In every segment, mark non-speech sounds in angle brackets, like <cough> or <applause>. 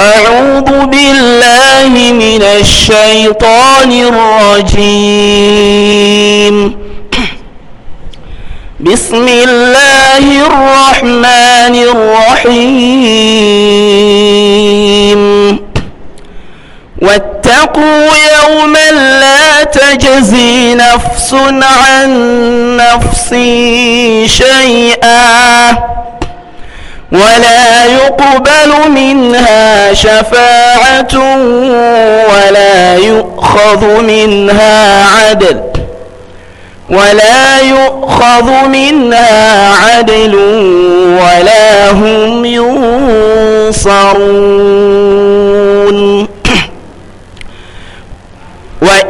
أعوذ بالله من الشيطان الرجيم بسم الله الرحمن الرحيم واتقوا يوما لا تجزي نفس عن نفس شيئا ولا يقبل منها شفاعة ولا يؤخذ منها عدل ولا يؤخذ منها عدل ولا هم ينصرون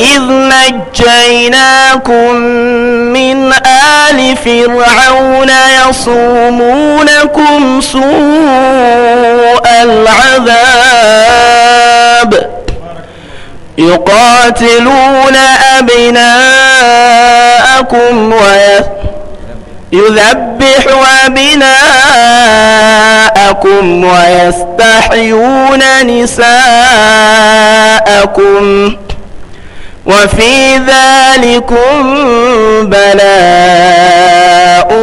إذ نجيناكم من آل فرعون يصومونكم سوء العذاب يقاتلون أبناءكم ويذبح أبناءكم ويستحيون نساءكم وفي ذلكم بلاء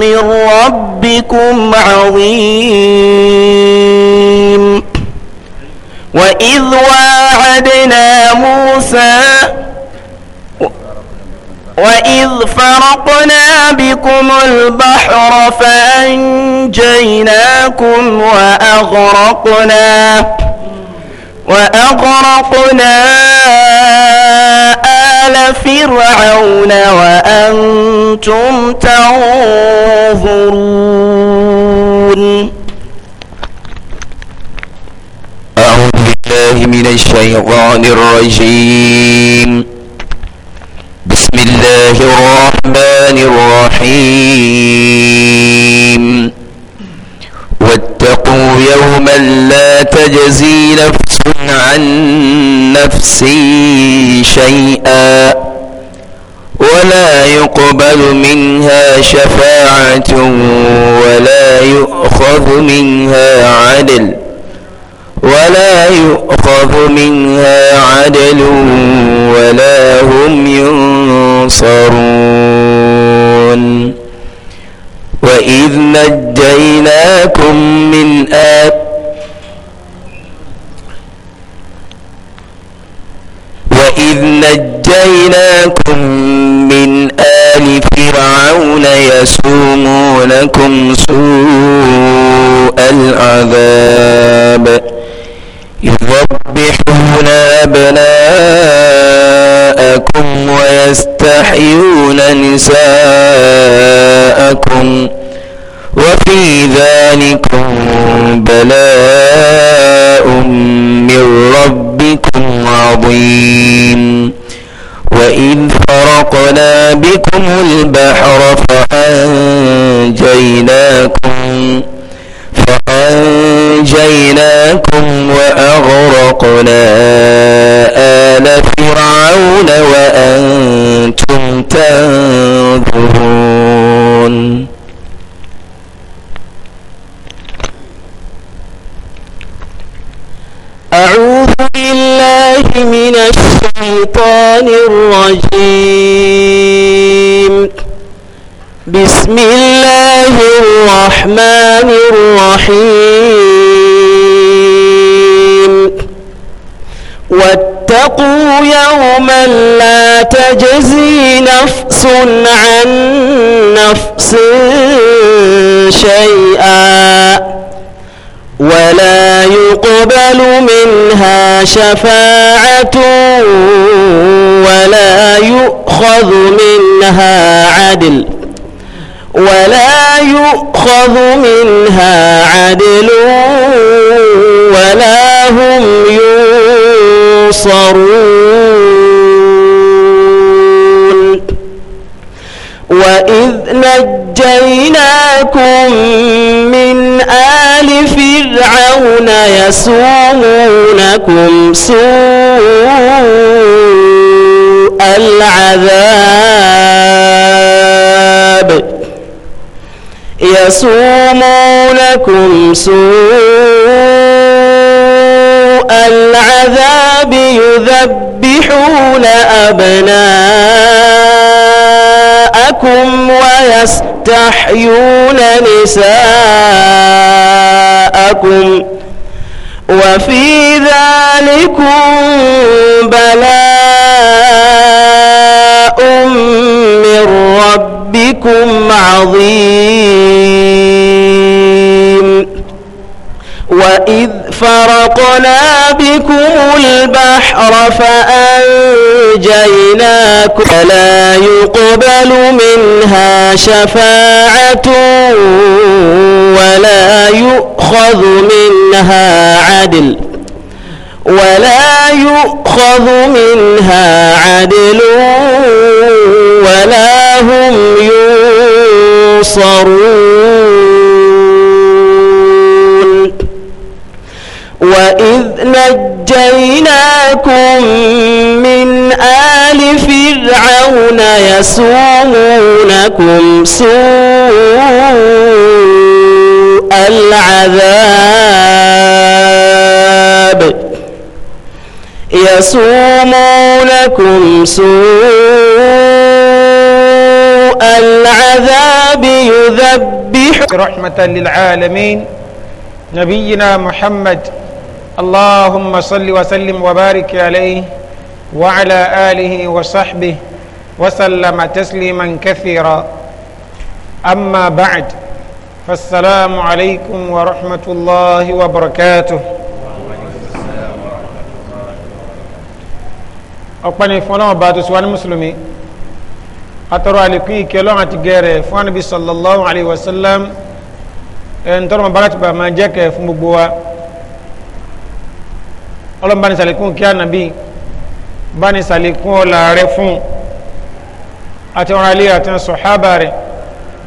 من ربكم عظيم وإذ واعدنا موسى وإذ فرقنا بكم البحر فأنجيناكم وأغرقنا وأغرقنا آل فرعون وأنتم تنظرون أعوذ بالله من الشيطان الرجيم بسم الله الرحمن الرحيم واتقوا يوما لا تجزي نفس عن نفسي شيئا ولا يقبل منها شفاعة ولا يؤخذ منها عدل ولا يؤخذ منها عدل ولا هم ينصرون وإذ نجيناكم من آت نجيناكم من آل فرعون يسومونكم سوء العذاب يذبحون أبناءكم ويستحيون نساءكم وفي ذلكم بلاء من ربكم عظيم وإذ فرقنا بكم البحر فأنجيناكم فأنجيناكم وأغرقنا آل فرعون وأنتم تنظرون الشيطان الرجيم بسم الله الرحمن الرحيم واتقوا يوما لا تجزي نفس عن نفس شيئا ولا يقبل منها شفاعة ولا يؤخذ منها عدل ولا يؤخذ منها عدل ولا هم ينصرون وإذ نجيناكم من آل فرعون يسومونكم سوء العذاب يسومونكم سوء العذاب يذبحون أبناءكم أبناءكم ويستحيون نساءكم وفي ذلكم بلاء من ربكم عظيم فرقنا بكم البحر فأنجيناكم فلا يقبل منها شفاعة ولا يؤخذ منها عدل ولا يؤخذ منها عدل ولا هم ينصرون إذ نجيناكم من آل فرعون يسومونكم سوء العذاب يسومونكم سوء العذاب يذبح رحمة للعالمين نبينا محمد اللهم صل وسلم وبارك عليه وعلى آله وصحبه وسلم تسليما كثيرا أما بعد فالسلام عليكم ورحمة الله وبركاته ọ̀pẹ́ni fún ọlọ́run bá tó síwá ní mùsùlùmí àtọrọ àlékún ìkẹ́ ọlọ́run àti gẹ̀ẹ́rẹ̀ fún ànábì sallallahu alaihi wasallam ẹni tọ́rọ mọ̀ bá láti bàmá jẹ́kẹ̀ fún gbogbo wa ọlọ́run bani ní sàlékún kí ànábì bani ní sàlékún ọlá rẹ fún àti ọ̀rọ̀ alẹ́ àti sọ̀hábà rẹ̀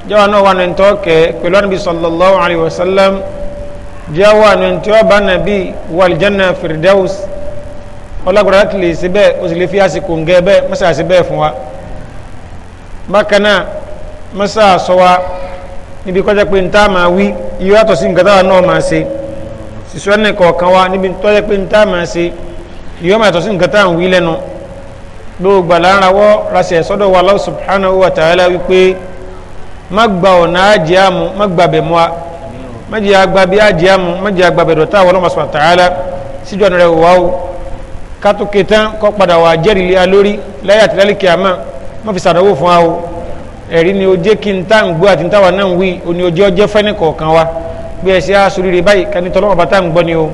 jẹ́wọ́ náà wà ní tó kẹ́ pẹ̀lú ànábì sallallahu alayhi wa sallam jẹ́wọ́ àná tí ó bá nàbí wà aljanna firdaus ọlọ́gbọ̀rọ̀ láti lè ṣe bẹ́ẹ̀ ó sì lè fi àsìkò ń gẹ́ bẹ́ẹ̀ mọ́sà ṣe bẹ́ẹ̀ fún wa bákan náà mọ́sà wa níbi kọjá pé ń tá máa wí yíyàtọ̀ sí nǹkan táwa náà máa ṣe sísọ ní kọ̀ọ̀kan wa níbi tó yẹ pé ń tá máa ṣe yóò máa tọ́ sí nǹkan tá à ń wí lẹ́nu gbogbo àlàáwọ́ raṣẹ̀ sọ́dọ̀ wa Allah subhanahu wa ta'ala wípé má gba ọ̀nà àjẹ́ àmú má gbàbẹ̀ mọ́ a má jẹ́ àgbà bí àjẹ́ àmú má jẹ́ àgbà bẹ̀dọ̀ tá àwọn ọlọ́mọṣọ́ ta'ala síjọ́ rẹ̀ wá o kátókè tán kọ́ padà wà jẹ́rìí lé a lórí láyé àtìlálẹ́ kìámà má fi sàdánwò fún wa o ẹ̀rí ni ó jẹ́ kí n tá à ń gbọ́ àti ń táwa náà ń wí òní ó jẹ́ ọjẹ́ fẹ́ni kọ̀ọ̀kan wa bí ẹsẹ asurire báyìí kani tọlọmọ bá tá à ń gbọ́ ni o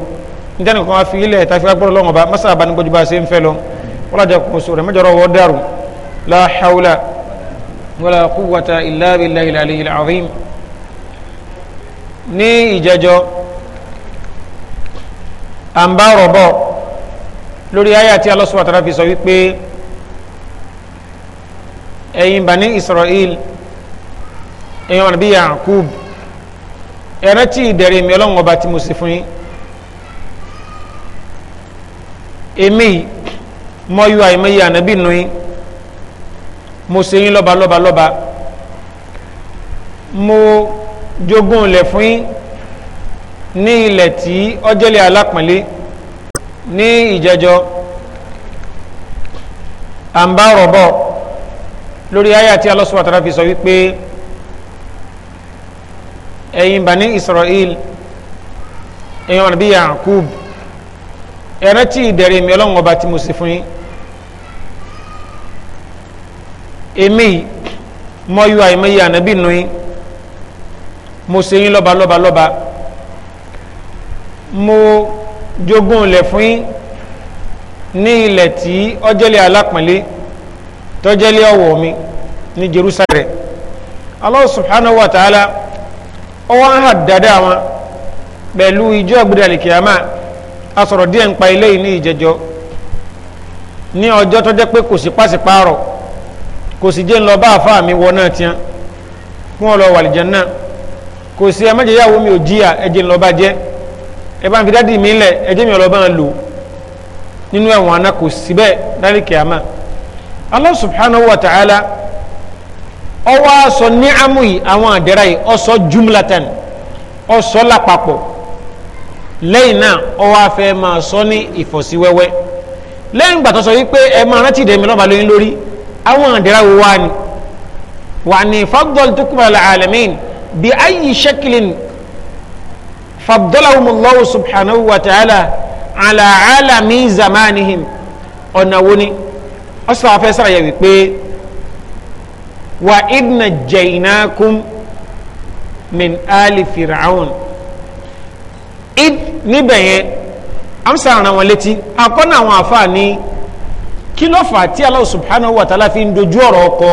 nítorí kan afi ilẹ̀ tàfi agbọ́dọ̀ lọ́wọ́ bá masa abanigbọ́jú bá a ṣe ń fẹ́ lọ wọ́n lajà kún sórí mẹ́jọ rọ̀ wọ́n dàrú la hawla wala quwwata illa billahi al ní ìjẹjọ à ń bá rọ̀ lórí ayé àti alọ́sùn àtàrà fi sọ wípé ẹ̀yin bani Israel ẹ̀yin wọn bí Yakub ẹrántí ìdẹ̀rẹ̀ mi ọlọ́run ọba tí mo ṣe fún yín èmi mọ yọ àìmọye ànábì nù yín mo ṣe yín lọ́ba lọ́ba lọ́ba mo jogún ilẹ̀ fún yín ní ilẹ̀ tí ọjọ́lẹ̀ alápọ̀nlé ní ìjẹjọ́ à ń bọ̀ lórí ayé àti alọ́sùn àtàrà sọ wípé ẹ̀yin bani israel ẹ̀yin wọn bí yakub ẹ̀rẹ́ tí ìdẹ̀rẹ̀ mi ọlọ́run ọba tí mo sì fún yín èmi mọ́yú àìmọye ànábì nù mo ṣe yín lọ́ba lọ́ba lọ́ba mo jogún ilẹ̀ fún yín ní ilẹ̀ tí ọjẹ́lẹ̀ alápọ̀nlé tọ́jẹ́lẹ̀ ọ̀wọ̀ mi ní jerusalem Allah subhanahu wa ta'ala ọwọ́ ń hàn dáadáa wọn pẹ̀lú ìjọ ìgbìdàlẹ̀ kìámà a sọ̀rọ̀ díẹ̀ ń pa ilé yìí ní ìjẹjọ́ ní ọjọ́ tó jẹ́ pé kò sí pàṣípààrọ̀ kò sì jẹ́ ń lọ bá àfáà mi wọ náà tiẹ́ fún ọlọ wàlìjánná kò sí ẹ mẹ́jẹ̀ yàwó mi ò jíyà ẹjẹ́ ń lọ bá jẹ́ ẹ bá ń fi dádì mi lẹ̀ ẹjẹ́ mi ọlọ́ bá ń lò nínú ẹ̀wọ̀n àná kò sí bẹ́ẹ̀ kìámà Allah subhanahu wa ta'ala ọwọ́ aṣọ ní amú yìí àwọn àdẹ́rà yìí ọṣọ jumlatan ọṣọ lápapọ̀ lẹ́yìn náà ọwọ́ afẹ́ máa sọ ní ìfọ̀síwẹ́wẹ́ lẹ́yìn gbàtọ́ sọ wípé ẹ máa rántí ìdẹ̀mí lọ́ba lóyún lórí àwọn àdẹ́rà wo wá ni wà ní fagdol tó kúrò àlẹ́ alamin bí ayi shakilin fagdolahumullahu subhanahu wa ta'ala ala alami zamanihim ọ̀nà wo ni ọ̀sán afẹ́ sára yẹ wípé wa idna jainakum min ali fir'aun id níbẹ̀ yẹn amsa ara wọn létí akọ́nà àwọn àfáà ní kí ló fà tí Allah subhanahu wa ta'ala fi ń dojú ọ̀rọ̀ ọkọ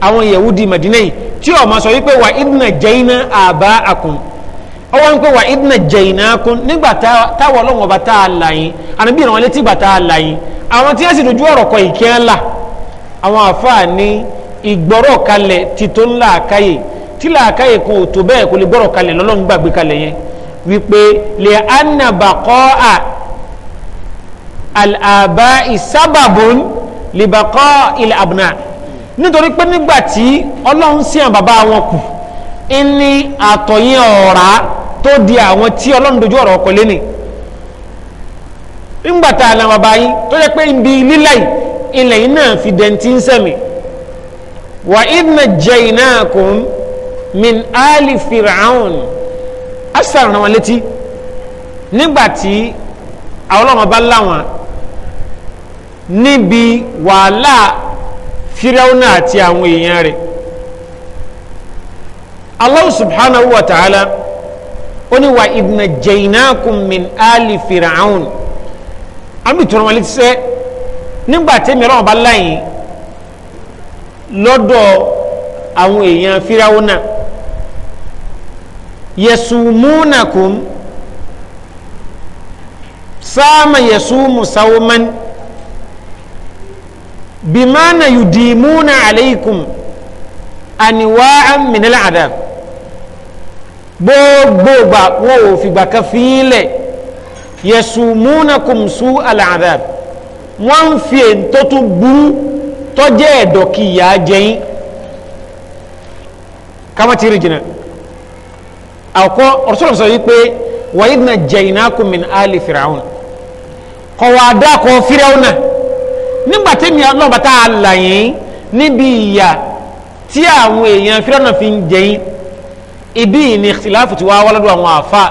àwọn yahudi madina yìí tí ó máa sọ wípé wa idna jaina aba'akum ó wá ń wa idna jainakum nígbà táwọn ọlọ́wọ́n bá tá a là yín ànábì ìrànwọ́ létí gbà tá a là yín àwọn tí wọ́n sì dojú ọ̀rọ̀ kọ ìkẹ́ ńlá àwọn àfáà ní ìgbọ́rọ̀ kalẹ̀ ti tó ń làákàyè tí làákàyè kan ò tó bẹ́ẹ̀ kò lè gbọ́rọ̀ kalẹ̀ lọ́lọ́run gbàgbé kalẹ̀ yẹn wípé lè anabakọ́ à àbá ìsábàbùn lè bakọ́ ilẹ̀ àbùnà nítorí pé nígbà tí ọlọ́run sí àwọn bàbá wọn kù ní àtọ̀yìn ọ̀rá tó di àwọn tí ọlọ́run dojú ọ̀rọ̀ ọkọ̀ lẹ́nìí nígbà tá a làwọn bàbá yín tó yẹ pé ibi lílẹ̀ ilẹ̀ yìí náà fi dẹ̀ntì ń sẹ̀mí wa idna jainakum min ali fir'aun asa ràn wọn létí nígbàtí àwọn ọlọ́mọ bá láwọn níbi wàhálà firauna àti àwọn èèyàn rẹ̀ allah subhanahu wa ta'ala ó ní wa idna jainakum min ali fir'aun àmì ìtura wọn létí sẹ́ nígbàtí mìíràn bá láyìn lọ́dọ̀ àwọn èèyàn firawuna yasumunakum sáàmà yasumu sawman bimana yudimuna aleikum aniwaan minal adab gbogbogba wọn ò fìgbà kan fílẹ̀ yasumunakum su al adab wọn fi èntó burú tó jẹ́ ẹ̀dọ̀ kí ìyá jẹyìn kama ti rí jìnnà àkọ́ ọ̀rọ̀sọ̀rọ̀ sọ wípé wa idh najjaynakum min ali firaun kọ̀ wá dákọ̀ firaun náà nígbà tẹ́mi ọlọ́ọ̀bá tá a là yín níbi ìyà tí àwọn èèyàn firaun fi ń jẹyìn ibi ni ikhtilafu ti wá wá àwọn àfa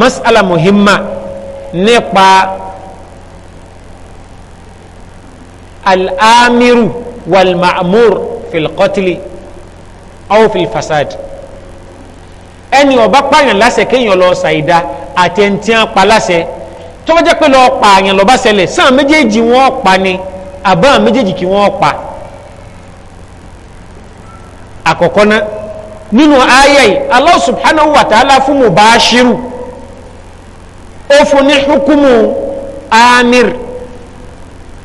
mas'ala muhimma nípa al'amiru walma'amur filkotili aw filfasad ẹni ọba pààyàn láṣẹ kéèyàn lọ ṣàìdá àtẹntíàn pa láṣẹ tó bá jẹ́ pé lọ́ọ́ pààyàn lọ́ba ṣẹlẹ̀ sáà méjèèjì wọ́n pa ni àbá méjèèjì kí wọ́n pa àkọ́kọ́ náà nínú ayé yìí Allah subhanahu wa ta'ala fún mubashiru ó fún ní hukumu amir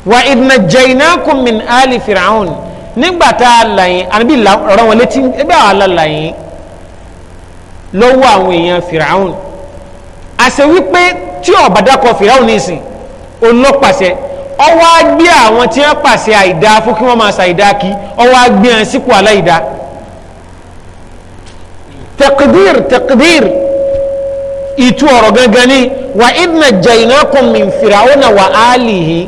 wa idna jainakum min ali firaun nígbà tá a là yín àbí ọ̀rọ̀ wọn létí ẹgbẹ́ àwọn alàlà yín lọ́wọ́ àwọn èèyàn firaun àṣẹ wípé tí ọba dákọ firaun nìsín olópàṣẹ ọwọ́ á àwọn tí wọ́n pàṣẹ àìdá fún kí wọ́n máa ṣàìdá kí ọwọ́ á gbé sípò aláìdá tẹkidir tẹkidir ìtú ọ̀rọ̀ gangan ni wa idna jainakum min firaun wa alihi.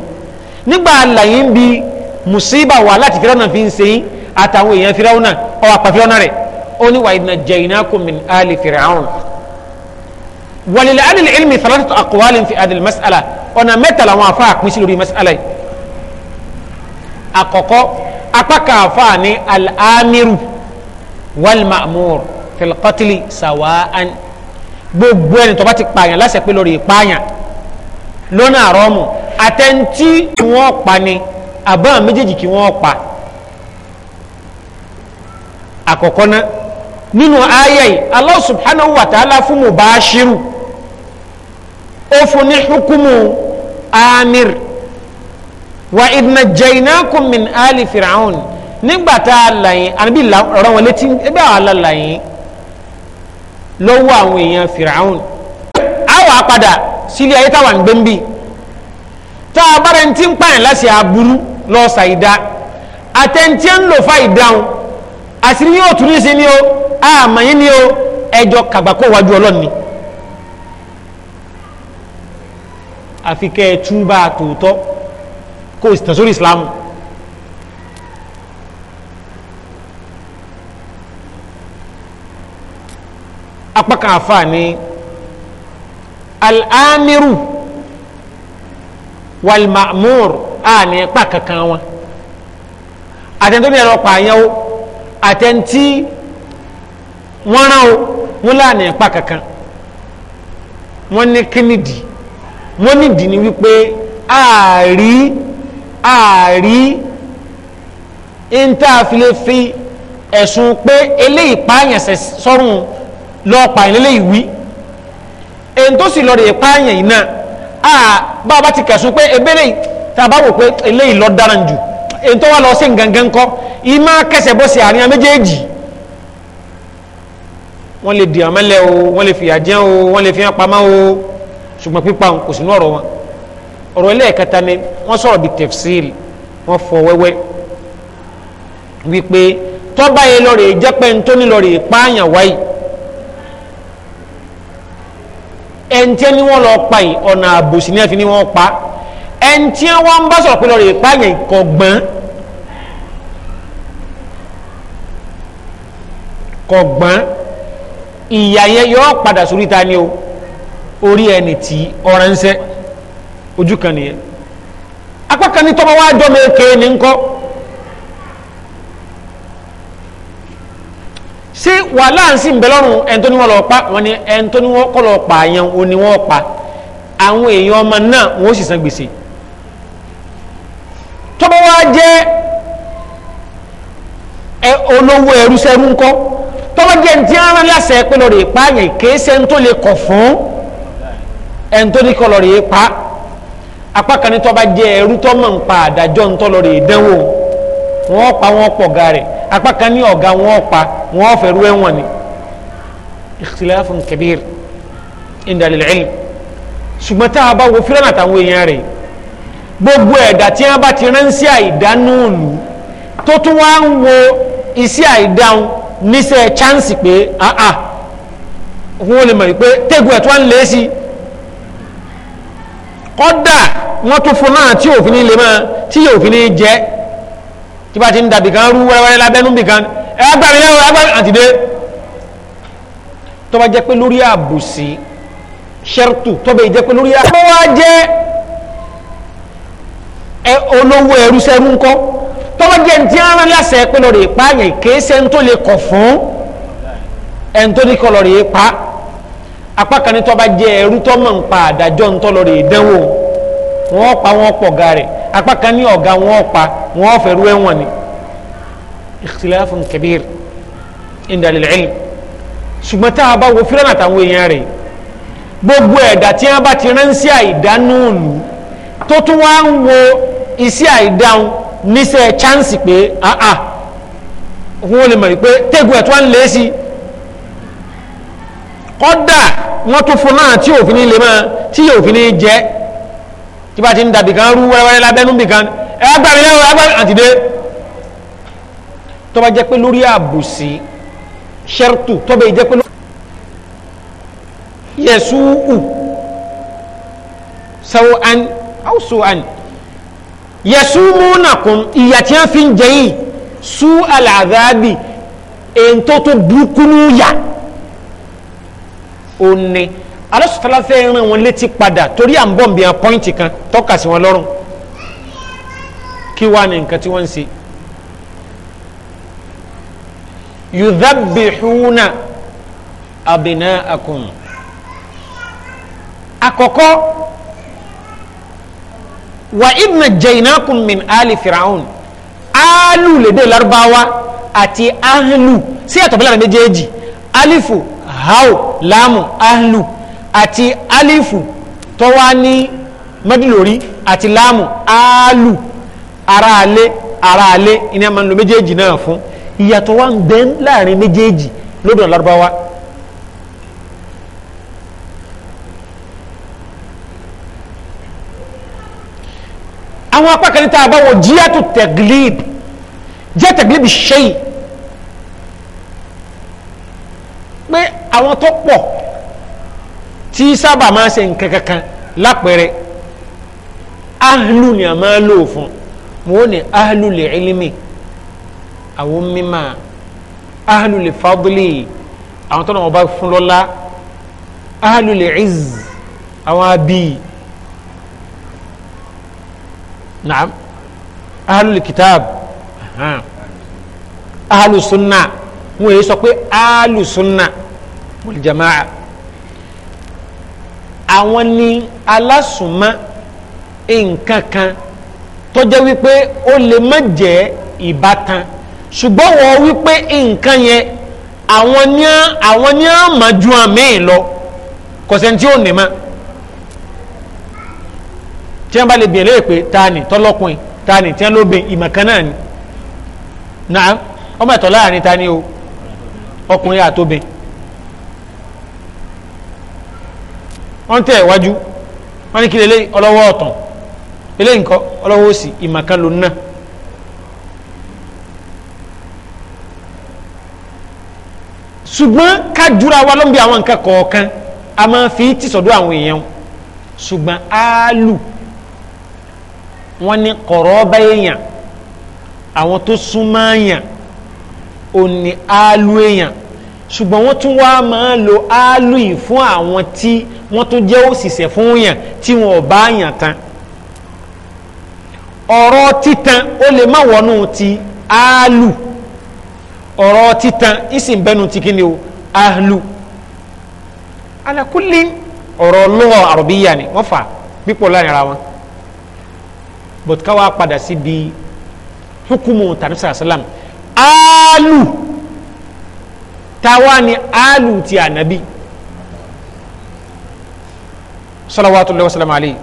nígbà àlàyé ń bi musiba wà láti fìrọ́nà fi ń sèyí àtàwọn èèyàn fìrọ́nà ọ̀ àpà fìrọ́nà rẹ̀ ó ní wàá ìdìna ìdìnnà jaynakum min ali fir'aun wàlìlẹ̀ alìlì ilmi sàlátà àkọwálì fi adìlì mas'ala ọ̀nà mẹ́ta làwọn afa àpín sí lórí mas'ala yìí àkọ́kọ́ apá kan afa ní al-amiru wal-ma'mur sawa an gbogbo ẹni tó bá ti pààyàn lásìkò lórí ìpààyàn lọ́nà àrọ́mù àtẹ̀ntí kí wọ́n pa ni àbá méjèèjì kí wọ́n pa àkọ́kọ́ náà nínú ayé yìí Allah subhanahu wa ta'ala fún mubashiru ó fún ní hukumu amir wa idna jainakum min ali fir'aun nígbà tá àbí ràn wọn létí ẹgbẹ́ àwọn alálàyìn lọ́wọ́ àwọn èèyàn fir'aun àwọn apadà sílé ayé táwọn gbẹ́ńbì tá a bára ẹni tí ń pààyàn láti aburú lọ ṣàìdá àtẹ̀ntì ń lò fa ìdáhùn àṣírí yóò tún ní sí ni o àmọ̀yìn ni o ẹjọ́ kàgbákò wájú ọlọ́ni. àfi kẹ́ ẹ túbà tòótọ́ kó o sì tàn sórí ìsìlámù. apá kan àfa ni al-amiru walmamur a ní pa kankan wọn àtẹnudó ní ẹ̀rọ pààyàn o àtẹnudí wọn rán o wọn là ní pa kankan wọn ní kínìdì wọn nídìí ni wípé ààrí ààrí intaafile fi ẹ̀sùn pé eléyìí pààyàn sọ̀rùn lọ́ọ́ pààyàn eléyìí wí èyí tó sì lọ́ọ́ rè pààyàn yìí náà. Ah, bá a bá ti kẹ̀sùn pé ebéèrè tàbá wò pé eléyìí lọ dára jù èyí tó wà lọ sí ngangan kọ́ ìmá kẹsẹ̀ bọ́ sí àárín méjèèjì wọ́n lè dìyàn mẹ́lẹ̀ o wọ́n lè fìyà jẹ́ o wọ́n lè fi hàn pamọ́ o ṣùgbọ́n pípa kò sínú ọ̀rọ̀ wọn ọ̀rọ̀ ẹlẹ́ẹ̀kẹta ni wọ́n sọ̀rọ̀ bíi tefsil wọ́n fọ wẹ́wẹ́ wípé tọ́ba yẹn lọ́ọ̀rẹ́ jẹ́pẹ́ ntọ́ni é pààyàn wáyìí ẹnití ni wọ́n lọ pa yìí ọ̀nà àbòsí ní ẹ̀fí ni wọ́n pa ẹnití wọ́n ń bá sọ̀rọ̀ pé lọ́ọ́ rè pa yẹn kọ̀ gbọ́n kọ̀ gbọ́n ìyá yẹn yọ padà sórí ta ni o orí ẹni tí ọ̀rẹ́ ojú kan nìyẹn apá kan ní tọ́mọ wá dọ́mọ èké ní ńkọ́ ṣé wàhálà ń sìn bẹ́ẹ̀ lọ́rùn ẹni tó ní wọ́n lọ pa wọ́n ní ẹni tó ní wọ́n kọ́ lọ pa àyàn ò ní wọ́n pa àwọn èèyàn ọmọ náà wọ́n sì san gbèsè tọ́bọ̀ wá jẹ́ olówó ẹrú sẹ́rú ńkọ́ tọ́bọ̀ jẹ́ ní tí wọ́n rán láṣẹ pé lọ́ọ̀rẹ́ ìpààyàn kéésẹ́ ń tó lè kọ̀ fún ẹni tó ní kọ́ lọ́ọ̀rẹ́ ìpa apá kan ní tọ́ba jẹ́ ẹrú tọ́mọ̀ ń pa àdájọ́ ń tọ́ lọ́ọ̀rẹ́ ìdánwò wọ́n pa wọ́n pọ̀ ga apá kan ní ọ̀gá wọn pa wọn fẹ̀rù ẹ̀wọ̀n ni ikhtilafun kabir inda lil ilm ṣùgbọ́n tá a bá wo fílànà àtàwọn èèyàn rẹ̀ gbogbo ẹ̀dà tí wọ́n bá ti ránṣẹ́ àìdánù òlù tó tún wá ń wo iṣẹ́ àìdáhùn níṣẹ́ chance pé àà wọ́n lè mọ̀ pé tẹ́gùn ẹ̀ ń lé sí kọ́dà wọ́n tún fún náà tí òfin lè máa tí òfin jẹ́ tí bá ti ń dàbì kan rú wẹ́rẹ́wẹ́rẹ́ lábẹ́nú bì kan ẹ wá gbàmí lẹ́wọ̀ ẹ gbàmí àti dé tó bá jẹ́ pé lórí àbùsí ṣẹ́rùtù tó bá jẹ́ pé lórí àbùsí. wọ́n wá jẹ́ ẹ olówó ẹrú sẹ́rú ńkọ́ tó bá jẹ́ ntí ara lásẹ̀ pé lọ́ọ̀rì ìpààyàn kéésẹ̀ ń tó lè kọ̀ fún ẹ̀ ń tó ní kọ́ lọ́ọ̀rì ìpa apá kan ní tó bá jẹ́ ẹrú tó mọ̀ ń pa àdájọ́ ń tó lọ́ọ̀rì wọ́n pa wọ́n pọ̀ ọ̀gá rẹ̀ apá kan ní ọ̀gá wọ́n pa wọ́n fẹ̀rù ẹ̀wọ̀n ni ikhtilafun kabir indalil ilm ṣùgbọ́n tá a bá wo fílànà àtàwọn èèyàn rẹ̀ gbogbo ẹ̀dà tí wọ́n bá ti ránṣẹ́ àìdánù òlù tó tún wá ń wo iṣẹ́ àìdáhùn níṣẹ́ chance pé àà wọ́n lè mọ̀ wípé tẹ́gùn ẹ̀ tó ń lé sí kọ́dà wọ́n tún fún náà tí òfin lè máa tí òfin jẹ́ tí bá ti ń dàbì kan rú wẹ́rẹ́wẹ́rẹ́ lábẹ́nú bì kan ẹ agbámi lẹ́wọ̀ agbámi àtìdé tó bá jẹ́ pé lórí àbùsí ṣẹ́rùtù tó bá jẹ́ pé lórí yẹ̀sù ù sẹ́wọ́ an áwùsù an yẹ̀sù múnàkùn ìyà tí wọ́n fi ń jẹ yìí sú àlàdáàbì èyí tó tó burúkú ní ó ní alásùtàlá fẹ́ ràn wọn létí padà torí à ń bọ̀ nbíyàn pọ́ìntì kan tọ́ka sí wọn lọ́rùn kí wàá ní nǹkan tí wọ́n ń ṣe yudhabihuna abinaakum àkọ́kọ́ wa idna jainakum min ali firaun alu lédè Lárúbáwá àti ahlu sí àtọ̀bílẹ̀ méjèèjì alifu hau lamu ahlu àti alifu tó wá ní mẹ́dìlórí àti láàmù áálù aráalé aráalé iná máa ń lo méjèèjì náà fún ìyàtọ̀ wá ń bẹ láàrin méjèèjì lọ́dọ̀ lárúbáwá àwọn apá kan ní tá a bá wọ jíyàtò tẹ̀glib jíyà tẹ̀glib ṣẹ́yì pé àwọn tó pọ̀ tí sábà máa ṣe nǹkan kankan lápẹẹrẹ ahlu ni a máa lò fún mo ní ahlu lè ilimi àwọn mímà ahlu lè fadli àwọn tó náà wọn bá fún lọ́lá ahlu lè iz àwọn abí naam ahlu lè kitab ahlu sunna wọn yìí sọ pé ahlu sunna wal jamaa. àwọn ni alásùnmọ́ nǹkan kan tó jẹ́ wípé ó lè má jẹ́ ìbátan ṣùgbọ́n wọ́n wípé nǹkan yẹn àwọn ní àwọn ní àmàjú àmì lọ kọ̀sẹ̀ tí ó nì mọ́ tí wọ́n bá lè bìyànjú pé ta ni tọ́lọ́kùnrin ta ni tí wọ́n ló bìn ìmọ̀ kan náà ni ọmọ ẹ̀tọ́ láàrin ta ni o ọkùnrin àtobìn wọ́n tẹ̀ wájú wọ́n ní kí lélẹ́yìn ọlọ́wọ́ ọ̀tàn eléyìí nǹkan ọlọ́wọ́ òsì ìmàkan ló ná ṣùgbọ́n ká jura wa ló ń bi àwọn nǹkan kọ̀ọ̀kan a máa fi ti sọ̀dọ̀ àwọn èèyàn ṣùgbọ́n áálù wọ́n ní kọ̀rọ̀ ọba èèyàn àwọn tó súnmọ́ èèyàn òní áálù èèyàn ṣùgbọ́n wọ́n tún wá máa lo áálù yìí fún àwọn tí wọ́n tún jẹ́ òṣìṣẹ́ fún yàn tí wọn ò bá yàn tán ọ̀rọ̀ títan ó lè má wọnú ti áálù ọ̀rọ̀ títan ìsìnbẹ́nu ti kí ni o áálù alakuli ọ̀rọ̀ lọ́wọ́ àròbíyà ni wọ́n fà pípọ̀ láàrin ara wọn bọ̀dùkáwá padà síbi hukumu tàbí sàlásàlám áálù táwa ni áàlù ti ànábì salawatullahi wasallam alayhi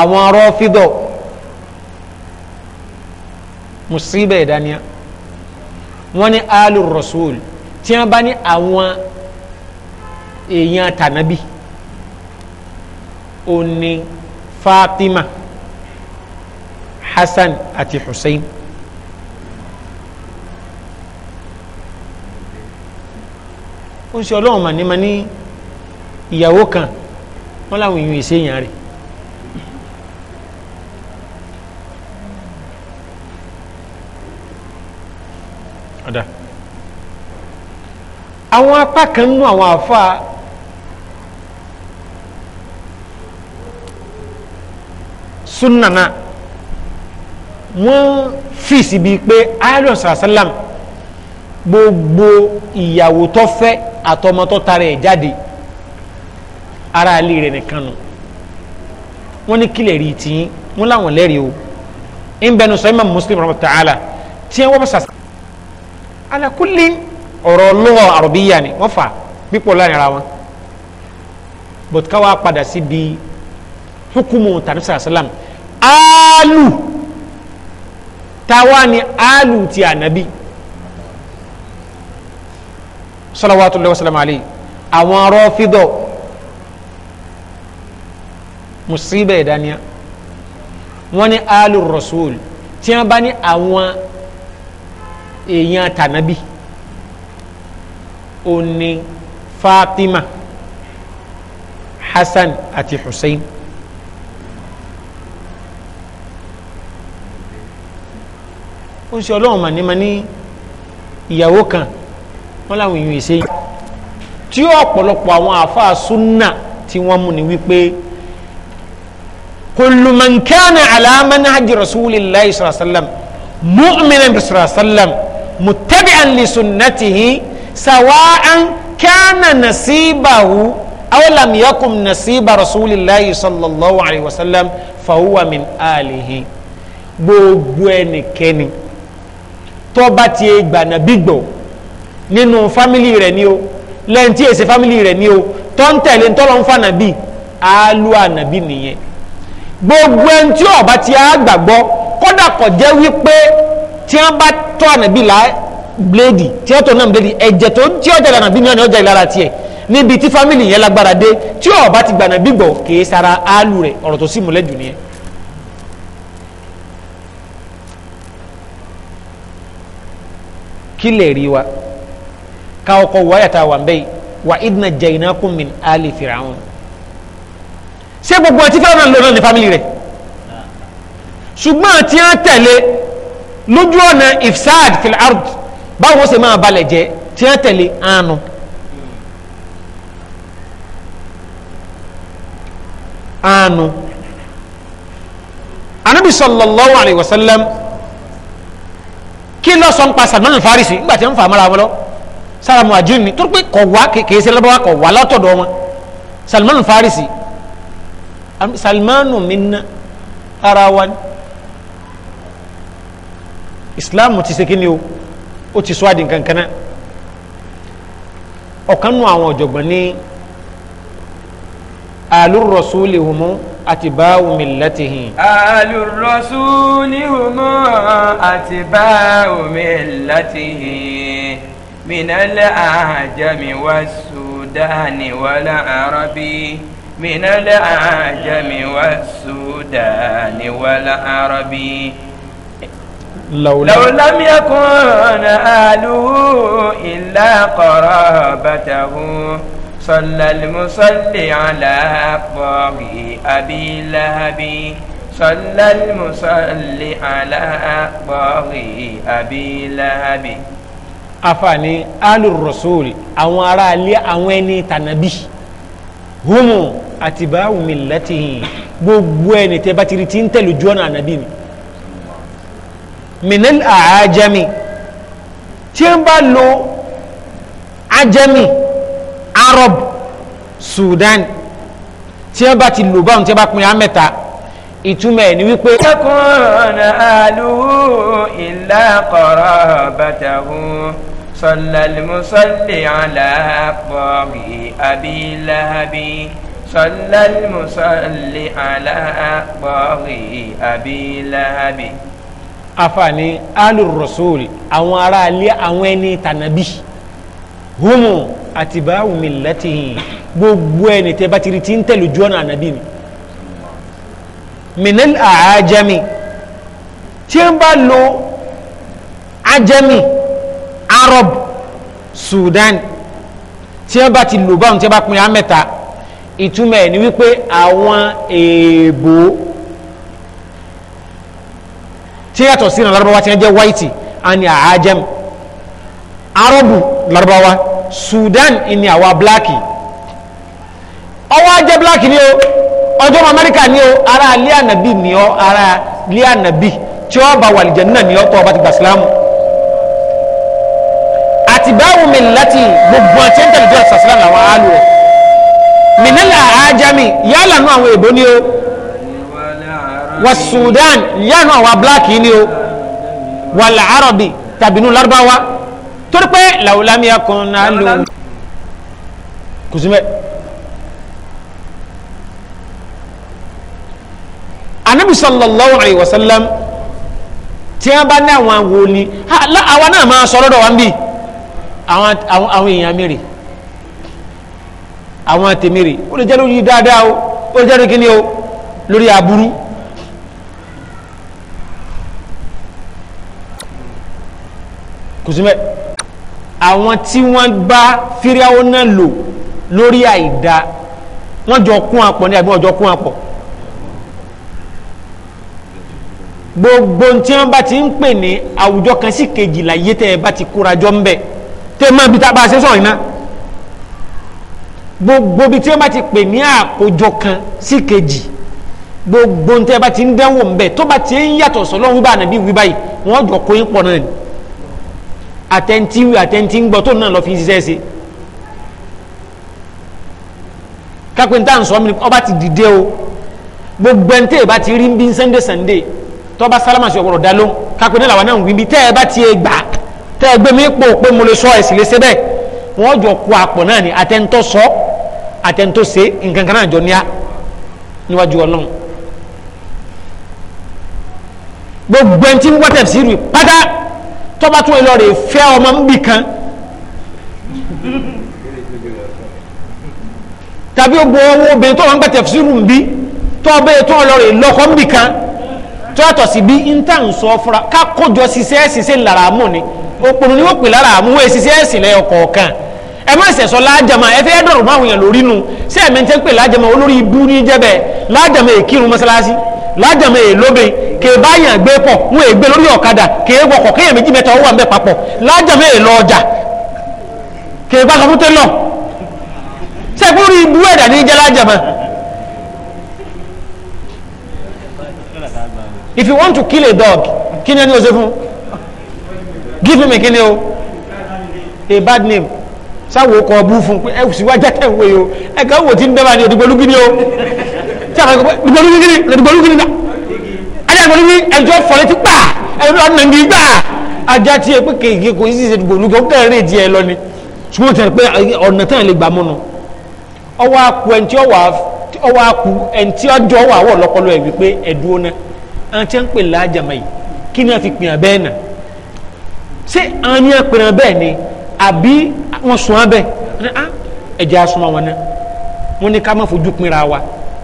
àwọn rọ́fídọ̀ musibẹ̀ ìdáníà wọ́n ní áàlù rasul tí wọ́n bá ní àwọn èèyàn tànábì ó ní Fatima Hassan àti Hussein ó ń ṣe ọlọ́run mà ní ma ní ìyàwó kan wọ́n láwọn èèyàn èsè èèyàn rẹ̀ ọ̀dà àwọn apá kan nínú àwọn àfa sunnana wọ́n fìsì bíi pé ayélujára sàlám gbogbo ìyàwó tó fẹ́ àtọmọ tó tara ẹ̀ jáde ara ilé rẹ̀ nìkan nù wọ́n ní kílẹ̀ rí tiyín wọ́n láwọn lẹ́rìí o ń bẹnu sọ imam muslim rahmat ta'ala tí wọ́n bá sàṣà alakuli ọ̀rọ̀ lọ́wọ́ àròbíyà ni wọ́n fà pípọ̀ láàrin ara wọn but káwa padà síbi hukumu tàbí sàṣàlám áálù tawani ni áálù ti ànábì salawatullahi wasallam alayhi àwọn rọ́fídọ̀ musiba ìdánìyà wọ́n ní alu rasul tí wọ́n bá ní àwọn èèyàn tànàbí ó ní fatima hasan àti hussein ó ṣe ọlọ́run mànímaní ìyàwó kan wọ́n láwọn èèyàn ìṣe tí ọ̀pọ̀lọpọ̀ àwọn àfáà súnà tí wọ́n mú ni wípé kullu man kana ala manhaji rasulillahi sallallahu alaihi wasallam mu'minan bi sallallahu alaihi wasallam muttabi'an li sunnatihi sawa'an kana nasibahu aw lam yakun nasiba rasulillahi sallallahu alaihi wasallam fa huwa min alihi gbogbo ẹnikẹ́ni tó bá ti gbà nàbí gbọ́ nínú fámílì rẹ̀ ni o lẹ́yìn tí èsì fámílì rẹ̀ ni o tó ń tẹ̀lé ń tọ́lọ́ ń fa nàbí àálù ànàbí nìyẹn gbogbo ẹni tí ọba ti á gbàgbọ́ kódà kò jẹ́ wípé tí wọ́n bá tọ́ ànàbí là bléèdì tí wọ́n tọ́ náà bléèdì ẹ̀jẹ̀ tó tí ọjà ìlànà bí ní ọjà ìlara tiẹ̀ níbi tí fámílì yẹn lágbára dé tí ọba ti gbànà bí gbọ̀ kì sara àálù rẹ̀ ọ̀rọ̀ tó sì múlẹ̀ jù nìyẹn. kí lè rí wa káwọ́ kọ́ wáyà tá a wà ń bẹ́ẹ̀ wà idna jainakum min ali firaun ṣé gbogbo àti fẹ́ràn náà lọ́nà ní fámìlì rẹ̀ ṣùgbọ́n àti á tẹ̀lé lójú ọ̀nà ifsad fil báwo ṣe máa balẹ̀ jẹ́ tí á tẹ̀lé àánú. àánú anabi sallallahu alayhi wa sallam kí ló sọ ń pa Salman al nígbà tí wọ́n ń fa amára wọn lọ sára muhajirin ni torí pé kọ̀ wá kìí ṣe lọ́bọ̀ wá kọ̀ wá látọ̀dọ̀ wọn salmanu farisi salmanu minna ara wa ni islam ti ṣe kíni o ó ti sọ àdì kankaná ọ̀kan nu àwọn ọ̀jọ̀gbọ́n ní alurrasuli humu atiba'u millatihin. alurrasuli humu atiba'u millatihin. من الأعجم والسودان والعرب من الأعجم والسودان والعرب لو, لو لم يكن آله إلا قرابته صلى المصلي على طاغي أبي لهب صلى المصلي على طاغي أبي لهب afaani alu rasul àwọn ará alẹ́ àwọn ẹni tànàbí humu àtibáwù millatihi gbogbo ẹni tẹ́ bá ti rí tí ń tẹ̀lé jọ́nà ànàbí ni minal tí ń bá lo ajẹmi arab sudan tí ń bá ti lò báwọn tí ń bá pinnu amẹ́ta ìtumọ̀ ẹ̀ ni wípé. sẹ́kùn àlùhù ìlà kọ̀rọ̀ bàtàhù sọ̀làlùmùsọ̀lì àlàpọ̀bì àbíláàbí sọ̀làlùmùsọ̀lì àlàpọ̀bì àbíláàbí. àfààní alùrọ̀sọ́ọ̀lì àwọn aráalé àwọn ẹni tànàbí humu àtibáwùmí látìhìn gbogbo ẹni tẹ́ bá ti rí ti ń tẹ̀lé jọ́nà ànàbí ni minel àájẹmí tí ń bá lo ajẹmí arab sudan tí ń bá ti lò báwọn tí ń bá pinnu amẹ́ta ìtumọ̀ ẹ̀ ni wípé àwọn èèbò tí yàtọ̀ sí ìran larabawa tí wọ́n jẹ́ white àni àájẹm arab larabawa sudan ìní àwa black ọwọ́ ajẹ́ black ni o ọjọ́ ọmọ amẹ́ríkà ní o ara alẹ́ ànàbí ní ọ ara alẹ́ ànàbí tí ó bá wàlìjẹ́ náà ní ọ tó ọba ti gbà sílámù àtibáwò mi láti gbogbo àti ẹ̀ńtẹ̀lì jọ sàṣìlámù làwọn aálù rẹ̀ mìnàlá àájámi yálà nù àwọn èbó ní o wà Sudan yálà nù àwọn abúláàkì ní o wà làárọ̀bì tàbí nù lárúbáwá torí pé làwùlámíà kan náà lò kùsùmẹ́. anabi sallallahu alayhi wa sallam tí wọn bá ní àwọn wòlíì àwa náà máa sọ lọ́dọ̀ wa ń bì àwọn èèyàn mìíràn àwọn àtẹmìrì ó lè jẹ́ lórí dáadáa o ó lè jẹ́ lórí kíní o lórí aburú kùsùmẹ́ àwọn tí wọ́n bá fíríàwó náà lò lórí àìdá wọ́n jọ kún àpọ̀ ní àbí wọ́n jọ kún àpọ̀ gbogbo tí wọn bá ti ń pè ní àwùjọ kan sí kejìlá yé tẹ ẹ bá ti kóra jọ ń bẹ tẹ mọ ibi tá a bá ṣe sọ yìí náà gbogbo bí tí wọn bá ti pè ní àkójọ kan sí kejì gbogbo tí wọn bá ti ń dánwò ń bẹ tó bá ti ń yàtọ̀ sọlọ́run wíwá ànábì wíwá yìí wọn jọ kó yín pọ̀ náà ni àtẹ̀ntì wí ń gbọ́ tó náà lọ́ fi ṣiṣẹ́ ṣe kápẹ́ntà ń sọ mi ọba ti dìde o gbogbo ẹni tẹ́ ẹ bá ti rí ń bí sunday sunday tọ́ba sálámà sí ọ̀gbọ̀rọ̀ dá ló la nílàwọ̀ náà ń wí bí tẹ́ ẹ bá ti gbà tẹ́ ẹ gbé mi pò pé mo lè sọ ẹ̀sìn lè ṣe bẹ́ẹ̀ jọ kó àpọ̀ náà ni àtẹ̀ntọ́ sọ àtẹ̀ntọ́ se nǹkan kan náà jọ níyà níwájú ọlọ́run gbogbo ẹni tí ń wọ́tẹ̀ sí rí pátá tọ́ba tún ẹlọ́ rẹ̀ fẹ́ ọmọ ń kan tàbí gbogbo owó obìnrin tó wọn gbẹ̀tẹ̀ sí rú ń bí tọ́ ọbẹ̀ tó ọlọ́ rẹ̀ kan tọ́tọ̀ sí bí níta ń sọ fúnra ká kójọ ṣiṣẹ́ ẹ̀sìn sí làràmù ni òpònú ni wọ́n pè làràmù wọ́n ṣiṣẹ́ ẹ̀sìn lẹ́yọ kọ̀ọ̀kan ẹ má ṣẹ̀sọ lájàmá ẹ fẹ́ dọ̀rọ̀ mọ́ àwọn èèyàn lórí nu ṣé ẹ̀mí tẹ́ ń pè lájàmá olórí ibú ní jẹ́bẹ̀ lájàmá èkírun mọ́ṣáláṣí lájàmá èlóbe kè báyàn gbé pọ̀ wọn ègbé lórí ọ̀kadà kè é wọkọ̀ kéèyàn méjì mẹ́ta ó wà papọ̀ lájàmá èlò ọjà kè é bá sọ fún ṣé kúrú ibú ẹ̀dà ní jẹ́ lájàmá if you want to kill a dog kí ni ẹni o ṣe fún give him a kí ni o a bad name sáwo kọ bú fún pé ẹ sì wá jáde ìwé o ẹ kàn wò tí ń dábàá ni òdìgbòlú kí ni o tí a kàn gbọ́ òdìgbòlú kí ni òdìgbòlú kí ni ajá ìgbòlú kí ẹjọ́ fọlẹ́ ti gbà ẹjọ́ ọ̀nà ń bí gbà ajá tí ẹ pé kéèké kò sí ìṣèdìgbòlú kò kẹ́rẹ́ tiẹ̀ lọ ni ṣùgbọ́n tẹ̀ pé ọ̀nà tán lè gbà mọ́nu ọwọ́ akú ẹni ọwọ́ akú ẹni ọjọ́ wà wọ̀ lọ́pọ̀lọ́ ẹ̀ wípé ẹ̀dúró náà àwọn tí wọ́n ń pè lájàmá yìí kí ni wọ́n fi pìyàn bẹ́ẹ̀ nà ṣé àwọn ni wọ́n pìyàn bẹ́ẹ̀ ni àbí wọ́n sùn án bẹ́ẹ̀ ẹ̀jẹ̀ asùnmọ́ wọn náà wọ́n ní ká má fojú pinra wa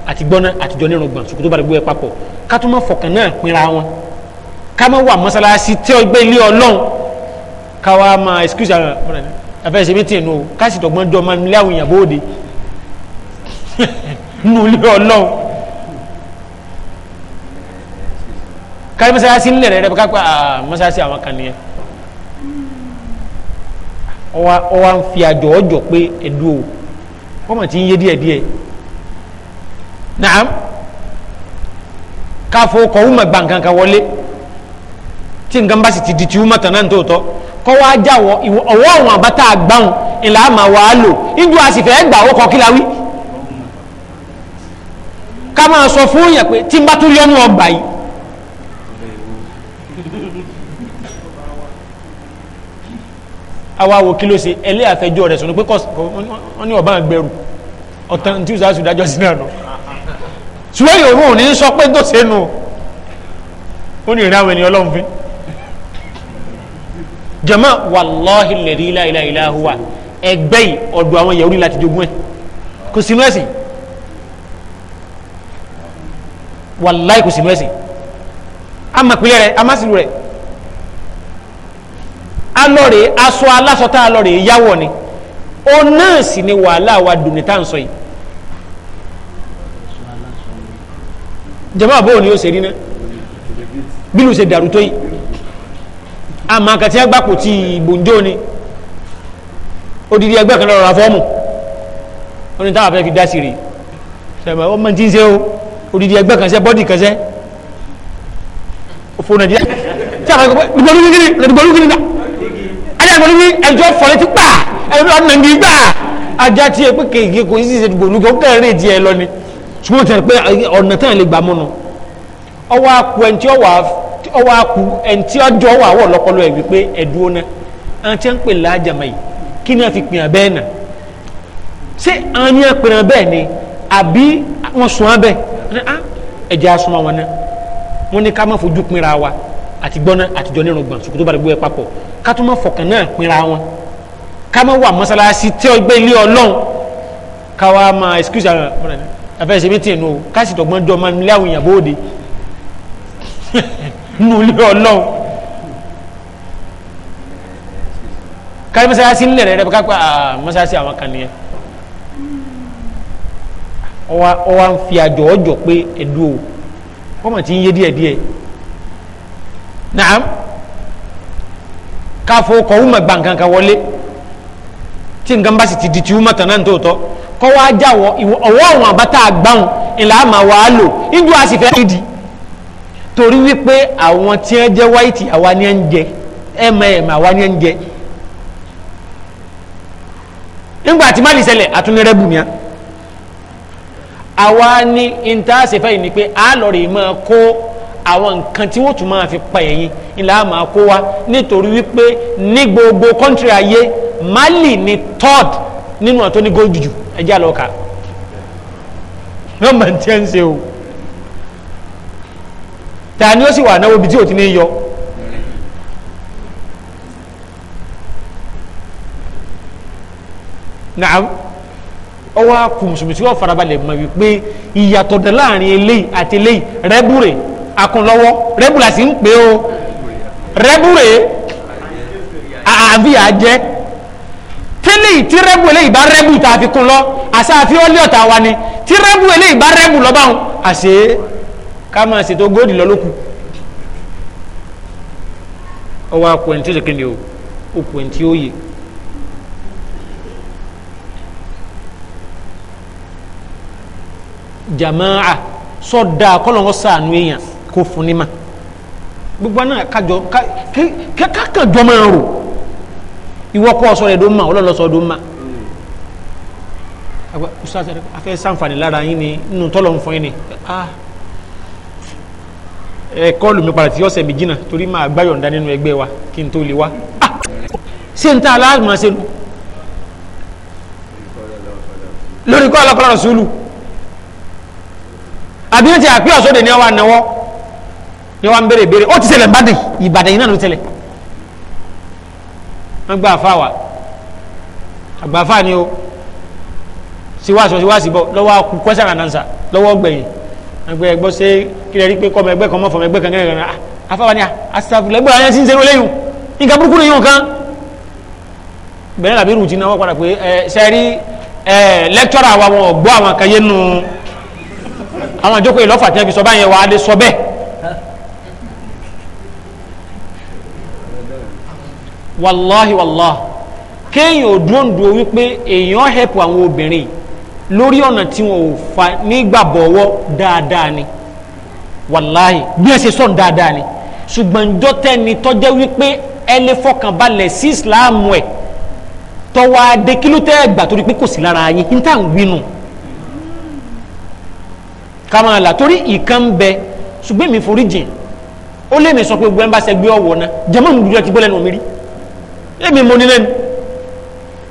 àti gbọ́ná àtijọ́ nínú gbọ̀n sùkútù bá gbé papọ̀ ká tún má fọkàn náà pinra wọn ká má wà mọ́sálásí tí ó ilé ọlọ́run ká wá máa excuse àwọn ọmọdé àfẹ́ ṣe mítìn nù ká sì tọ̀gbọ́n jọ máa nílé àwọn èèyàn bóde <laughs> nínú ilé ọlọ́run kárí mọ́sálásí ńlẹ̀ rẹ̀ rẹ̀ kápá mọ́sálásí àwọn kan nìyẹn ọ wa ń fi àjọ ọjọ pé ẹdú o wọ́n mọ̀ tí ń yé díẹ̀díẹ̀ naam káfọ́ kọ́ ọ́ mọ̀ gbàǹkan kan wọlé tí nǹkan bá sì ti di tí ó mọ̀tàn náà ń tóòtọ́ kọ́ wá jáwọ́ ọwọ́ àwọn àbátá àgbáhùn ìlà àmà wà á lò ìjọ àsìfẹ́ gbà ó kọ́ kí la wí ká máa sọ fún yẹn pé tí n bá tún yọnu ọgbà yìí àwa wo kí ló ṣe ẹlẹ́ àfẹjọ́ rẹ̀ sọ̀rọ̀ pé wọ́n ní ọba àgbẹ̀rù ọ̀tàn tí ó sáà sùdájọ́ sí náà nù ṣùgbọ́n yorùbá ò ní sọ pé tó ṣe nù ó ní ìrìn àwọn ènìyàn ọlọ́run fi jama wàláhi lẹ́rí ilá huwa ẹgbẹ́ yìí ọ̀dọ̀ àwọn yahudi láti jogún ẹ̀ kò sínú ẹ̀sìn wàláhi kò sínú ẹ̀sìn a mọ̀ pílẹ̀ rẹ̀ a má alọ́rẹ̀ aṣọ alásọ̀tá alọ́rẹ̀ yáwọ̀ ni ó náà sì ni wàhálà wa dùn ní tá à ń sọ yìí jama bóò ni ó ṣe rí ná bílù ṣe dàrú tó yìí àmọ́ àkàtì agbáko ti gbòǹjó ni odidi ẹgbẹ́ kan lọ́rọ̀ afọ́mù ó ní táwọn afẹ́ fi dá sí rèé sẹ̀mọ̀ ọmọ tí ń ṣe o odidi ẹgbẹ́ kan ṣe bọ́dì kan ṣe fún nàìjíríà tí a kà gbogbo olúkìrì nàìjíríà adájọ́ ní ẹjọ́ fọlẹ́ ti gbà ẹjọ́ lọ́dún náà ń bí gbà ajá tí ẹ pé kéèké kò sí ṣe gbòòlù kò kẹ́rẹ́ di ẹ lọ ni ṣùgbọ́n tẹ̀ pé ọ̀nà tán lè gbà mú nu ọwọ́ akú ẹni tí ọwọ́ akú ẹni tí ọjọ́ wà wọ̀ lọ́pọ̀lọ́ ẹ̀ wípé ẹ̀dúró náà àwọn tí pè láàjàmá yìí kí ni wọ́n fi pìyàn bẹ́ẹ̀ nà ṣé àwọn ni wọ́n pìyàn ni àbí wọ́n sùn ah, á bẹ́ẹ̀ ẹ̀jẹ̀ asùnmọ́ wọn náà wọ́n ní ká má fojú pinra wa àti gbọ́ná àtijọ́ nínú gbọ̀n sùkú tó bá gbé ẹ papọ̀ ká tó má fọkàn náà pinra wọn ká má wà mọ́sálásí tí ó gbé ilé ọlọ́run ká wá máa excuse àwọn afẹ́ ṣe mítìn nù ká sì tọ̀gbọ́n jọ máa nílé àwọn èèyàn bóde <laughs> nù ilé ọlọ́run ká mọ́sálásí nílẹ̀ rẹ̀ rẹ̀ ká pa ah, mọ́sálásí àwọn kan nìyẹn ọwọ́ à ń fi àjọ ọjọ́ pé ẹ̀dùn o wọ́n mọ̀ tí ń yé díẹ̀díẹ̀ naam káfó kọ wúmọ gba nǹkan kan wọlé tí nǹkan bá sì ti di ti wúmọ tán náà ní tòótọ́ kọ wá já wọ ọwọ́ àwọn àbátá àgbáhùn ìlà àmà wà á lò ìjọ àsìfẹ́ ìdí torí wípé àwọn tí wọn jẹ wáìtì àwa ni ń jẹ ẹmọ ẹmọ àwa ni ń jẹ nígbà tí má lè ṣẹlẹ̀ àtúnirẹ́bù ni a àwa ni ìntàṣẹfẹ́ yìí ni pé a lọ rè máa àwọn nǹkan tí wọ́n tún máa fi pa ẹ̀yìn ilà àmà kó wa nítorí wípé ní gbogbo kọ́ńtírì ayé Mali ni third nínú àtọ́ ní gold jù ẹjẹ́ àlọ́ka nọ́mbà tí ẹ ń ṣe o ta ni ó sì wà náwó bí tí ò ti ní yọ akúnlọ́wọ́ rẹ́bù la sì ń pè ó rẹ́bù rèé àbí àjẹ́ tẹ́lẹ̀ tí rẹ́bù eléyìí bá rẹ́bù tá a fi kún lọ àṣà àfi ọ́lẹ́ ọ̀tá wa ni tí rẹ́bù eléyìí bá rẹ́bù lọ́ba wọn àṣẹ e. ká máa ṣètò góòdì lọ́lọ́kù ọwọ́ akọ̀yìn tí o okùn tí ó yẹ. jamaa sọdá kọlọ́ngọ́ sànú èèyàn kó fún ní mà gbogbo náà kájọ kákàjọ máa rò ìwọ kọ́ ọ̀sọ́ rẹ̀ ló ń mà ọlọ́lọ́sọ ló ń mà afẹ́ sàǹfààní lára yín ni nínú tọ́lọ̀ ń fún yín ni ẹ kọ́ọ̀lù mi padà tí ọ̀sẹ̀ méjì náà torí máa gbáyọ̀ǹda nínú ẹgbẹ́ wa kí n tó lè wá ṣé n ta aláàmà ṣe lù lórí kọ́ ọlọ́kọ́ rẹ̀ sùúlù àbí ní ti àpé ọ̀sọ́dẹ̀ ni ọ wà náwọ́ ni wọn bẹ̀rẹ̀ bẹ̀rẹ̀ ó ti ṣẹlẹ̀ nbàdàn ìbàdàn yìí náà ló ṣẹlẹ̀ wọn gba àfa wa àgbà àfa ni o siwaasi siwaasi bọ lọ́wọ́ akú kọsàn àdánsà lọ́wọ́ gbẹ̀yìn ẹgbẹ́ ẹgbọ́ ṣe kílẹ̀ rí pé kọ́mọ ẹgbẹ́ kan mọ́ fọmọ ẹgbẹ́ kan gẹ́gẹ́ gẹ́gẹ́ afáwa ah, ni ah, asàfilẹ̀ ẹgbẹ́ ayé sísè wọlé yìí nǹkan burúkú ni yìí kan bẹ̀rẹ̀ làbí rùtì náà wọ́n padà pé ẹ sẹ́rí ẹ lẹ́kítọ́rà wa wọn gbọ́ àwọn kan yé àwọn àjọkọ̀ ìlọ́fà tí wọ́n fi wà á lè sọ bẹ́ẹ̀ wàláhi wàláhi kéèyàn ò dúró ń dúró wípé èèyàn hẹ́pù àwọn obìnrin lórí ọ̀nà tí wọn ò fa nígbàbọ̀wọ́ dáadáa ni wàláhi bí ẹ ṣe sọ̀n dáadáa ni ṣùgbọ́n jọ́tẹ́ni tọ́jẹ́ wípé ẹ lè fọkànbalẹ̀ sí ìsìláàmù ẹ̀ tọwọ́ adé kí ló tẹ́ ẹ gbà torí pé kò sí lára yín níta ń winu kàmáàlà torí ìkan ń bẹ ṣùgbọ́n èmi forí jìn ó lé mi sọ pé gbẹ́ńbàṣẹ́ gbé ọ̀wọ́ náà jẹ́mọ́ mi dúró ti bọ́ lẹ́nu mi rí èmi mo nílẹ̀ ni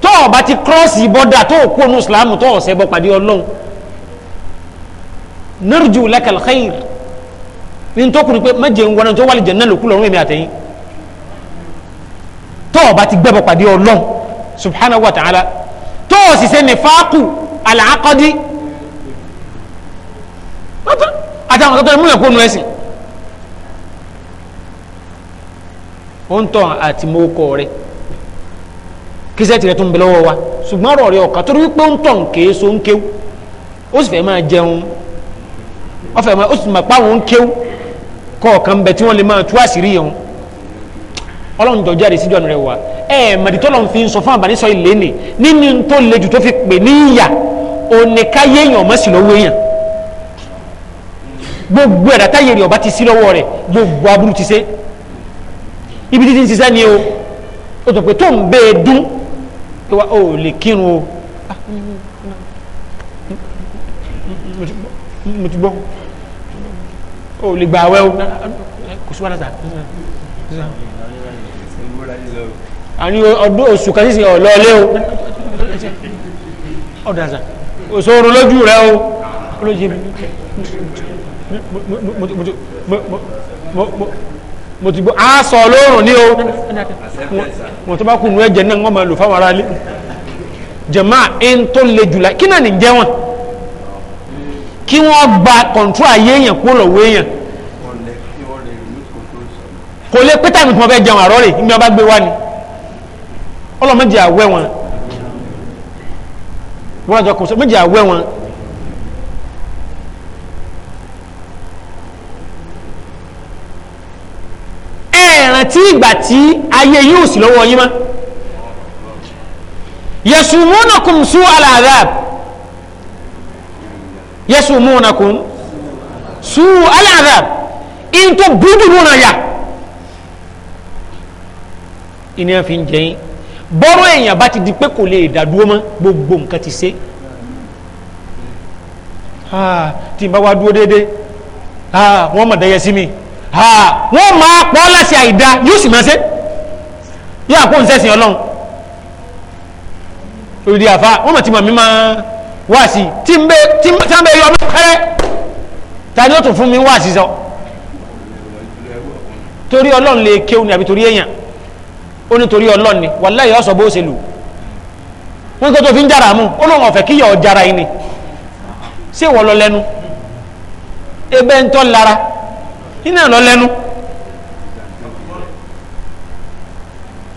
tó o bá ti kírọ́ọ̀sì bọ́dà tó o kó nu ìsìlámù tó o ṣe bọ́ pàdé ọlọ́run nírùjú lẹ́kàl xeyìr ní tó kùnú pé méje ń wọnà tó wà lè jẹ́ nílùú kúlọ̀rún èmi àtẹ̀yìn tó o bá ti gbẹ́bọ̀ pàdé ọlọ́run subhanahu wa ta'ala tó o sì ṣe nífàákù àlàákọ́dí àtàwọn akẹ́kọ̀ọ́ múlẹ̀ kó nu ẹ̀sìn ó ń tọ́ àtìmọ́kọ rẹ̀ kíṣẹ́ tirẹ̀ tó ń bẹ lọ́wọ́ wa ṣùgbọ́n ọ̀rọ̀ rẹ ọ̀ka torí wípé ń tàn kéé so ń kéw ó sì fẹ́ máa jẹun ó fẹ́ máa ó sì máa páwọn ń kéw kọ̀ọ̀kan bẹ tí wọ́n lè máa tú àṣírí yẹn ọlọ́run jọ jáde síjọ́ rẹ wa ẹ màdìtọ́ lọ́n fi ń sọ fún àbáníṣọ ilé ni nínú tó le jù tó fi pè ní ìyà oníkáyé èèyàn ọmọ sí lọ́wọ́ èèyàn gbogbo ẹ̀dá táyé rẹ̀ ọba ti sí lọ́wọ́ rẹ̀ gbogbo aburú ti ṣe ibi títí ń ṣiṣẹ́ ni o ó sọ pé tó ń bẹ́ẹ̀ dún pé wá ó lè kírun o ah. mo ti gbọ́ ó lè gbà wẹ́ o kò sí wàhálà àní ọdún oṣù kan sísìn ọ̀lọ́ọ̀lẹ́ o ọ̀dàzà òṣòro lójú rẹ o olóye mi mo ti gbọ́ a sọ lóòrùn ní o mo tó bá kú nù ẹ̀jẹ̀ náà wọ́n máa lò fáwọn aráalé jẹ̀má ẹn tó le jùlá kí náà ní jẹ́ wọn kí wọ́n gba kọ̀ǹtúrà ayé èèyàn kó lọ́wọ́ èèyàn kò lè pété àmì tí wọ́n fẹ́ jẹun àárọ̀ rẹ̀ ìgbà bá gbé wá ni ọlọ́mọdé àwẹ̀ wọn wọ́n àjọ kò sọ méjì àwẹ̀ wọn rántí ìgbà tí ayé yóò sì lọ́wọ́ yín mọ́ yasumunakum su al'adhab yasumunakum su al'adhab in tó búdú múna ya iná fi ń jẹyìn bọ́rọ̀ èèyàn bá ti di pé kò lè dàdúró mọ́ gbogbo nǹkan ti ṣe ah, tí n bá wá dúró déédéé ah, wọ́n mọ̀ dẹ́yẹ sí mi wọ́n máa pọ́ láti àìdá yóò sì máa ṣe yóò àpò ń sẹ́sìn ọlọ́run olùdí àfa wọ́n mọ̀ tí màmí máa wá sí tí ń bẹ tí ń bẹ yọ ọmọ pẹ́rẹ́ ta ni ó tún fún mi wá sí sọ torí ọlọ́run lè kéwù ni àbí torí èèyàn ó ní torí ọlọ́run ni wàláyé ọ̀sọ̀ bó ṣe lù wọ́n kó tó fi ń jára mú ó lóun ọ̀fẹ́ kíyà ọ̀jára yìí ni ṣé ìwọ lọ lẹ́nu ebe ń iná lọ lẹ́nu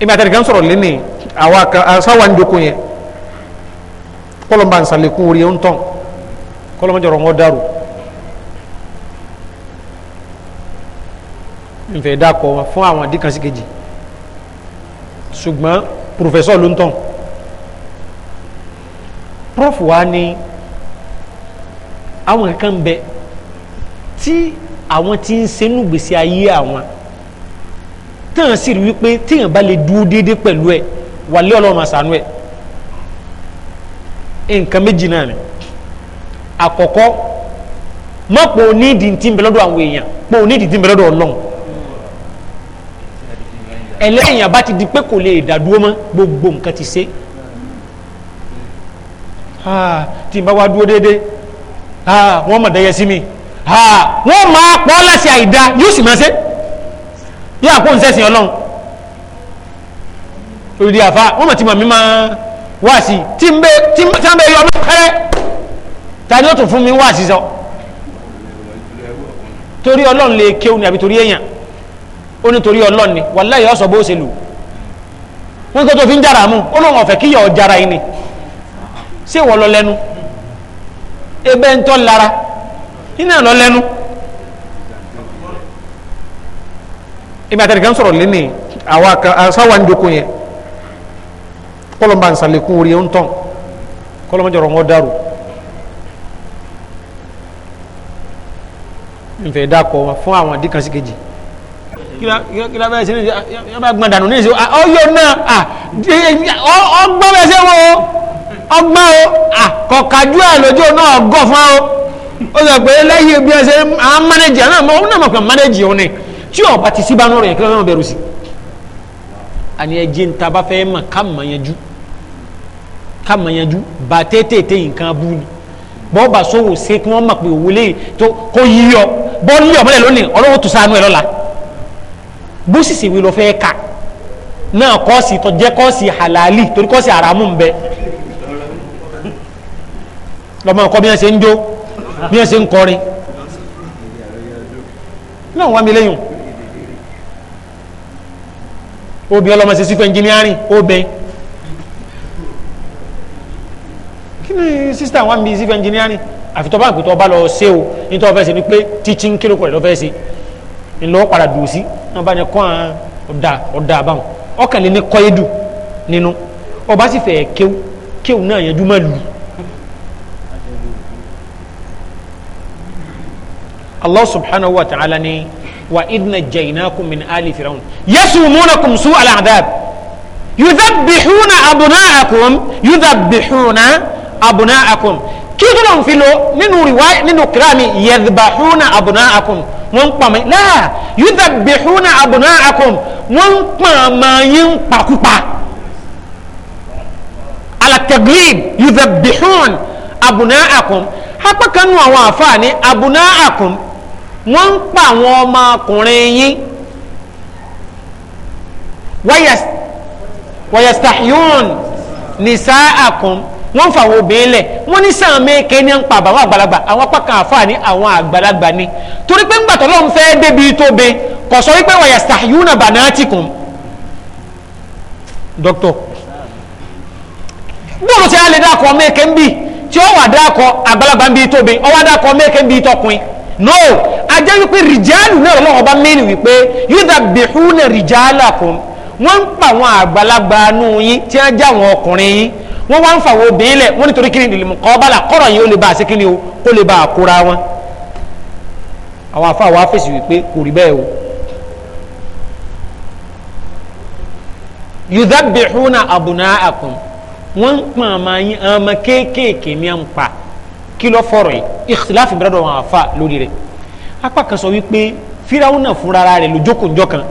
ìgbà tẹ̀lé kan sọ̀rọ̀ lẹ́nu àwọn asáwà ń jókòó yẹn kọlọmba nsalekun orí ń tán kọlọmọ jọrọ wọn dàrú nfẹ dàkọ wọn fún àwọn àdìkànsí kejì ṣùgbọ́n pòfẹsọ ló ń tán prof wa ni àwọn kan bẹ tí àwọn tí ń senú gbèsè ayé àwọn tán sì rí wípé téèyàn bá lè dúró déédéé pẹ̀lú ẹ̀ wà lé ọlọ́run àṣàánú ẹ̀ nǹkan méjì náà ni àkọ́kọ́ má pò nídìí tí ń bẹ lọ́dọ̀ àwọn èèyàn pò nídìí tí ń bẹ lọ́dọ̀ ọlọ́run ẹlẹ́yìn bá ti di pé kò lè dàdúró mọ́ gbogbo nǹkan ti ṣe ah, tí n bá wá dúró déédéé ah, wọ́n mọ̀ dẹ́yẹ sí mi wọ́n máa pọ́ láti àìdá yóò sì máa ṣe yóò àpò ń sẹ́sìn ọlọ́run olùdí àfa wọ́n mọ̀ tí màmí máa wá sí i tí ń bẹ tí ń bẹ yọ ọmọ pẹ́rẹ́ ta ni ó tún fún mi wá sí sọ torí ọlọ́run lè kéwù ni àbí torí èèyàn ó ní torí ọlọ́run ni wàláhì ọ̀sọ̀ bó ṣe lù wọ́n kó tó fi ń jára mú ó lóun ọ̀fẹ́ kíyọ̀ ọ̀jára yìí ni ṣé ìwọ lọ lẹ́nu ebe ń iná lọ lẹ́nu ìgbà tẹ̀lé kan sọ̀rọ̀ lẹ́nu àwọn asáwà ń jókòó yẹn kọlọmba nsalekun orí ń tán kọlọmọ jọrọ wọn dàrú nfẹ dakọ wọn fún àwọn àdìkan sí kejì kila bẹ́ẹ̀ sẹ́ni yọ bá gbọ́n dànù ní ìṣe ọyọ náà ọgbọ́n bẹ́ẹ̀ sẹ́wọ́ ọgbọ́n o kọ̀ọ̀kájú ẹ̀ lójú náà gọ̀ fún ọ ó sọ pé lẹ́yìn bí ẹ ṣe à ń mánéjì àwọn ọmọ òun náà mọ̀ pé mánéjì òun ni tí ọba ti síbánú rẹ̀ kí wọ́n bẹ̀rù sí àní ẹjẹ́ ń ta bá fẹ́ mọ̀ ká mọ̀ yanjú ká mọ̀ yanjú bá tètè nǹkan bú ni bọ́ọ̀bà sọ̀wọ́ sí kí wọ́n mọ̀ pé òwò lè tó kó yí ọ bọ́ọ̀lù yọ̀ mọ́lẹ̀ lónìí ọlọ́wọ́ tó sànú ẹ̀ lọ́la bó sì sì wí lọ fẹ́ kà náà kọ́ọ̀sì tó jẹ́ kọ́ọ̀sì halali torí kọ́ọ̀sì haramu ń bẹ lọ́mọ ọkọ bí wọ́n ṣe bí wọ́n ṣe ń kọrin náà wọ́n mi lẹ́yìn obìnrin ọlọ́mọ ṣe sí fún ẹnjìnírìn obìnrin kí ni sísítà wọn mi sí fún ẹnjìnírìn àfitọ́ bá ń pètọ́ ọba lọ ṣe o nítorí ọfẹ́ ṣe ni pé teaching kí ló kọ̀ lọ́fẹ́ ṣe ńlọ padà dùn sí náà bá ní kọ́ àwọn ọ̀dà ọ̀dà àbáwọn ọkàn lè ní kọ́ edu nínú ọba sì fẹ́ kéw kéw náà yẹn dúmọ̀ lù. الله سبحانه وتعالى نے وَإِذْ نَجَّيْنَاكُمْ مِنْ آلِ فِرَوْنَ يَسُومُونَكُمْ سُوءَ الْعَذَابِ يُذَبِّحُونَ أَبْنَاءَكُمْ يُذَبِّحُونَ أَبْنَاءَكُمْ kí tó lóun fi lo nínú riwa nínú kirami yadhbahuna abnaakum wọ́n pa mi láà yudhabbihuna abnaakum wọ́n pa máa yín pakupa ala taglib yudhabbihuna abnaakum apá kan nù àwọn àfààní abnaakum wọ́n ń pa àwọn ọmọkùnrin yín wọ́yẹ̀stàhíún nìsáàkùn wọ́n fà wọ́n obìnrin lẹ̀ wọ́n ní sáà mẹ́kẹ́ ní ń pa àbáwọn àgbàlagbà àwọn apá kan àfáà ní àwọn àgbàlagbà ni torí pé ńgbà tó lọ́n fẹ́ débi tó be kò sọ wípé wọ́yẹ̀stàhíún bànáàtìkùn dókítọ̀ bóòlù tí a lè dákọ̀ mẹ́kẹ́ ń bì tí ó wà dákọ̀ àgbàlagbà ń bì tó be ọwọ́ dákọ̀ mẹ́kẹ́ ń bì tọkùnrin no ajẹ́ wípé rìjálù náà wọ́n ọba mẹ́rin wípé yúdà bìhúnà rìjálà kùn wọ́n ń pa àwọn àgbàlagbà nù yín tí wọ́n já àwọn ọkùnrin yín wọ́n wá ń fa àwọn obìnrin lẹ̀ wọ́n nítorí kíni ìdìlẹ̀ mọ̀kọ́bálà kọ́rọ̀ yìí ó lè bá àṣẹ kíni o kó lè bá àkóra wọn. àwọn afa àwọn afẹ́sì wípé kò rí bẹ́ẹ̀ o. yúdà bìhúnà àbùnà àkùn wọ́n ń pa àmà yín àmà kéékèèké ní à ń pa kí ló fọ̀rọ̀ yìí ìkìláàfì bẹ̀rẹ̀ wọn àfa lórí rẹ̀ apá kan sọ wípé fíráwọn náà fúnra rẹ̀ lójókòó njọ́kan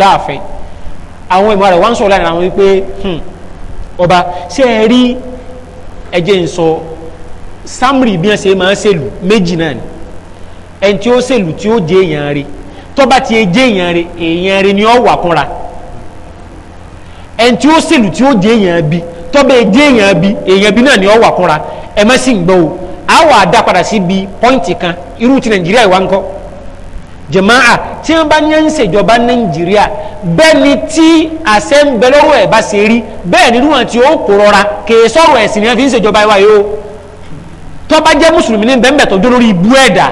láàfẹ́ àwọn ìmọ̀ rẹ̀ wá ń sọ̀rọ̀ láàrin àwọn wípé hmm, ọba ṣé ẹ rí ẹjẹ́ ń sọ sámrì bí wọ́n ṣe máa ń ṣèlú méjì ni ẹni tí ó ṣèlú tí ó jẹ́ èèyàn ti jẹ́ èèyàn rẹ̀ èèyàn rẹ̀ ni ó wà kúnra ẹni tí ó ṣèlú tí ó jẹ́ tọ́bẹ̀ èdè èèyàn bi èèyàn bi náà ni ọ wà kúnra ẹ má sì ń gbọ́ o a wà á dá padà sí bi pọ́ǹtì kan irú ti nàìjíríà ìwà ńkọ́ jàmáà tí wọ́n bá ní ń ṣèjọba nàìjíríà bẹ́ẹ̀ ni tí àṣẹ ń ẹ̀ bá ṣe rí bẹ́ẹ̀ ni níwọ̀n tí ó kó rọra kì sọ̀rọ̀ ẹ̀sìn ni wọ́n fi ń ṣèjọba ìwà yìí o tọ́ba jẹ́ mùsùlùmí ní bẹ́ẹ̀ tó dúró lórí ibú ẹ̀dá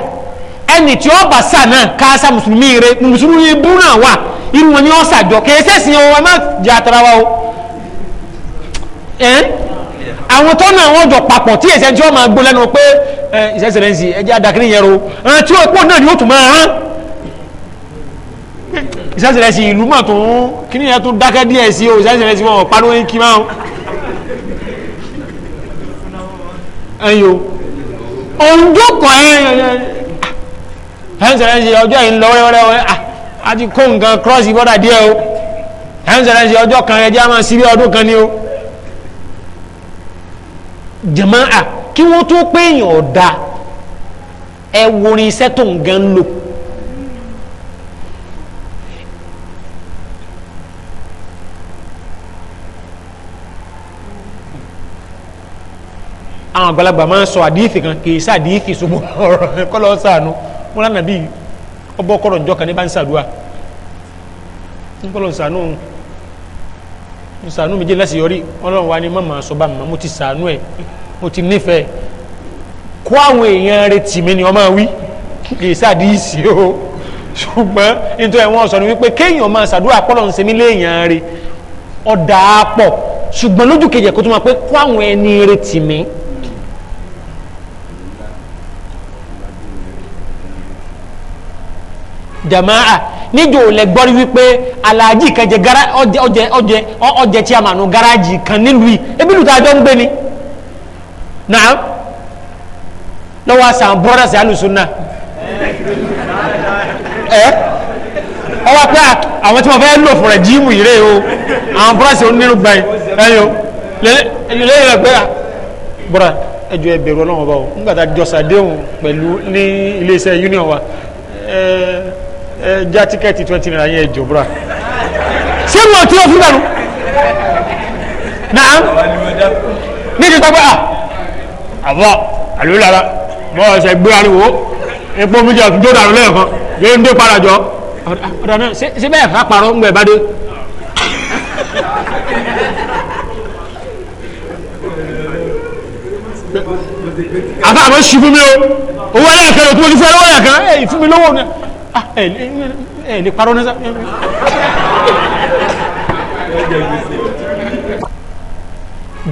ẹni tí ó bá sà náà káásá mùsùlùmí rẹ mùsùlùmí ibú náà wà irú wọn ni ó sàjọ kì sẹ́sìn ọwọ́ ẹ má jẹ́ àtàrà wa o àwọn tó náà wọ́n jọ papọ̀ tí ẹ̀sẹ̀ tí wọ́n máa gbó lẹ́nu pé ìṣẹ́sẹ̀rẹ́nsì ẹjẹ́ adakiri yẹn ro ẹ̀rọ tí ó pọ̀ náà ni ó tún máa hàn ìṣẹ́sẹ̀rẹ́sì ìlú mọ̀ tó ń kíní yẹn tún dákẹ́ díẹ̀ sí o ìṣẹ́sẹ̀rẹ́sì wọn pariwo ń kí máa ń ẹ̀yọ òǹdókọ̀ ẹ̀ẹ́sẹ̀rẹ́sì ọjọ́ yìí ń lọ wẹ́rẹ́wẹ́rẹ́ àti ah, kó nǹkan cross border díẹ̀ o ẹ̀ẹ́sẹ̀rẹ́sì ọjọ́ kan ẹjẹ́ á máa síbí ọdún kan ni jàmáà kí wọ́n tó pé èèyàn ọ̀dà ẹ worin iṣẹ́ tó ń gan lò. àwọn àgbàlagbà máa ń sọ àdíìsì kan kì í sá àdíìsì ṣùgbọ́n ọ̀rọ̀ kọ́ lọ́ọ́ sànú wọn lánàá bíi ọbọ̀ kọ́rọ̀ ǹjọ́ kan ní bá ń ṣàdúrà ń kọ́ lọ́ọ́ sànú sànú mi jẹ́ lásìyọrí ọlọ́run wa ni mọ̀mọ́ sọ bá mi mo ti sànú ẹ̀ mo ti nífẹ̀ẹ́ kó àwọn èèyàn retí mi ni ọmọ wí kì í sàdíìsì o ṣùgbọ́n nítorí wọn sọ ni wípé kéèyàn máa ṣàdúrà pọ́lọ̀ ń ṣe mí léèyàn rè ọ̀dà pọ̀ ṣùgbọ́n lójú kejì ẹ̀kọ́ tó máa pé kó àwọn ẹni retí mi. jamaa níjò lẹ gbọ́rí wípé aláàjì kan jẹ ọjẹ ọjẹ ọjẹ tí a kan nílùú yìí ebi lùtà àjọ ń gbé ni náà lọ́wọ́ àṣà brothers alùsùnà ẹ ọwọ́ pé àwọn tí wọ́n fẹ́ lò fún rẹ̀ jíìmù yìí rẹ̀ o àwọn brothers onírúgba yìí ẹ̀yọ lẹ́yìn rẹ̀ pé bọ́ra ẹjọ́ ẹbẹ̀rù ọlọ́wọ́ bá o nígbà tá a jọ sàdéhùn pẹ̀lú ní iléeṣẹ́ union wa eh ẹ já tíkẹ́ẹ̀tì twenty naira yẹn jọ búra ṣé mo tí o fún dànù náà ní ti tọ́gbẹ́ à àbọ̀ àlùlára mọ ọ̀sẹ̀ gbé ariwo epo mi jẹ́ tó dànù lẹ́ẹ̀kan yóò ń dé padà jọ ọ̀dà náà ṣé bẹ́ẹ̀ fà parọ́ ń gbẹ̀ bá dé. àbá àmọ́ ṣubú mi o owó ẹlẹ́ẹ̀kan ló tó mo ti fẹ́ owó ẹlẹ́ẹ̀kan fún mi lówó ẹ ah, lè eh, eh, eh, parọ́ náà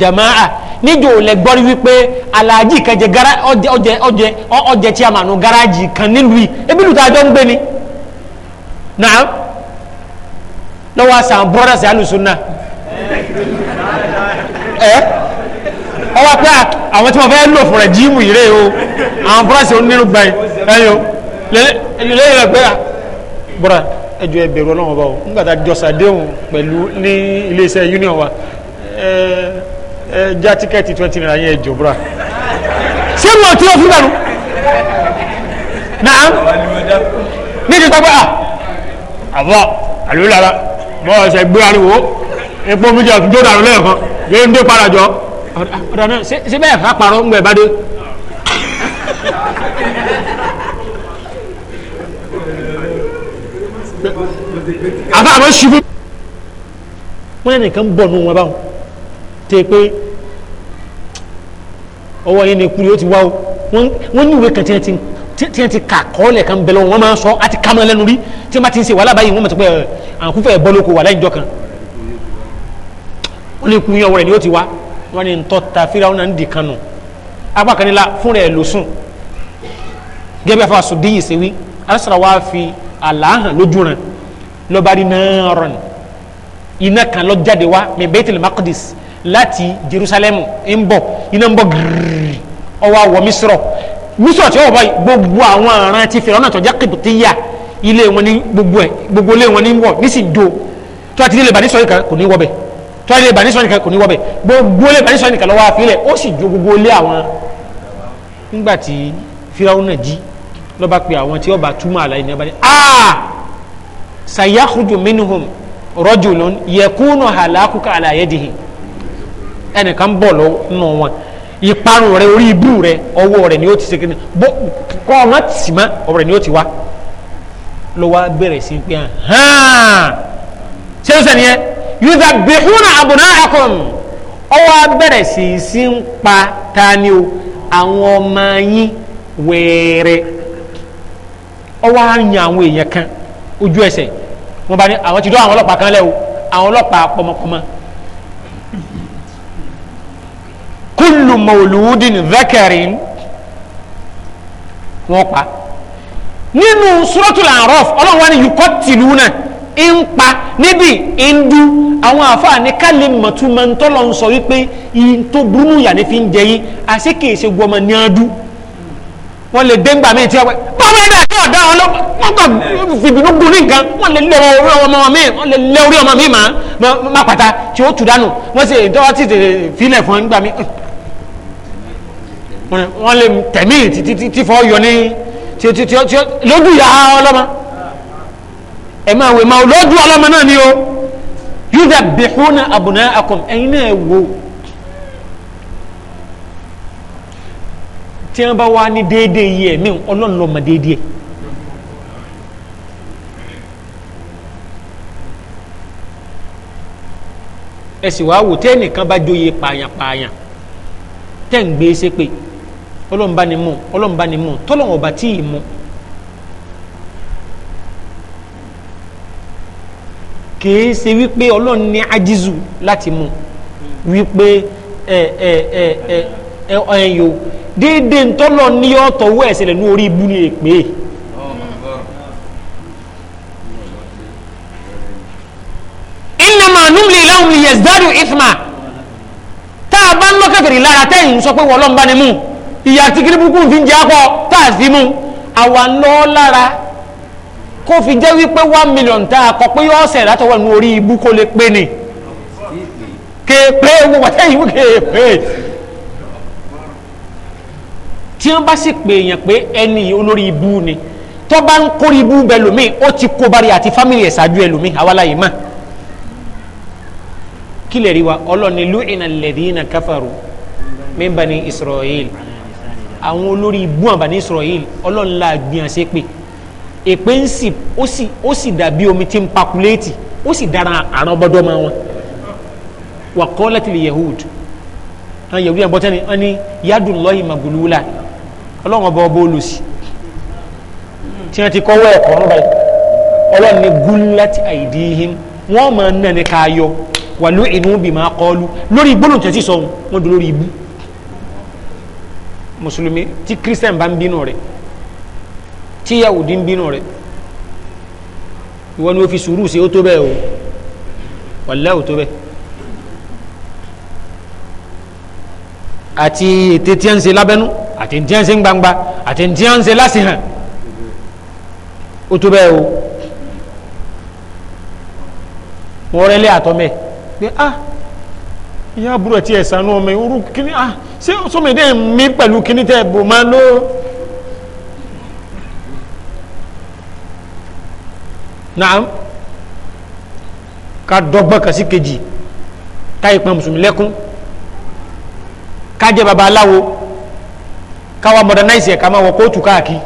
jamaa níjò lẹ wípé alhaji kan jẹ gara ọjẹ ọjẹ ọjẹ tí a mà nù kan nílùú yìí ebi lùtà àjọ ń gbé ni naam lọ́wọ́ àṣà brothers alusunna ẹ ọwọ́ pé àwọn tí wọ́n fẹ́ lò fún rẹ̀ jíìmù yìí o àwọn brothers lẹ́yìn ẹgbẹ́ bọ́ra ẹjọ́ ẹbẹ̀rù ọlọ́run ọba o nígbàtà jọsàdéhùn pẹ̀lú ní iléeṣẹ́ union wa ẹ ẹ já tíkẹ́ẹ̀tì twenty naira yẹn ẹjọ́ bọ́ra ṣé ah, mo tí o fún bẹ́ẹ̀ nu náà ní epo mi jẹ́ àtúntò dànù lẹ́ẹ̀kan yóò ń dé padà ọ̀dà náà ṣé bẹ́ẹ̀ fà parọ́ ń gbẹ̀ bá dé. àbá àwọn ṣubú. wọ́n yẹn nìkan ń bọ̀ nù wọn báwọn tẹ pé ọwọ́ yẹn ní kúrò yóò ti wá o wọ́n ní ìwé kan tí wọ́n ti kà kọ́ọ̀lẹ̀ kan bẹ̀lẹ̀ wọn máa ń sọ àti kàmọ́ lẹ́nu rí tí wọ́n ti ń ṣe wàhálà báyìí wọ́n mọ̀ tó pé àǹkúfẹ́ bọ́ lóko wà láyìnjọ kan wọ́n lè kun yẹn ọwọ́ rẹ̀ ni yóò ti wá wọ́n ní ntọ́ ta fíra wọn náà ń di kan nù apá kan ní la fún rẹ̀ ló sùn gẹ́gẹ́ bí a àsùn díyì ṣe wí alásàrà wa fi àlàáhàn lójú rẹ̀ lọ́ba rí náírà iná kan lọ wa wá min Baitul Maqdis láti Jerusalem ń bọ̀ iná ń bọ̀ gírírí ọwọ́ àwọ̀ Misrọ̀ Misrọ̀ tí wọ́n bá gbogbo àwọn aràn ti fẹ̀rẹ̀ ọ̀nà tó jẹ́ kìbùtìyà ilé wọn ní gbogbo ẹ̀ gbogbo ilé wọn ní wọ̀ nísìnyí tó a ti lè bá ní sọ́yìn kan kò ní wọ́ bẹ́ẹ̀ tó a lè bá ní sọ́yìn kan kò ní wọ́ bẹ́ẹ̀ gbogbo lè bá ní sọ́yìn kan lọ́wọ́ àfilẹ̀ ó sì ju gbogbo lé àwọn nígbà tí Fíráúnà jí lọ́ba pe àwọn tí ọba túmọ̀ àlàyé ní ọba ní sayahudu minhum rọjulun yẹkúnù halakuka alayedihi ẹnìkan bọ̀ lọ nù wọn ìparun rẹ orí ibú rẹ ọwọ́ rẹ ni ó ti segin bó kọ́ ọ̀nà tì má ọ̀rẹ́ ni ó ti wá ló wá bẹ̀rẹ̀ sí pé hàn ṣé ó sẹ́ni yẹn yúdà bìhúnà àbùnà àkọ́m ọwọ́ abẹ́rẹ̀ sí sí ń pa tani o àwọn ọmọ yín wẹ̀ẹ̀rẹ̀ ọwọ́ á kan ojú ẹsẹ̀ wọ́n bá ní àwọn ti dọ́ àwọn ọlọ́pàá kan lẹ́ o àwọn ọlọ́pàá pọmọpọmọ. kullu mawludin dhakarin wọ́n pa nínú suratul A'raf ọlọ́run wa ni yuqatiluna ń pa níbi ìndú àwọn àfààní kálí mọ̀túmọ̀ ń tọ́lọ̀ ń sọ wípé ìyìn tó fi ń jẹ yín àṣekèsè gbọmọ ní adú wọ́n lè dé ńgbà míì tí ọ̀pẹ́ bọ́ọ̀mù ẹ̀dá tí ọ̀dá wọn wọ́n kàn fìbínú gun ní nǹkan wọ́n lè lé orí ọmọ mi wọ́n lè lé orí ọmọ mi má pàtà tí ó tù dánù wọ́n sì dọ́wọ́ ti tè filẹ̀ fún ńgbà mi. wọ́n lè tẹ̀mí tí fọ́ yọ ní lójú ìyá ọlọ́mọ ẹ̀ máa wẹ̀ máa lójú ọlọ́mọ náà ni o yúdà bìhúnà àbùnà àkọ́m ẹ̀yin náà wò ó. tí wọ́n bá wá ní déédé yìí ẹ̀mí ọlọ́run lọ́mọ ẹ wò tẹ́ẹ̀nìkan bá jóye pààyàn pààyàn tẹ́ ń gbé ṣépè ọlọ́run bá ní mú ọlọ́run bá wípé ọlọ́run ní ajizu láti wípé ẹ ẹ ẹ ẹ̀yìn yòó déédéé ntọ́lọ̀ ní ọ̀tọ̀ owó ẹ̀sẹ̀ lẹ́nu orí ibú ni èpè innama numli lahum liyazdadu ithma tá a bá ń lọ kẹfẹ̀rẹ̀ lára tẹ́yìn sọ pé wọ́n lọ́nba ni mú ìyá tí kiribuku fi ń jẹ́ akọ fi mú àwa lọ́ lára kó fi jẹ́ wípé one million ta a kọ pé yọ ọ̀sẹ̀ látọwọ́ ẹnu orí ibú kó lè pé ni kéèpé wọ́n wà tẹ́yìn kéèpé. tí wọ́n bá sì pè èèyàn pé ẹni olórí ibu ni tó bá ń kórí o ti kó bari àti fámìlì ẹ̀ ṣáájú ẹ lómi àwa láyé mọ́ rí wa ọlọ́ni lóyìnà lẹ́dínà káfàrú min bani Israel àwọn olórí ibú àbàní Israel ọlọ́nla gbìyànjú pé èpè ń sì ó sì ó sì dàbí omi tí ń pakuléètì ó sì dára àrùn máa wọn wà kọ́ lẹ́tìlì àwọn yẹn bọ́tẹ́ni ọlọ́run ọba ọba olùsí tí wọ́n ti kọ́wọ́ ẹ̀kọ́ ń báyìí ọlọ́run ní gúnlát àìdíhìn wọ́n máa ń nàní káyọ wà ló inú bí máa kọ́lu lórí gbólóhùn tẹ́sí sọ wọ́n dùn lórí ibú mùsùlùmí tí kírísítẹ̀n bá ń bínú rẹ̀ tí yahudi ń bínú rẹ̀ ìwọ ni ó fi sùúrù sí ó tó bẹ́ẹ̀ o wàláhù tó bẹ́ẹ̀ àti ètè tí ń ṣe lábẹ́nú àti ntí à ń ṣe àti ntí à ń ṣe o wọ́n rẹ́lẹ́ àtọ́mẹ́ pé ah ìyá àbúrò tí ẹ̀ sànú ọmọ ìwúrú kíní ah ṣé sọmọdé mi pẹ̀lú kíní tẹ́ bò máa ló. naam ka dọ́gbọ́n kan sí kejì ká ìpọn mùsùlùmí lẹ́kún ká jẹ́ baba aláwo káwa modernize ẹ̀ ká máa wọ kóòtù káàkiri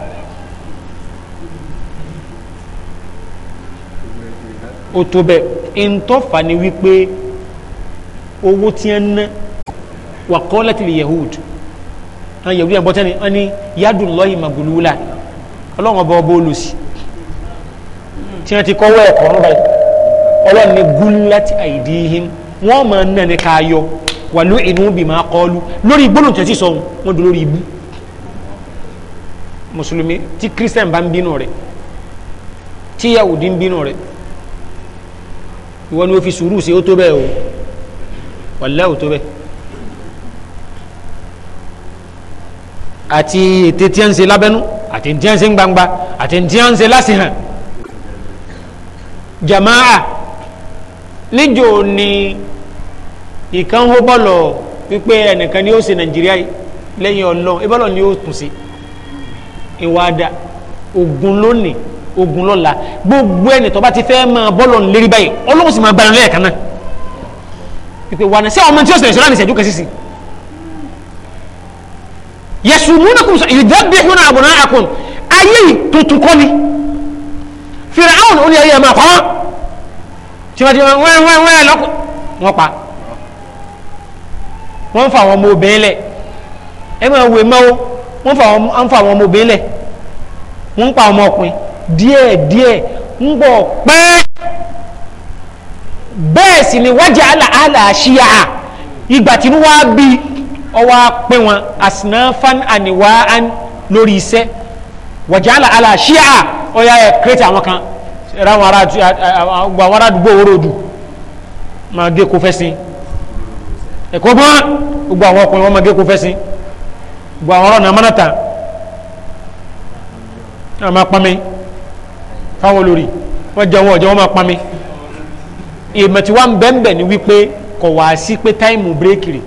ó tó bẹ́ẹ̀ ntọ́fà ni wípé owó tí ń ná wà qalat li yahud àwọn yahud yẹn bọ́tẹ́ni wọ́n ní yadullahi magulula ọlọ́run ọba ọba olùsí tí wọ́n ti kọ́wọ́ ẹ̀kọ́ ń báyìí ọlọ́run ní gullat aidihim wọ́n máa ń nà ní káyọ wà ló inú bì máa kọ́ lu lórí gbólóhùn tẹ̀sí sọ wọn dùn lórí ibú mùsùlùmí tí kírísítẹ̀n bá ń bínú rẹ̀ tí yahudi ń bínú rẹ̀ ìwọ ni ó fi sùúrù sí ó tó bẹ́ẹ̀ o wàlá ò tó bẹ́ẹ̀ àti ètè tí a ń ṣe gbangba àti tí a ń ṣe lásìhàn jamaa níjò ni ìkan hó bọ́ọ̀lọ̀ wípé ẹnìkan ni ó ṣe nàìjíríà lẹ́yìn ọlọ́run ìbọ́lọ̀ ni ó tún sí ìwádà ogun lónìí ogun lọ́la gbogbo ẹni tó bá ti fẹ́ máa bọ́lọ̀ lérí báyìí ọlọ́run sì máa gbani lẹ́ẹ̀kan náà pípé wà ní sí àwọn ọmọ tí ó sẹ̀rẹ̀ sọ́lá ní ìṣẹ́jú kan sísì yẹ̀sùn múnà kùn ìdẹ́bí ìhúnà àbùnà àkùn ayé tuntun kọ́ ni Fíráùn ó ní ayé ẹ̀ máa pa wọ́n tìmọ̀tìmọ̀ wẹ́n wẹ́n wẹ́n lọ́kù wọ́n pa wọ́n fa àwọn ọmọ obìnrin lẹ̀ ẹ máa wẹ̀ máa wọ́n fa àwọn fa àwọn ọmọbìnrin lẹ̀ wọ́n ń pa àwọn ọkùnrin díẹ díẹ̀ ń bọ̀ pẹ́ẹ́ bẹ́ẹ̀ sì ni wájà àlàálà ṣíyà ìgbà tí wọ́n á bí ọwọ́ pé wọn àsìnáfán àníwá lórí iṣẹ́ wájà àlàálà ṣíyà ọ̀yà ẹ̀ kírètì àwọn kan ráwọn ará àdúgbò owó ròdù máa gé kó ọkùnrin wọn máa gé kó bu àwọn ọ̀rọ̀ náà mọ́nà ta náà máa pami fáwọn olórí wọ́n jẹ́ wọn ọ̀jẹ́ wọ́n máa pami èèmọ̀ tí wọ́n ń bẹ́ẹ̀nbẹ́ẹ̀ ni wípé kọ̀ wá sí pé táìmù bírèkì rè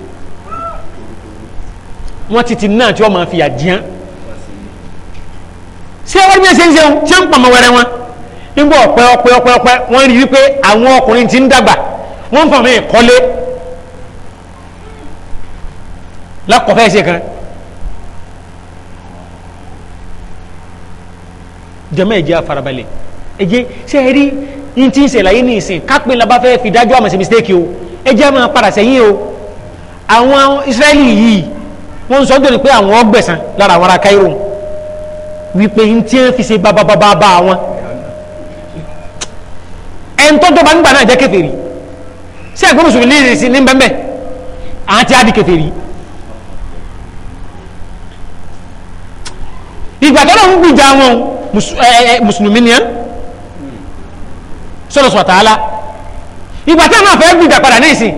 wọ́n ti ti náà tí wọ́n máa fìyà jẹun ṣé wọ́n ní ẹsẹ̀ ń ṣeun ṣé ń pàmò wẹrẹ wọn nígbà ọ̀pẹ ọ̀pẹ ọ̀pẹ ọ̀pẹ wọ́n rí wípé àwọn ọkùnrin ti ń dàgbà wọ́n ń fọ̀mọ́ ìkọ́lé lákọ̀ọ́fẹ́ ṣe kan jama ẹjẹ afarabalẹ̀ ẹjẹ ṣe é rí n ti ń ṣẹlẹ̀ ayé ní ìsìn kápẹ́ la bá fẹ́ fi dájọ́ àmọ̀ sí mistake o ẹjẹ máa padà sẹ́yìn o àwọn israẹli yìí wọ́n ń sọ dòní pé àwọn ọgbẹ̀sán lára àwọn ará Cairo wípé n ti ń fi ṣe bábábábá wọn ẹn tó nígbà náà jẹ́ kèfèrí sí ẹ̀gbọ́n mùsùlùmí ní ìrìnsì ní bẹ́ẹ̀ àti àdì kèfèrí ìgbà tó lọ ń gbìjà wọn o. Eh, eh, eh, mùsùlùmí ni ẹ sọ̀rọ̀ sọ̀rọ̀ tààlà ìgbà tí a máa fẹ́ gbìgbà padà ní ìsìn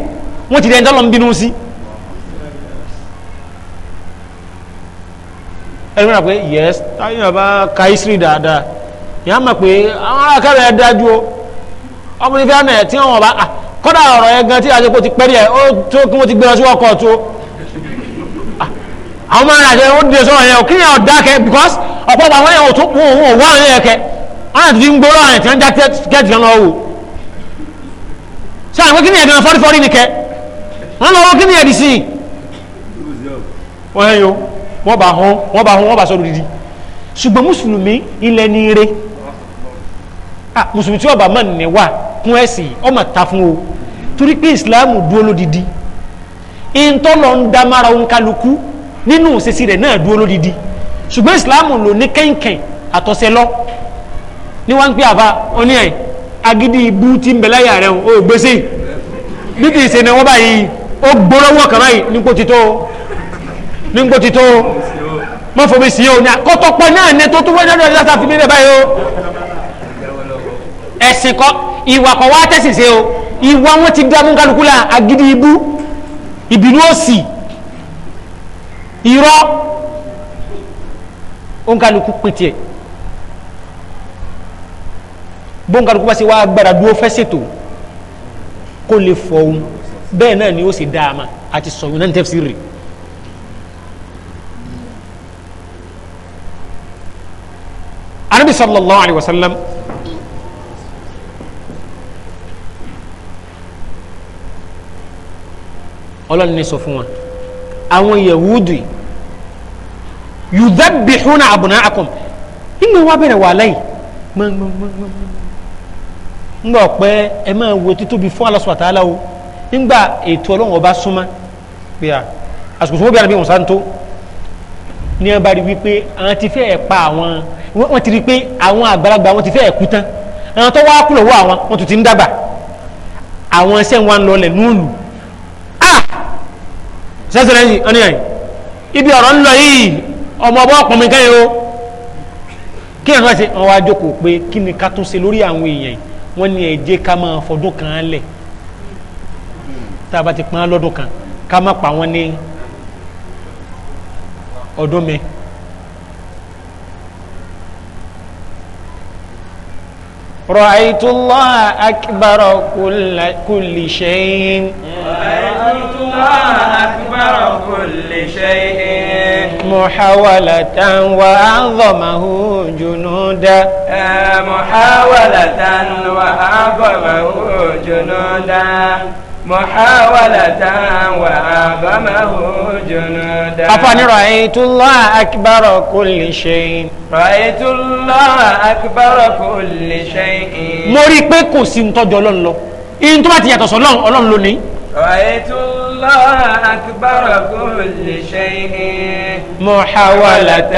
wọ́n ti dẹ́ntọ́ lọ ń bínú sí ẹni mìíràn pé yes táyé bàbá ka isri dáadáa ìyá mọ̀ pé àwọn akẹ́rẹ́ ẹ dájú o ọmọ ní fẹ́ràn ẹ̀ tí wọ́n wọ̀ bá ah, kọ́dà ọ̀rọ̀ ẹ gan tí a ṣe kó ti pẹ́ díẹ̀ ó tó kí wọ́n ti gbé lọ sí ọkọ̀ tó àwọn máa ń ràjẹ́ ó dìde sọ́wọ́ yẹn kí yẹn dákẹ́ because ọ̀pọ̀ àwọn yẹn ò tó wọn ò wá àwọn yẹn kẹ́ wọn àti fi ń gbóró àwọn ìtìyàn já kẹ́ẹ̀tì kan lọ́wọ́ sọ àwọn kí ni ẹ̀gbọ́n fọ́rífọ́rí ni kẹ́ wọn lọ́wọ́ kí ni ẹ̀dì sí i wọ́n yẹn yo wọ́n bá hàn wọ́n bá hàn wọ́n bá sọ̀rọ̀ dídí ṣùgbọ́n mùsùlùmí ilẹ̀ ní ire mùsùlùmí tí ọba máa nìyẹn wà kún ẹ̀sìn ọmọ ta fún o torí pé ìsìláàmù dúró lódìdí ìtọ́nà ń dá mára òun kálukú nínú òṣèṣì rẹ̀ náà dúró lódìdí ṣùgbọ́n ìsìláàmù ló ní kẹ́ńkẹ́ń àtọ́sẹ́ lọ ní wọ́n ń pè àbá oní ẹ̀ agídí ibú tí ń bẹ láyà rẹ̀ o gbèsè bí kì í báyìí ó gbólọ́wọ́ kan báyìí nípò tító nípò tító mọ́ fomi sí o ní akọ́tọ́pọ̀ náà ní tó túbọ̀ náà lọ́dọ̀ láti fi mí bẹ̀ báyìí o ẹ̀sìn kọ́ ìwà kọ̀ wá tẹ̀sìn ṣe o ìwà wọn ti dá mú irọ́ òǹkàlùkù pètè bóǹkàlùkù bá ṣe wá agbára dúró fẹ́ ṣètò kó lè fọ ohun bẹ́ẹ̀ náà ni ó sì dáa ma àti sọ̀yún náà tẹ́fsí rè anabi sallallahu alayhi wa sallam ọlọ́run sọ fún wọn àwọn yahudu yudhabihuna abnaakum nígbà wà bẹ̀rẹ̀ wà láyìí ngbà ọ̀pẹ ẹ máa wo títóbi fún Allah subhanahu wa ta'ala o ngbà ètò ọlọ́run ọba súnmọ́ pé a àsìkò tó bí ara bí wọn sá ń tó ní ẹ bá rí wípé àwọn ti fẹ́ ẹ̀ pa àwọn wọ́n ti rí pé àwọn àgbàlagbà wọn ti fẹ́ ẹ̀ kú tán àwọn tó wá kúlọ̀ wọ àwọn wọn tún ti ń dàgbà àwọn ẹsẹ̀ wọn lọlẹ̀ núùlù sẹ́sẹ̀ lẹ́yìn ọ́nìyàn ibi ọ̀rọ̀ ń lọ yìí ọmọ ọba ọkùnrin kẹ́yìn o kí ẹ̀rọ ẹ̀sìn wọn wá jókòó pé kí ni ká tún ṣe lórí àwọn èèyàn wọn ní ẹ ká máa fọdún kan lẹ̀ tá a bá ti pọn lọ́dún kan ká má pa wọn ní ọdún mẹ́rin رأيت الله أكبر كل كل شيء رأيت الله أكبر كل شيء محاولة وأعظمه جنودا محاولة وأعظمه جنودا محاولة وعظمه جنودا أفن رأيت الله أكبر كل شيء رأيت الله أكبر كل شيء mo rí i pé kò sí ń tọ́jú ọlọ́run lọ ihun tó bá ti yàtọ̀ sọ ọlọ́run ọlọ́run ló ní. رأيت الله الله أكبر كل شيء محاولة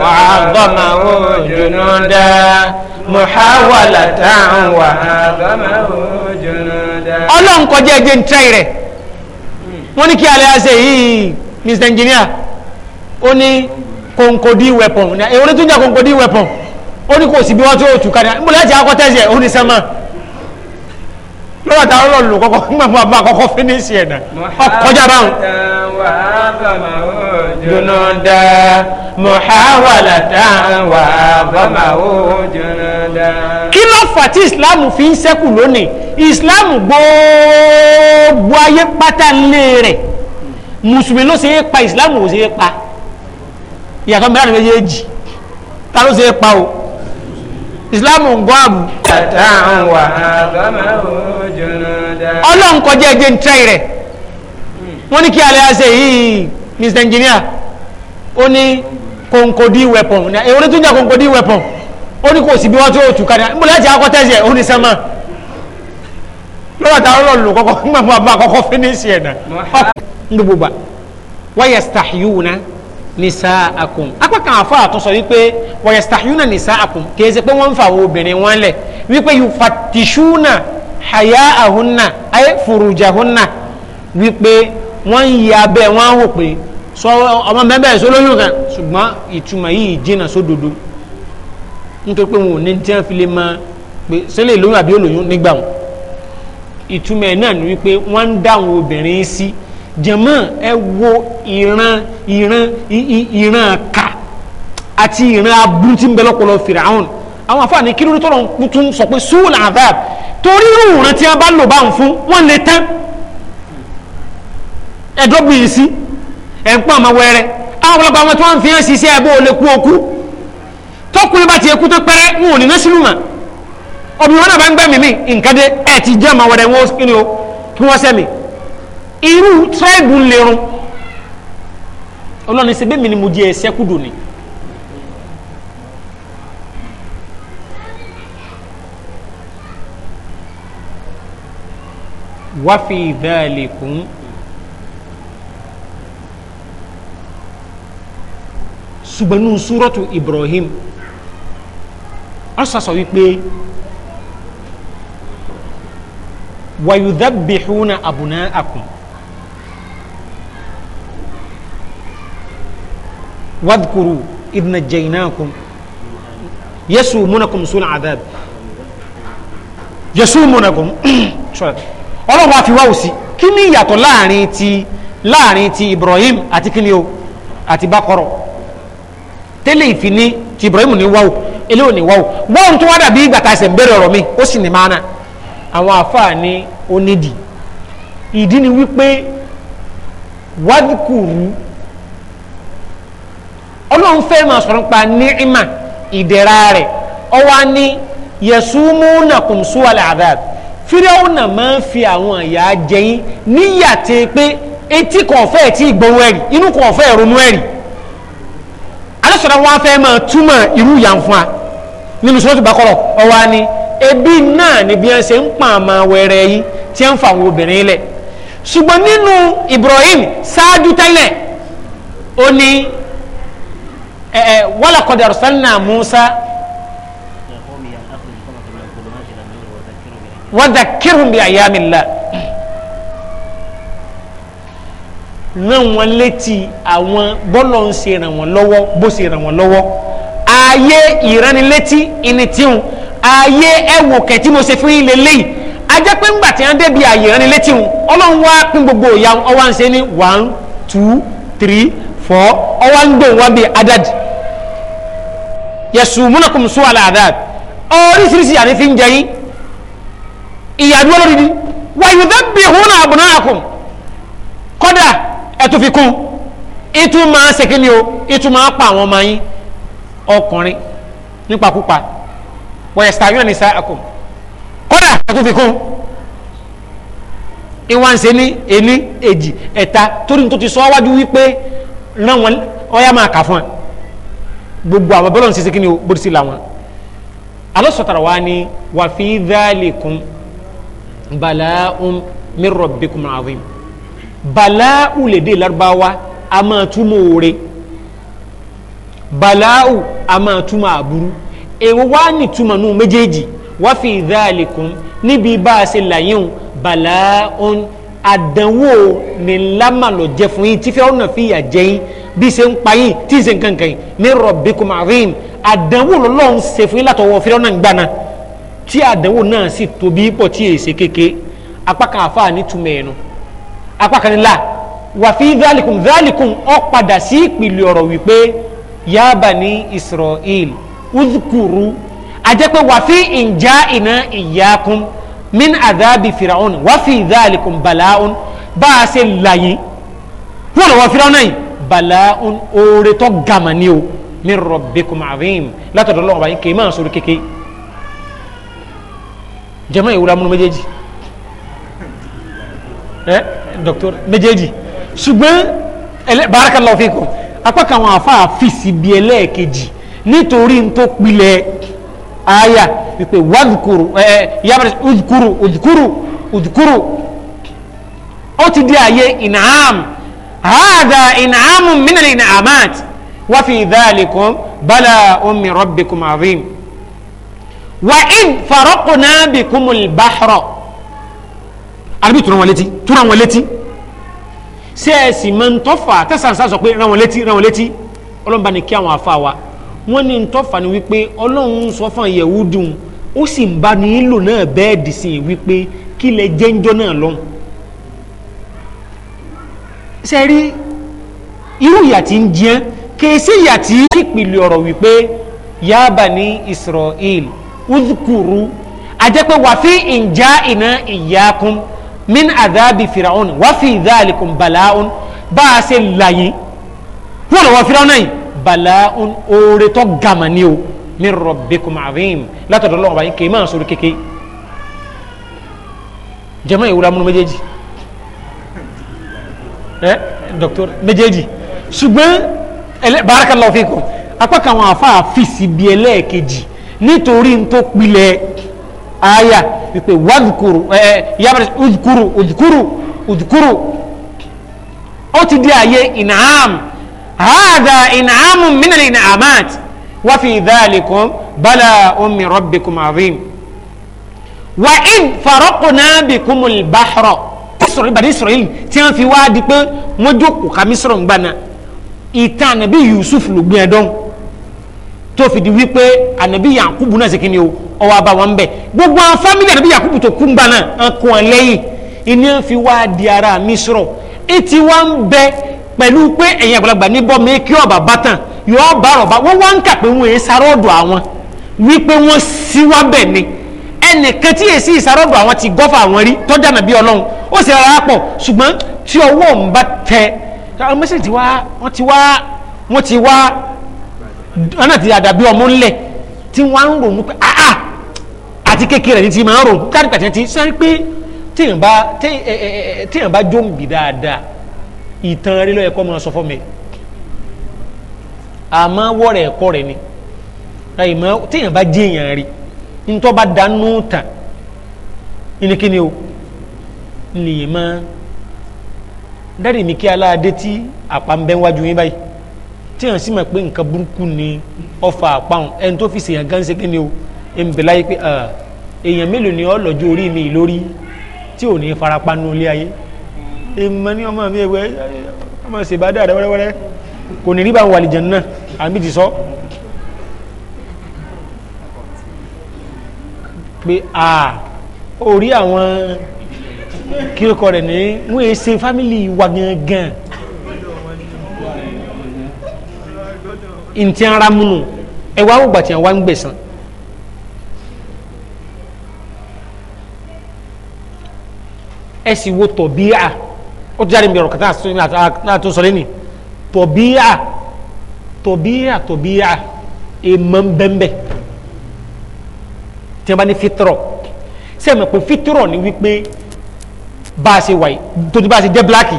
وعظمه جنودا محاولة وعظمه جنودا ọlọ́run kọjá ẹgbẹ́ ntẹ́rì rẹ̀ wọ́n ní kí alẹ́ àṣẹ yìí mr engineer ó ní kòǹkòdì weapon èwo ní tún jẹ́ kòǹkòdì weapon ó ní kò sí bí wọ́n tó tù ká ní mbọ̀lẹ́ àti akọ́tẹ́sẹ̀ ó ní sẹ́mọ́ lọ́wọ́ ta ọlọ́run lò kọ́kọ́ fún bàbá bá kọ́kọ́ fínísì ẹ̀ náà kọjá báwọn. junada muhawalata wa bamawo junada. kí ló fà tí Islamu fi ń ṣẹ́kù lónìí ìsìláàmù gbogbo ayé pátá lé rẹ̀ mùsùlùmí ló ṣe é pa ìsìláàmù ò ṣe é pa ìyàtọ̀ mìíràn méjèèjì ta ló ṣe é pa o islam ń abu. àbù. ọlọ́run kọjá ẹgbẹ́ ń tẹ́ rẹ̀ wọ́n ní kí alẹ́ àṣẹ yìí mr engineer ó ní kòǹkòdì weapon èwo ni tó ń jẹ́ kòǹkòdì weapon ó ní kò sí bí wọ́n tó tù kárí níbo láti akọ́ tẹ́sí ẹ̀ ó ní sẹ́mà lọ́wọ́ ta ọlọ́run lò kọ́kọ́ ń gbàgbọ́ àbá àkọ́kọ́ fínísì ẹ̀ náà ń gbogbo gbà wáyà stahiyuna. nisaakum akpa kan àfa àtúnṣe wípé wọ́n yastahiyuna nisaakum kì í ṣe wọn wọ́n ń fa àwọn obìnrin wọn lẹ̀ wípé yufatishuna hayaahunna ay furujahunna wípé wọ́n ń yí abẹ́ wọn á wò pé sọ ọmọ bẹ́ẹ̀ sọ lóyún kan ṣùgbọ́n ìtumọ̀ yìí jìnnà sódodo nítorí pé wọn ò ní tí wọ́n fi lè máa pé sẹ́lẹ̀ lóyún àbí olóyún nígbà wọn ìtumọ̀ ẹ̀ náà ni wípé wọ́n ń dá àwọn obìnrin sí jẹ̀mọ́ ẹ wo ìran ìran ìran ka àti ìran aburú tí ń bẹ lọ́pọ̀lọ́ fìràhùn àwọn tọrọ tún sọ pé sùúlù àdáàb torí ìrùn tí a bá lò bá ń fún wọn lè tán ẹ̀dọ́gbìn yìí sí ẹ̀ ń pọ́n àmọ́ wẹ́rẹ́ àwọn ọ̀pọ̀lọpọ̀ àwọn tí wọ́n fi hàn ṣiṣẹ́ ẹ̀bọ́ olè kú okú tọ́kùnrin bá ti ẹkú tó pẹ́rẹ́ ń wò ní násìlú mà obìnrin wọn náà bá ń gbẹ́mìí mi nǹkan dé ẹ̀ ti wọn kí irú tíráìbù ń lerun ọlọ́ni ṣe bẹ́ẹ̀ mi ni mo jẹ ẹsẹ́ kúdò ni. wáfi ìdáàlè kún ṣùgbọ́n ní Ibrahim ọ̀sà wípé wàyùdábìhùnà àbùnà àkùn. wadkuru idna jainakum yasumunakum sun adab yasumunakum <clears throat> sorry ọlọ́run wa fi wá òsì kí ni ìyàtọ̀ láàrin ti láàrin ti ibrahim àti kí ni o àti bákọrọ tẹ́lẹ̀ ìfini ti ibrahim ní wáwò eléwò ní wáwò wọ́n tó wá dàbí ìgbà tá ń bẹ̀rẹ̀ ọ̀rọ̀ mi ó sì ní máa náà àwọn àfáà ní onídìí ìdí ni wípé wádìkùrú ọlọ́run fẹ́ máa sọ̀rọ̀ nípa ni'ima ìdẹ̀ra rẹ̀ ọwọ́ ni yasumunakum su'al adhab fíráwùnà máa ń fi àwọn ìyà jẹyìn níyàtẹ̀ pé etí kan fẹ́ tí gbowó ẹ̀rì inú kan fẹ́ ronú ẹ̀rì alásọ̀rọ̀ wọn fẹ́ máa túmọ̀ irú yàn fún wa nínú sọ́tù bàkọ́rọ̀ ọwọ́ ni ebi náà ni bí wọ́n ṣe ń pa àmà wẹ̀rẹ̀ yìí tí wọ́n fa àwọn obìnrin lẹ̀ ṣùgbọ́n nínú Ibrahim ṣáájú tẹ́lẹ̀ ó ní Eh, eh, wala qad arsalna musa kirun bi ayyamillah ràn wọ́n létí àwọn bọ́lọ̀ ń ṣe ràn wọ́n lọwọ bó ṣe ràn wọ́n lọ́wọ́ ààyè ìránnilétí ìní tíhun ààyè mo ṣe fún ilé léyìí a jẹ́ pé ńgbà tí wọ́n débi wá pín gbogbo ìyá à ń ṣe ní one two three four à ń adadi yasumunakum su alaadab oríṣiríṣi àní fi ń jẹ yín ìyàdúró lórí ni wayudhabbihuna abnaakum kódà ẹ̀tún fi kún ìtú máa ṣèké ni o ìtú máa pa àwọn ọmọ yín ọkùnrin nípakúpa wayastahiyuna nisaakum kódà ẹ̀tún fi kún ìwáǹsẹ̀ ní ení èjì ẹ̀ta torí nítorí sọ wípé ràn wọn ọyá máa kà fún ẹ gbogbo àwọn bọ́lọ̀ ṣiṣẹ́ kíni o bó ti làwọn alọ́sọ̀tàrà wa ni wà fi dhalikum bala'un min rabbikum azim bala'u lè dé Lárúbáwá a máa túmọ̀ oore bala'u a máa túmọ̀ àbúrú èwo wá ní túmọ̀ nù méjèèjì wà fi dhalikum níbi bá a ṣe làyẹ̀wò bala'un àdánwò ni lámà lọ jẹ fún yín tífẹ́ ọ̀nà fi yà jẹ yín bí ṣe ń pa yín tí ṣe ń kankan yín ní rabbikum azim àdánwò lọ́lọ́run ṣe fún yín látọwọ́ fẹ́rẹ́ náà gbaná tí àdánwò náà sì tóbi pọ̀ tí èsè kéke apá kan àfa nítumẹ̀ ẹ̀nu apá kan nílà wàfi dhalikum dhalikum ó padà sí ìpìlẹ̀ ọ̀rọ̀ wípé ya bani Isra'il udhkuru àjẹpẹ́ wàfi inja'ina iyyakum min adabi firaun wa fi dhalikum balaun bá a ṣe láyé wọn lọ wọ firaun náà balaun oore tó gama ni o min rabbikum azim látọ̀dọ̀ lọ́wọ́ báyìí kèémà sórí kéke jẹ́mọ́ ìwúra múnú méjèèjì ẹ dọ́kítọ́rì méjèèjì ṣùgbọ́n barakallahu fikum apá kan àwọn afáàfin síbi ẹlẹ́ẹ̀kejì nítorí n tó pilẹ̀ aya wípé wadukuru ẹ yabẹ ojukuru ojukuru ojukuru ó ti di àyè ìnáàm hàdà ìnáàmù mìnàlì ìnáàmàt wàfi ìdálẹ̀kùn bala omi rọ̀bìkùn àrín wa in farọ́kùnà bìkùnmùl bàhrọ̀ àbí tura wọn létí tura wọn létí sẹ́ẹ̀sì mọ́ntọ́fà tẹ̀sán sá sọ pé ràn wọn létí ràn wọn létí ọlọ́mọba ni kí àwọn afa wa wọ́n ní ntọ́fà ni wípé ọlọ́run sọ fún yẹ̀wúdùn ó sì ń bá ní lò náà bẹ́ẹ̀ dì sí wípé kí lẹ jẹ́njọ́ náà lọ́hùn. ṣe rí irú ìyà tí ń jẹ́ kèsì ìyà tí ìpìlẹ̀ ọ̀rọ̀ wípé ya bani Israel udhkuru àjẹpẹ́ wàfí ìjà iná ìyákun min àdábì firaun wàfí ìdá àlìkùn bàláun bá a ṣe láyé wọ́n lọ́wọ́ firaun náà yìí bala oore tó gama ni o min rabbikum azim látọ̀dọ̀ lọ́wọ́ báyìí kì í máa sọ̀rọ̀ kéke jẹ́mọ́ ìwúra múnú méjèèjì ẹ dọ́kítọ́r méjèèjì ṣùgbọ́n barakallahu fikum apá kan àwọn àfa àfìsí bíi ẹlẹ́ẹ̀kejì nítorí n tó aya wípé wàdùkúrú ẹ yabẹ́rẹ́ udukuru udukuru udukuru ó ti di àyè ìnáàmù hada ìnààmù mínàlì ìnààmàt wà fi dhalikum bala'un min rabbikum azim wà id faraqna bikumul bahra sọ̀rọ̀ ìbàdí Israel tí wọ́n fi wá di pé wọ́n jókòó kàmí sọ̀rọ̀ ń gbaná ìtàn ànàbí Yusuf ló gbé ẹ̀dọ́n tó fi di wípé ànàbí Yakubu náà ṣe kí ni o ọwọ́ àbá wọn bẹ̀ gbogbo àwọn fámìlì ànàbí Yakubu tó kú ń gbaná ọkùnrin lẹ́yìn ìní fi wá di ara mi sọ̀rọ̀ ètí wá ń bẹ pẹ̀lú pé ẹ̀yìn àgbàlagbà ní bọ́ mi kí ọ̀bà bá tàn yọ bá ọ̀bà wọ́n wá ń kà pé wọ́n sàrọ́dọ̀ àwọn wípé wọ́n síwá bẹ̀ ni ẹnìkan tí èsì ìsàrọ́dọ̀ àwọn ti gọ́fà àwọn rí tọ́jà náà bí ọlọ́run ó sì rárá pọ̀ ṣùgbọ́n tí ọwọ́ ń bá tẹ àwọn mẹ́sìn ti wá wọ́n ti wá wọ́n ti wá wọ́n náà ti àdàbí ọmọ ńlẹ̀ tí wọ́n á ń ronú pé ah ah àti kékeré ní ti máa ń ronú kárí pàtẹ́ ti sẹ́rí pé téèyàn bá téèyàn bá jó ń bì dáadáa ìtàn rí lọ́yẹ kọ́ máa sọ fún mi àmọ́ wọ́rẹ̀ ẹ̀kọ́ rẹ̀ ni àìmọ́ téèyàn bá jẹ́ èèyàn rí ntọ́ bá dánú tàn ní kíni o nìyẹn máa dáre mi kí aláàdé tí àpá ń bẹ́ wájú yín báyìí téèyàn sì mọ̀ pé nǹkan burúkú ni ọfà àpáhùn ẹni tó fi sèyàn gán ṣe kíni o ènbẹ̀ láyé pé èèyàn mélòó ni ọ lọ́jọ́ orí mi lórí tí ò ní farapa nú ayé ìmọ̀ ní ọmọ mi ẹgbẹ́ ọmọ ṣèbádà rẹ wẹ́rẹ́wẹ́rẹ́ kò ní rí bá wà lìjẹ̀ náà àmì ti sọ pé à orí àwọn kíkọ rẹ̀ ní wọ́n èé ṣe fámìlì wa gangan ntí ara múnu ẹwà àwọn gbàtí àwọn gbẹ̀sán ẹ sì wo tọ̀bíà ó ti jáde níbi ọ̀rọ̀ kàtà àti sọ lẹ́ni tọ̀bíyà tọ̀bíyà tọ̀bíyà èèmọ̀ bẹ́ńbẹ́ tí wọ́n bá ní fitrọ̀ sẹ́mi pé fitrọ̀ ni wípé bá a ṣe wáyé tó ti bá a ṣe jẹ́ bíláàkì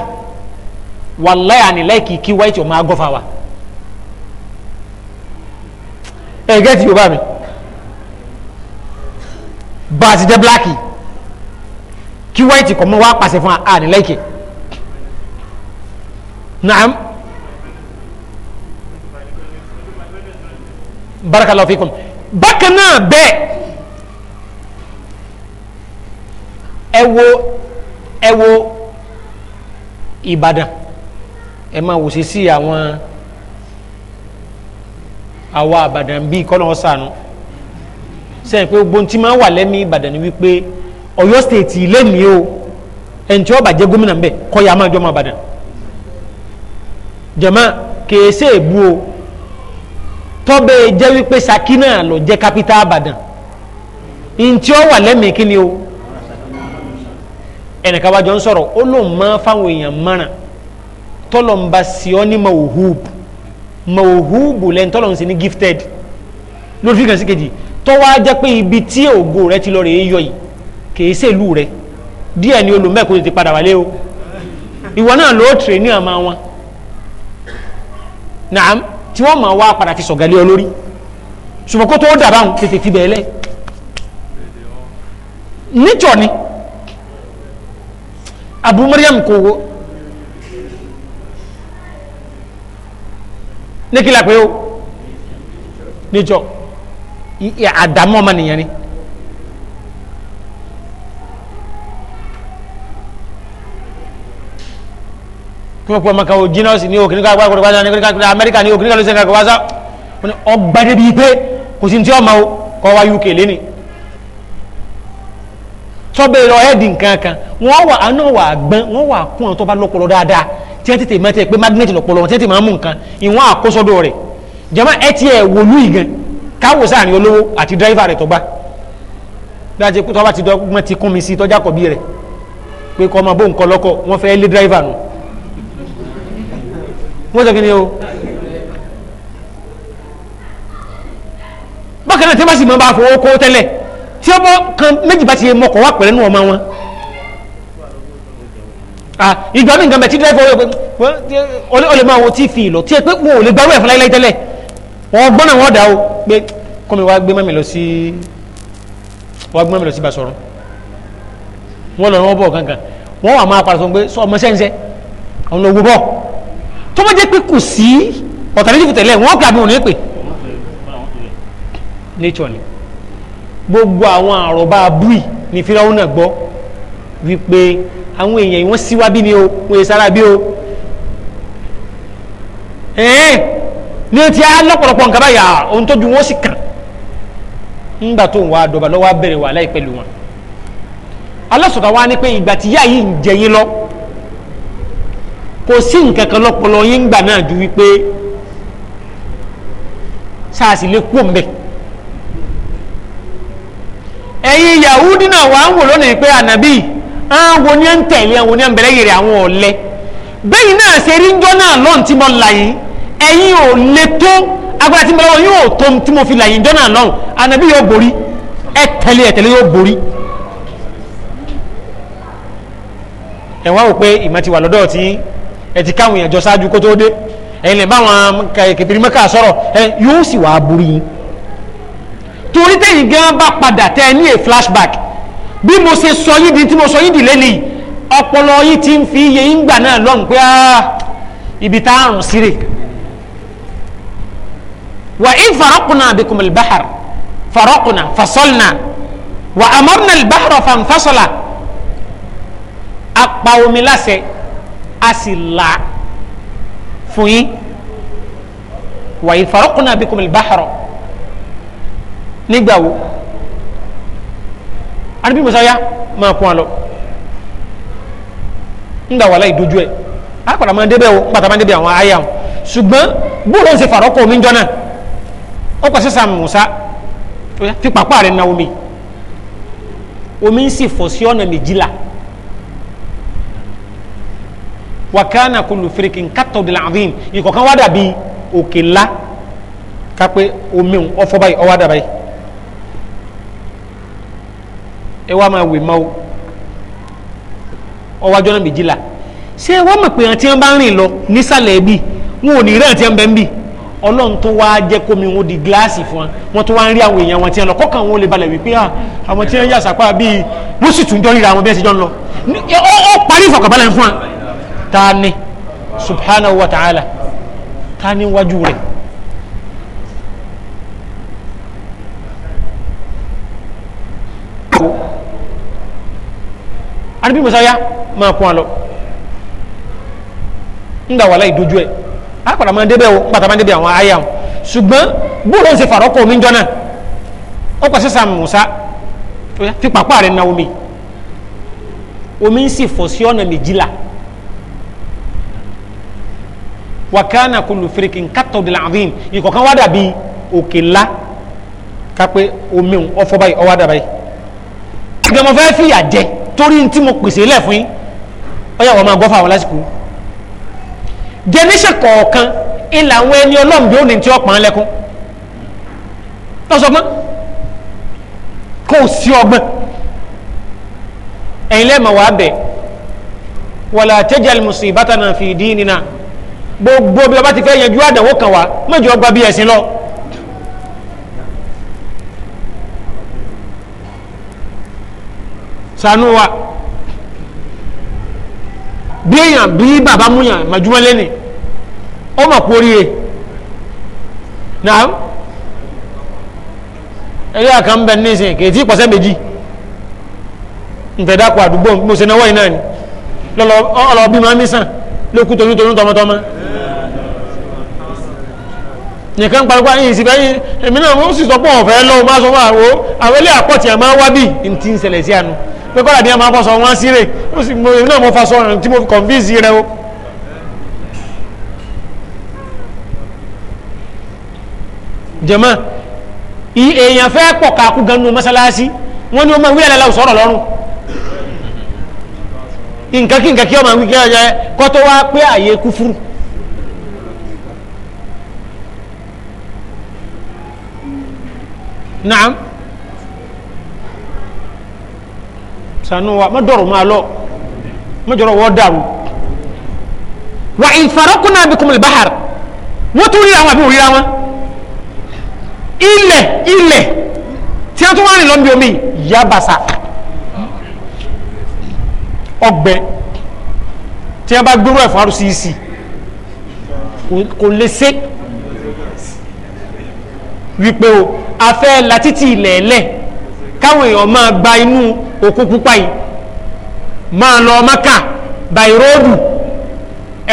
wàláyà ni láìkì kí wáyé tí o máa gọ́fà wa ẹ̀gẹ́ ti yorùbá mi bá a ṣe jẹ́ bíláàkì kí wáyé tí kò mọ́ wá pàṣẹ fún a ní láìkì. نعم. بارك الله فيكم. náà ب. ẹ wo ẹ wo ìbàdàn ẹ máa wò sí sí àwọn àwa àbàdàn bíi kọ́lọ́wọ́ sànù sẹ́yìn pé gbogbo tí máa wà lẹ́mí ìbàdàn ni wípé ọ̀yọ́ stéètì lẹ́mìí o ẹ̀ ń tí wọ́n bàjẹ́ gómìnà ń kọ́ ya máa jọ́ máa bàdàn jama kèése èbu o tọ́bẹ̀ jẹ́ wípé Ṣakí náà lọ jẹ́ kápítà àbàdàn ntí ó wà lẹ́mìí kí ni o ẹnìkan wájọ ń sọ̀rọ̀ ó lóun máa fáwọn èèyàn mọ́ràn tọ́lọ̀ sí ọ ní mawuhubu mawuhubu lẹ́nu tọ́lọ̀ ń sè gifted lórí fíkàn sí kejì tọ́wọ́ á jẹ́ pé ibi tí ògo rẹ ti lọ rè é yọ yìí kèése ìlú rẹ díẹ̀ ni olùmẹ́kọ̀ọ́ ti padà wálé o ìwọ náà ló tẹ̀lé ní àmà wọn naam tí wọ́n máa wá padà fi sọ̀gálẹ́ ọ lórí ṣùgbọ́n kó tó dàbà ń tètè fi bẹ̀ẹ́lẹ̀ níjọ ni abu mariam kò wo ní kí la pé o níjọ àdámọ́ ọmọ nìyẹn ni. kí wọ́n pọ̀ maka o jinos ní òkè nígbà gbàgbọ́dọ̀ wáṣà ní òkè amẹ́ríkà ní òkè nígbà lóṣèlú nígbà wáṣà ọgbà débi pé kò sí ní tí ọmọ o kọ́ wa uk lẹ́ni tọ́bẹ̀ lọ ẹ́ẹ̀dì nǹkan kan wọ́n wà àná wà gbọ́n wọ́n wà kún àwọn tó bá lọ́pọlọ dáadáa tí wọ́n tètè mẹ́tẹ̀ pé magnet lọ́pọlọ wọn tètè máa mú nǹkan ìwọ̀n àkósọ́dọ̀ rẹ̀ jama ẹ ti ẹ̀ wòlú ìgan káwọ́ sáàrin olówó àti dírẹ́fà rẹ̀ tọ́gbà dájú pé tọ́ba ti dọ́gbọ́n ti kún mi sí tọ́jà kọ̀ bí rẹ̀ pé kọ́ ọmọ bó nǹkan lọ́kọ̀ wọ́n fẹ́ lé dírẹ́fà nù. No wọ́n sọ kí ni o. bákan náà tí wọ́n bá sì máa bá fowó kó tẹ́lẹ̀ tí ọmọ kan méjì bá ti yẹ mọ̀kọ̀ wá pẹ̀lẹ́ nù ọmọ wọn. ìgbà mi nǹkan bẹ̀ tí dírẹ́fọ̀ ó lè máa wo tí fi ìlọ tí ẹ pé mo ò lè gbárù ẹ̀ fún láíláí tẹ́lẹ̀ wọ́n gbọ́n náà wọ́n dà o pé kọ́ mi wá gbé mọ́mi lọ sí wá gbé mọ́mi lọ sí Basọ̀run wọ́n lọ wọ́n bọ̀ kankan wọ́n wà máa padà sọ pé ọmọ sẹ́ńsẹ́ àwọn lọ tó bá jẹ́ pé kò sí ọ̀tà méjì fún tẹ̀lé wọ́n pè àbí wọn ní pè naturally gbogbo àwọn àròbá abúì ní fíráwọn náà gbọ́ wípé àwọn èèyàn yìí wọ́n síwá bí ni o wọ́n yẹ sára bí o ẹ̀ẹ́n ní o ti á lọ́pọ̀lọpọ̀ nǹkan báyà ohun tójú wọn sì kàn ńgbà tó ń wá dọ̀bà lọ́wọ́ bẹ̀rẹ̀ wà láì pẹ̀lú wọn alásọ̀tà wa ni pé ìgbà tí yá yìí ń jẹ yín lọ kò sí nǹkan kan lọ́pọlọ yín gbà náà ju wípé sáàsì lè kú òǹbẹ ẹ̀yin yahudi na wà ń wò lónìí pé ànábì àwọn wo ni à ń tẹ̀lé àwọn ni à ń bẹ̀rẹ̀ yèrè àwọn bẹ́yìn náà ṣe rí ń náà lọ́n tí fi là yín náà lọ́n yóò borí tẹ̀lé tẹ̀lé yóò borí. ẹ ti káwọn èèyàn jọ ṣáájú kó tó dé ẹ̀yin lè báwọn kẹfìrí mẹ́kà sọ̀rọ̀ ẹ yóò sì wá burú yín torí tẹ̀yìn gan bá padà tẹ́ ẹ ní a flashback bí mo ṣe sọ yín di tí mo sọ yín di lẹ́nìí ọpọlọ yín ti ń fi iye yín gbà náà lọ́rùn pé ah, ibi tá a rùn sí wà in farakuna bikum albahar farakuna fasolna wà amarna albahar fanfasola apá omi láṣẹ a sì là fún yín wa ifaraqna bikumul bahra nígbà wo anabi musa ya máa kún wa lọ ńgbà wàhálà ìdójú ẹ akọ̀dà máa débẹ̀ o bàtà máa débẹ̀ àwọn àyà o ṣùgbọ́n bóòlù ń ṣe fàrọ́kọ̀ omi jọ ó pàṣẹ sàm musa fi pàpà rẹ̀ na omi omi ń sì fọ̀ sí ọ̀nà méjìlá wakana kulu firiki nkatọ de la adhim ìkọ̀kan wá dàbí òkè ńlá kápẹ́ omi ọfọ báyìí ọwá dàbá yìí ẹ wá máa wè má o ọwájọ́ náà méjìlá ṣé wọ́n mọ̀ pé àti ẹ̀ bá ń rìn lọ nísàlẹ̀ bíi wọn ò ní rẹ̀ àti ẹ̀ bẹ́ẹ̀ bíi ọlọ́run tó wá jẹ́ kómi wọn di gíláàsì fún wa wọn tó wá ń rí àwọn èèyàn wọn tí wọn lọ kọ́kàn wọn lè balẹ̀ wípé ah, àwọn tí wọn yà bíi wọ́n sì tún jọ ríra àwọn bẹ́ẹ̀ sì jọ ń lọ ó parí ìfọ̀kànbalẹ̀ fún wa tani subhanahu wa ta'ala tani wájú rẹ̀ anibi musa ya máa kún alọ nga wàlá ìdójú ẹ akpàdà máa débẹ̀ o bàtà máa débẹ̀ àwọn àyà o ṣùgbọ́n bóòlù ń ṣe fàrọ́kọ̀ mi jọ náà ó pàṣẹ musa fi pàpà rẹ̀ na omi omi ń sì fọ̀ sí ọ̀nà méjìlá wa kana kullu firikin katodil azim ìkọ̀kan wá dàbí òkè ńlá kápẹ́ omi ọfọ báyìí ọwá dàbáyìí. ìgbà mo fẹ́ fìyà jẹ torí tí mo pèsè lẹ̀ fún yín ó yà wọ́n máa gbọ́ fún àwọn lásìkò. jẹ́níṣẹ́ kọ̀ọ̀kan ilà àwọn ẹni ọlọ́run bí ó ní tí ó pàán lẹ́kún. lọ́sọ̀gbọ́n kò sí ọgbọ́n ẹ̀yin lẹ́ẹ̀mọ̀ wàá bẹ̀ wala tajal musibatana fi dinina gbogbo bí ọba ti fẹ́ yanjú àdánwò kan wá mẹ́jọ ọgbà bí ẹ̀sìn lọ. ṣàánú wa bí èèyàn bí bàbá múyàn màjúmọ́ lẹ́nì ó mọ̀ kórí e náà ẹ̀yà kan bẹ̀ nísìn kì í tí pọ̀sẹ̀ méjì ntẹ̀dàpọ̀ àdúgbò mo ṣe náwó yìí náà ni lọ́lọ́ ọlọ́bí máa ń mí sàn ló kú tonútonú tọmọtọmọ nìkan parọ́ pé ìsìnkú ẹ̀yìn èmi náà mo sì sọ pé ọ̀fẹ́ lọ́wọ́ máa sọ fún àwọ àwọn ilé àpọ̀tì àmọ́ wá bì ní ti ń ṣẹlẹ̀ sí àánú pé kọ́lá ní a máa fọṣọ wọn sí rè èmi náà mo fọṣọ rẹ̀ tí mo fi kọ̀ǹfíìsì rẹ o. jẹ̀mọ́ èèyàn fẹ́ pọ̀ káàkú gan nu mọ́sálásí wọ́n ní wọ́n máa wíyà lálẹ́ òsọ̀rọ̀ lọ́rùn nǹkan kí nǹkan kí ọmọ wíkẹ́ ọjọ́ kọ́ tó wá pé àyè kúfúrú. naam sanu wa ma dọrọ ma lọ ma jọrọ wọ dàrú wa ìfarakùnà bikum al-bahar wọ́n tún ríra wọn àbí òríra wọn ilẹ̀ ilẹ̀ tí wọ́n tún wá omi yabasa ọgbẹ tí wọ́n bá gbérú ẹ̀ fún rcc kò lè ṣe wípé o afẹ́ la títí ilẹ̀ ẹlẹ̀ káwọn èèyàn máa gba inú òkun pupa yìí máa lọ maka báyìí róòdù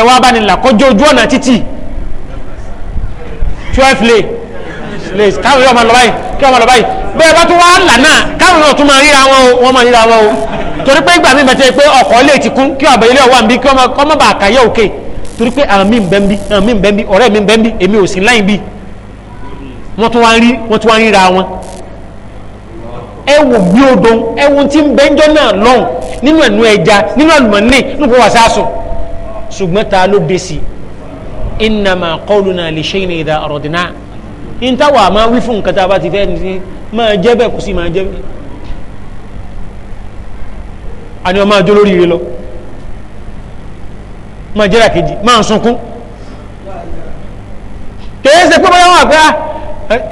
ẹwà abánilà kọjá ojú ọ̀nà títì twelve lay lays káwọn èèyàn máa lọ báyìí káwọn máa lọ báyìí bẹ́ẹ̀ bá tún wá là náà káwọn èèyàn tún máa ríra wọn o wọ́n máa ríra wọn o torí pé ìgbà mi bẹ̀tẹ̀ pé ọkọ̀ lè ti kún kí ọ̀bẹ ilé ọwọ́ àmì kí ọmọ bá àkàyẹ òkè torí pé àmì ń bẹ́ẹ̀ bí àmì ń bẹ́ẹ̀ bí ọ̀rẹ́ mi ń bẹ́ẹ̀ bí èmi ò sí láyìn bí wọ́n tún wá ń rí wọ́n tún wá ń ríra wọn. ẹ wò bí odò ẹ wo ti ń bẹ́ńjọ́ náà lọ́hùn nínú ẹ̀nu ẹja nínú àlùmọ́nì nípò wàsásùn ṣùgbọ́n ta ló dé sí innama qawluna li shay'in idha aradna ń táwà máa wí fún nǹkan tá a bá ti fẹ́ máa jẹ́ bẹ́ẹ̀ kò sí máa jẹ́ bẹ́ẹ̀ àni ọmọ àjọ lórí ire lọ máa jẹ́rà kejì máa sunkún kèé ṣe pé bọ́lá wọn àpẹ́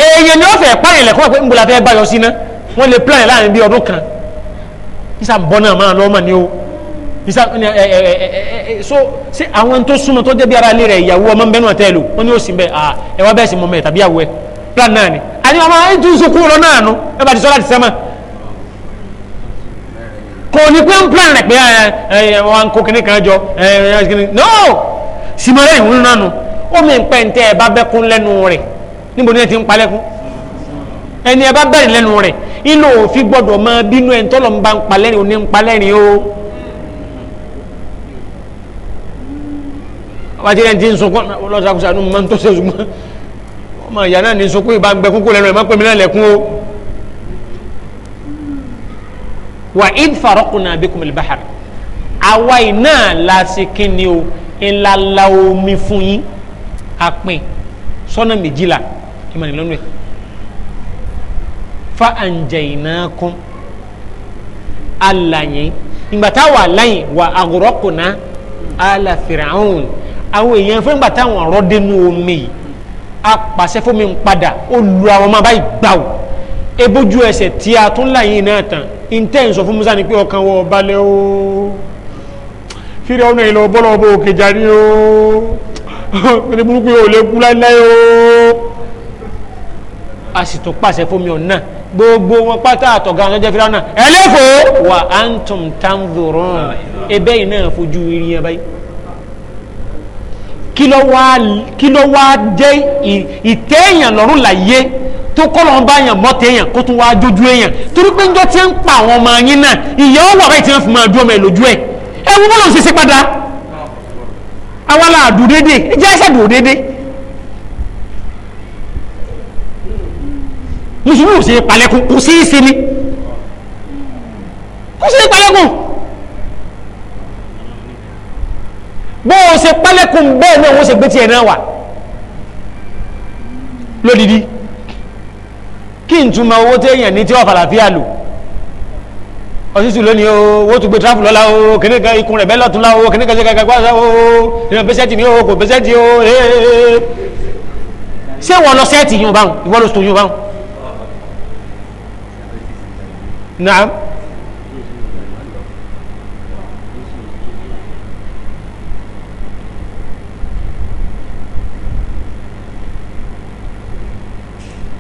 èèyàn ni ó fẹ́ pààyàn lẹ́kọ́ pé nbùlà fẹ́ báyọ̀ sí iná wọ́n lè plan láàrin bí ọdún kan isa bọ́ náà máa lọ́ọ́ mà ní o isa ẹ ẹ ẹ ẹ so ṣé àwọn tó súnmọ́ tó débi ara ilé rẹ̀ ìyàwó ọmọ ń bẹ́nu àtẹ́lù wọ́n ní ó sì ń bẹ́ ẹ wá bẹ́ẹ̀ sì mọ́ mẹ́ tàbí àwọ̀ ẹ plan náà ni àní ọmọ ẹ tún sunkún lọ náà nu ẹ bá ti sọ́ láti sẹ́mọ̀ kò ní pé ń plan rẹ̀ pé ẹ wọn kó kíní kan jọ ẹ kíní no simara ìwúrú náà nu omi ń pẹ́ ń tẹ́ ẹ bá bẹ́kún lẹ́nu rẹ̀ níbo ni ẹ ti ń palẹ́kún ẹni ẹ bá bẹ̀rẹ̀ lẹ́nu rẹ̀ inú òfin gbọ́dọ̀ máa bínú ẹ̀ ń tọ́lọ̀ ń bá ń palẹ́rìn òní ń palẹ́rìn o. wájú ẹni tí ń sunkún lọ́sàkóso àánú máa ń tó ṣe ṣùgbọ́n ọmọ ìyá náà ní sunkún ìbá ń gbẹ lẹ́nu ẹ̀ má pè náà lẹ́kún o. wà id faraqna bikum al-bahr àwa iná làásìkìnì o ńlá la omi fún yín àpín sọ́nà méjìlá ìmọ̀ni lọ́nà ẹ̀ fa anjaynakum alayin ìgbà táwa alayin wà aghraqna ala Fir'aun àwọn èèyàn fún ìgbà táwọn ọ̀rọ̀ dénú omi yìí apàṣẹ fún mi ń padà ó lu àwọn ọmọ báyìí gbàù ebójú ẹsẹ̀ tí a tún láyìn náà tán intent sọ fún musa ni pé ọkàn wọ balẹ̀ o fírí ọ̀nà ìlọ bọ́lọ̀ bó òkè járí o pẹ̀lú <laughs> burúkú yóò lè kú láíláí o a sì tún pàṣẹ fún mi ọ̀nà gbogbo wọn pátá àtọ̀gá àwọn ọjọ́ fíráwọ̀nà ẹlẹ́fọ́ wà á ń tún tánzòrán ẹbẹ́ yìí náà fojú irin ẹ báyìí kí ló wá jẹ́ ìtẹ́yàn lọ́rùn láyé tó kọ́lọ̀ ń bá yàn bọ́ téèyàn kó tún wáá jójú èèyàn torí pé njọ́ tí ń pa àwọn ọmọ yín náà ìyá ọwọ́ àbáyé tí wọ́n fi máa dúró ọmọ ẹ̀ lójú ẹ̀ ẹ wọ́n bọ́lọ̀ ṣe ṣe padà awala àdúdédé ẹ jẹ́ ẹṣẹ́ àdúdédé mùsùlùmí ò ṣe palẹ̀kùn kò sí í ṣe ni kò sí í palẹ̀kùn bó o ṣe palẹ̀kùn bẹ́ẹ̀ náà wọ́n ṣe gbé tiẹ̀ náà wà lódìdí kí n túnmọ̀ owó téèyàn ní tí wọ́n fàlàfíà lò ọ̀sísù lónìí owó tó gbé tráfù lọ́la o kìnní kan ikùn rẹ̀ bẹ́ẹ̀ lọ́tún la o kìnní kan ṣe kankan gbáṣá o ìran pẹ́sẹ́ǹtì mi o kò pẹ́sẹ́ǹtì o ṣé wọ́n lọ sẹ́ẹ̀tì yóò báwọn ìwọ́n lọ sọ yóò báwọn.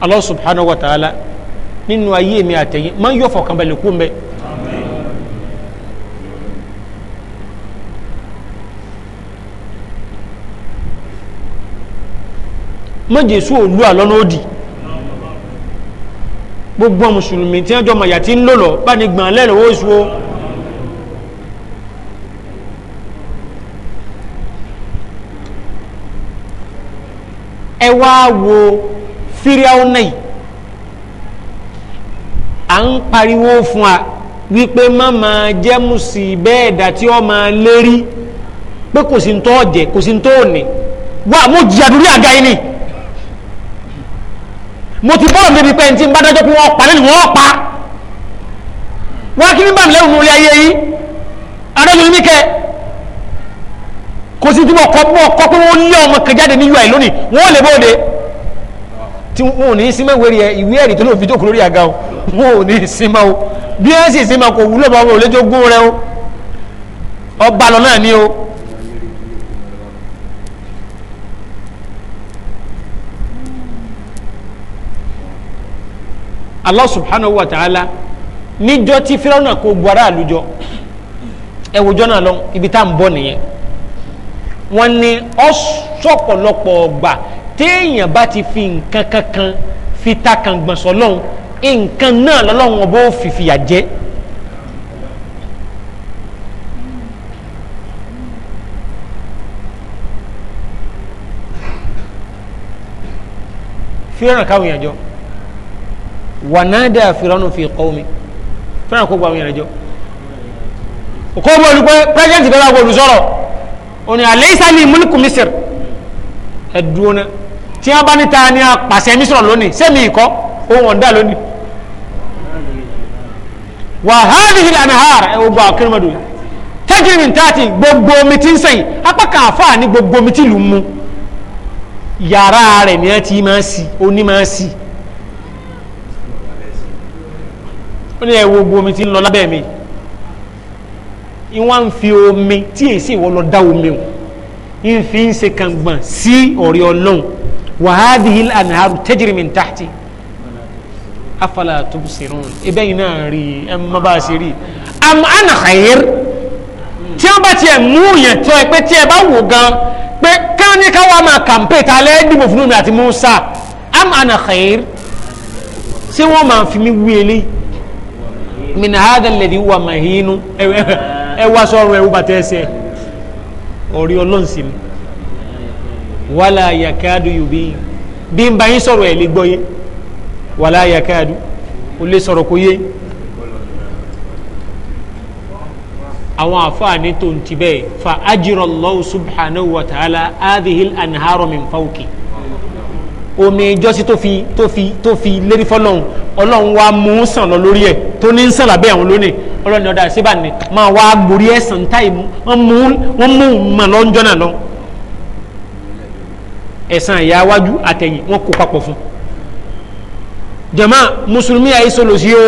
Allah subhanahu wa ta'ala nínú ayé mi àtẹ̀yìn máa ń yọ fọkànbalẹ̀ kú mbẹ́. má jésù òlu àlọ́nà òdì gbogbo mùsùlùmí tí wọ́n jọ màyà tí ń lò lọ bá ní gbọ̀n lẹ́rọ̀ oṣù o. ẹ wá wo fíríàwó náà à ń pariwo fún wa wípé má máa jẹ́ mùsì bẹ́ẹ̀ dà tí ó máa lérí pé kò sí tó jẹ kò sí tó ní wà mo jìyà lórí àga yìí ni mo ti bọ́ọ̀lù débi pé ẹni tí ń bá dájọ́ pé wọ́n pa lẹ́nu wọ́n pa wọ́n kí ní bàmí lẹ́rù mú orí ayé yìí adájọ́ ní kẹ́ kò sí tí wọ́n kọ́ pé wọ́n lé ọmọ kan ní ui lónìí wọ́n lè bóde. tí wọn ò ní símọ́ ìwé ẹ̀rí tó lóun fi jókòó lórí àga o wọn ò ní símọ́ o bí wọ́n sì ma kò wúlò bá wọn ò léjó gún rẹ o ọba ni o. Allah subhanahu wa ta'ala níjọ́ tí fíráwùnà kò bu ara àlùjọ ibi tá à ń bọ̀ nìyẹn wọ́n ní ọ̀sọ̀pọ̀lọpọ̀ téèyàn bá ti fi nǹkan kankan fi ta kàngbọ̀n sọlọ́hún nǹkan náà lọ́lọ́hún ọba ó fi fìyà jẹ. fíran káwọn èèyàn jọ wànádà fìránù fi kọ́ omi fíran kó gba àwọn èèyàn jọ kó bó olùkọ́ pírẹ́sìdẹ̀ntì bẹ́ẹ̀ bá wọ olùsọ̀rọ̀ òní àlẹ́ ìsàlẹ̀ ìmúlùkù mísírì ẹ̀dùn náà. tí wọ́n bá ní ta ni apàṣẹ lónìí sẹ́mi ìkọ́ ohun ọ̀dà lónìí wàhálì ìlànà ààrẹ ogun akérèmọdò tẹjìrì tààtì gbogbo omi tí ń sẹ́yìn apá kan àfáà ní gbogbo omi tí lù mú yàrá rẹ̀ ni ti máa sí oní máa sí gbogbo omi tí ń lọ lábẹ́ mi ìwọ́n omi tí èsì omi o ń fi ń kàngbọ̀n sí ọ̀rẹ́ وهذه hadhihi تجري من tajri min tahti afala tubsirun ibẹ̀ yìí náà rí خير má bá a ṣe rí am ana khair tí wọ́n bá tiẹ̀ mú yẹn tó ẹ pé tí ẹ bá wò gan pé káwọn ní káwọn máa kàmpé ta lẹ́ dìbò fún mi àti Musa am ana khair ṣé wọ́n máa fi mi wí eléyìí min hada lẹ́dí wà mahinu ẹ wá sọ̀rọ̀ ẹ wú bàtẹ́ ẹsẹ̀ orí ọlọ́nsìn mi wàlá yakadu yubi bí n bá yín sọ̀rọ̀ ẹ̀ lè gbọ́ yé wàlá yakadu ó lè sọ̀rọ̀ kó yé àwọn àfáàní tó ń ti bẹ́ẹ̀ fa ajirallahu subhanahu wa ta'ala adihil anharo min fawki omi ìjọsí tó fi tó fi tó fi lérí fọlọ́hún ọlọ́run wa mú sàn lọ lórí ẹ̀ tó ní sàn lábẹ́ àwọn lónìí ọlọ́run ọ̀dà síbà ni máa wá gborí ẹ̀sán táì wọ́n mú wọ́n mú mọ̀ lọ́njọ́ náà lọ́wọ́ ẹ̀san ìyá wájú àtẹ̀yìn wọ́n kó papọ̀ fún jama mùsùlùmí ayé sọlọ sí o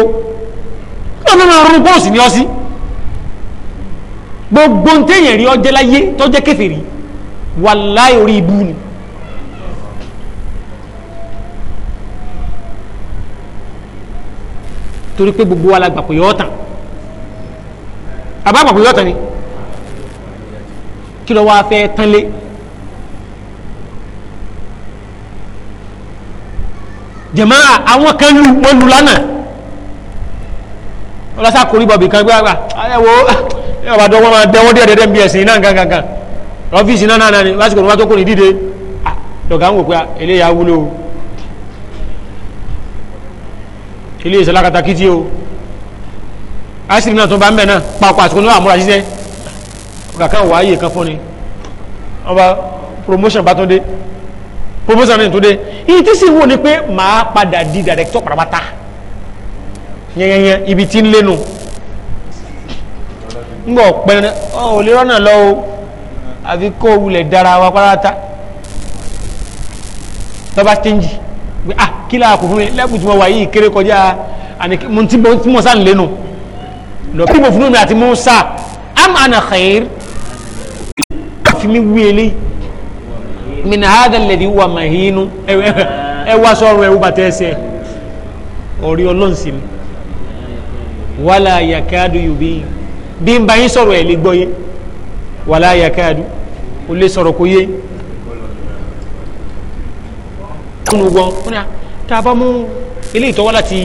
ọmọ máa rún bọ́ọ̀sì ní ọsí gbogbo ń téèyàn rí ọjẹ́ láyé tó jẹ́ kèfèrí wàláhì orí ibú ni torí pé gbogbo alágbàpọ̀ yọ ọ̀tàn àbágbàpọ̀ yọ ọ̀tàn ni kí ló wá fẹ́ tán lé jẹ̀mọ́ra àwọn kan lù wọ́n lù lánàá ọlọ́sà kò rí bọ̀bì kan gbé àgbà ẹ̀wọ̀ ẹ̀wọ̀ bàdó wọn máa dẹ́wọ́ dẹ́ẹ̀dẹ́ dẹ́ẹ̀ bí ẹ̀sìn náà gangan ọ́fíìsì náà náà ni lásìkò wọn tó kò ní dìde ah, dọ̀gá ń wò pé ah, eléyà wúlò o ilé ìsọlákata kìtì o asiri náà tó bá ń bẹ̀ náà papọ̀ àsìkò náà àmúra ṣiṣẹ́ kàkà wàá yè kan fún ni ọba promotion bá tó dé proposal ní ìtòdé iye tí sì wò ni pé màá padà di director parapata yẹnyẹnyẹ ibi tí ń lẹ́nu ń bọ̀ pẹ́ẹ́rẹ́ ọ ò lè rọ́nà lọ o àfi kó wulẹ̀ dára wa parata tọ́ba stingy pé ah kí láà kò fún mi lẹ́kùn tí mo wà yìí kéré kọjá àní mo ti mọ̀ sáà ń lẹ́nu lọ bí mo fún mi àti mo sá am ana fi mi wí eléyìí min hada alladhi huwa mahinu ẹ wá sọ̀rọ̀ ẹ wú bàtẹ́ ẹsẹ̀ orí ọlọ́run sí ni yakadu yubi bí n bá yín sọ̀rọ̀ lè gbọ́ yé wala yakadu o lè sọ̀rọ̀ kó yé kúnnù gbọ́ fún yà tá a bá mú ilé ìtọ́wọ́ láti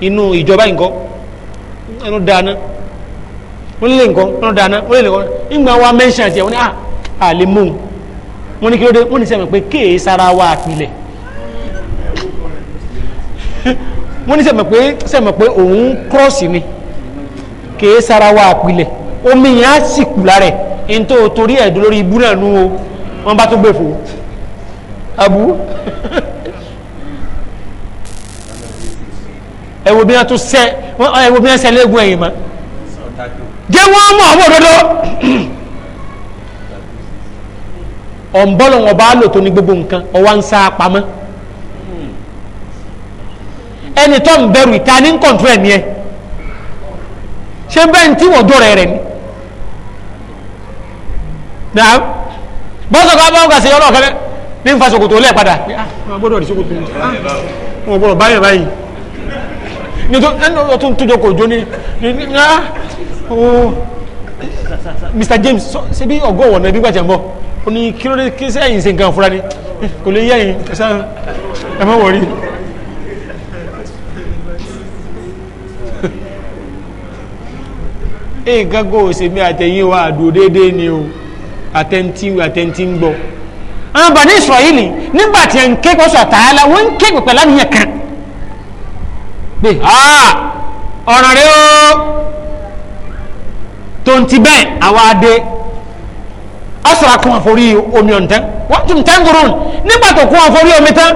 inú ìjọba nǹkan ẹnu dáná wọ́n lè nǹkan ẹnu dáná wọ́n lè nǹkan ìgbà wa mẹ́ńṣà tiẹ̀ wọ́n ní à lè mú un wọ́n ní kí ló dé wọ́n ní sẹ́mi pé kéè sára wa àpilẹ̀ wọ́n ní sẹ́mi pé sẹ́mi pé òun kírọ́ọ̀sì ni kéè sára wa àpilẹ̀ omi yẹn á sì kù lára ẹ̀ n o torí ẹ̀dùn lórí ibú náà nú o wọ́n bá tó gbé fò abu ẹ bí wọ́n tún sẹ́ ẹ bí wọ́n sẹ́ léegun ẹ̀yìn mọ́ jẹ́ wọ́n mọ̀ ọ́ bọ̀ dodo ọ̀nbọ́lọ̀ wọn bá lò tó ní gbogbo nǹkan ọwọ́ ń sá pamọ́ ẹni tó ń bẹ̀rù ìta ní kọ̀ǹtúrọ̀ ẹ̀ ní ẹ ṣé bẹ́ẹ̀ tí wọ́n dọ̀rọ̀ rẹ̀ ni naam bọ́sọ̀ ká báwọn kà sí ọlọ́ọ̀kẹ́ bẹ́ẹ̀ ní nfa ṣòkòtò lẹ́ẹ̀ padà ah, wọn gbọ́dọ̀ rí ṣòkòtò ah, wọn gbọ́dọ̀ báyìí báyìí nítorí ẹni ọtún túnjọ kò jó ní ní ah, oh. Mr James ṣe bí ọgọ́ ọ̀wọ̀ náà bí gbàjẹ́ ń bọ̀ ó ní kí ló dé kí sẹ́yìn ṣe nǹkan fúra ni eh, kò lè yẹ́yìn ẹ̀sán ẹ má wọ̀rí. <laughs> Eh, nǹkan kó o ṣe bí àtẹ̀yìn wa àdúró déédéé ni o àtẹ̀ntì àtẹ̀ntì ń gbọ́. àwọn bàdé ìsọ̀yìnì nígbà tí ẹ̀ ń ké kọ́sọ̀ tààlà wọ́n ń ké pẹ̀pẹ̀ láníyàn kan. pé ah, ọ̀ràn rẹ o tó bẹ́ẹ̀ àwa dé asara kún àforí omi ọ̀ntán wọ́n tún tẹ́ ń gurun nígbà tó kún àforí omi tán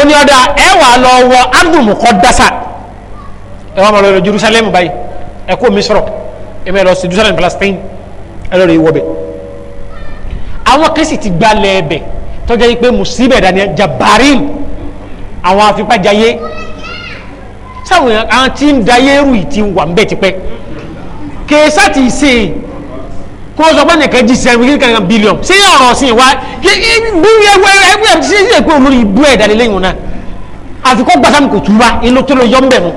oní ọ̀dà ẹ wà lọ wọ ardùnmù kọ́ dasa ẹ wọ́n máa lọ Jerusalem báyìí ẹ kó mi sọ̀rọ̀ ẹ bẹ́ẹ̀ lọ sí Jerusalem Palestine ẹ lọ́ọ́ rẹ̀ wọ́ bẹ̀ àwọn kan sì ti gbalẹ̀ ẹ̀bẹ̀ tọ́jà yìí pé musibẹ̀ dání jabarin àwọn afipájayé sáwọn àwọn tí ń dayé rù yìí ti wà ń bẹ̀ tipẹ́ kèésà ti ṣe é kó o sọ pé nìkan jí seventeen kankan billion ṣé ọ̀rọ̀ sí wa bíi ẹwẹ́ ẹwẹ́ ṣé ṣe pé olórí ibú ẹ̀ dalẹ̀ lẹ́yìn náà àfikún gbàsámi kò túbà inú tó lọ yọ ń bẹ̀ mu.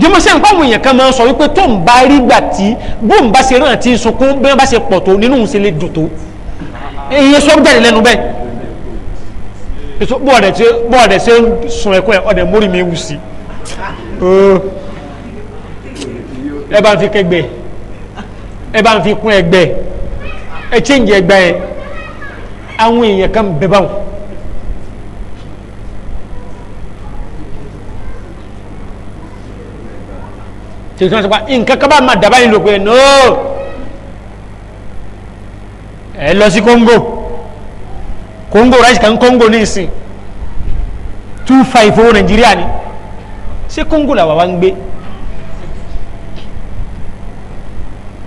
jọmọ sẹ́yìn kọ́ àwọn èèyàn kan máa ń sọ wípé tó ń bá rí gbà tí bó ń bá ṣe rán àti sunkún bí wọ́n bá ṣe pọ̀ tó nínú ń ṣe lè dùn tó èyí sọ jáde lẹ́nu bẹ́ẹ̀ bọ́ọ̀dẹ̀ ṣe sun ẹ̀kọ́ ẹ̀ ọ̀dẹ̀ mórí mi wù sí ẹ bá ń fi kẹgbẹ ẹ bá ń fi kún ẹgbẹ ẹ chíǹjì ẹgbẹ yẹn àwọn èèyàn kan bẹ báwọn. tètè sọ pé nǹkan kan bá máa dàbá yìí lò pé ẹ lọ sí kóńgò kóńgò rice kan kóńgò ní ìsìn two five owó oh nàìjíríà ni ṣé kóńgò làwọn wa ń gbé.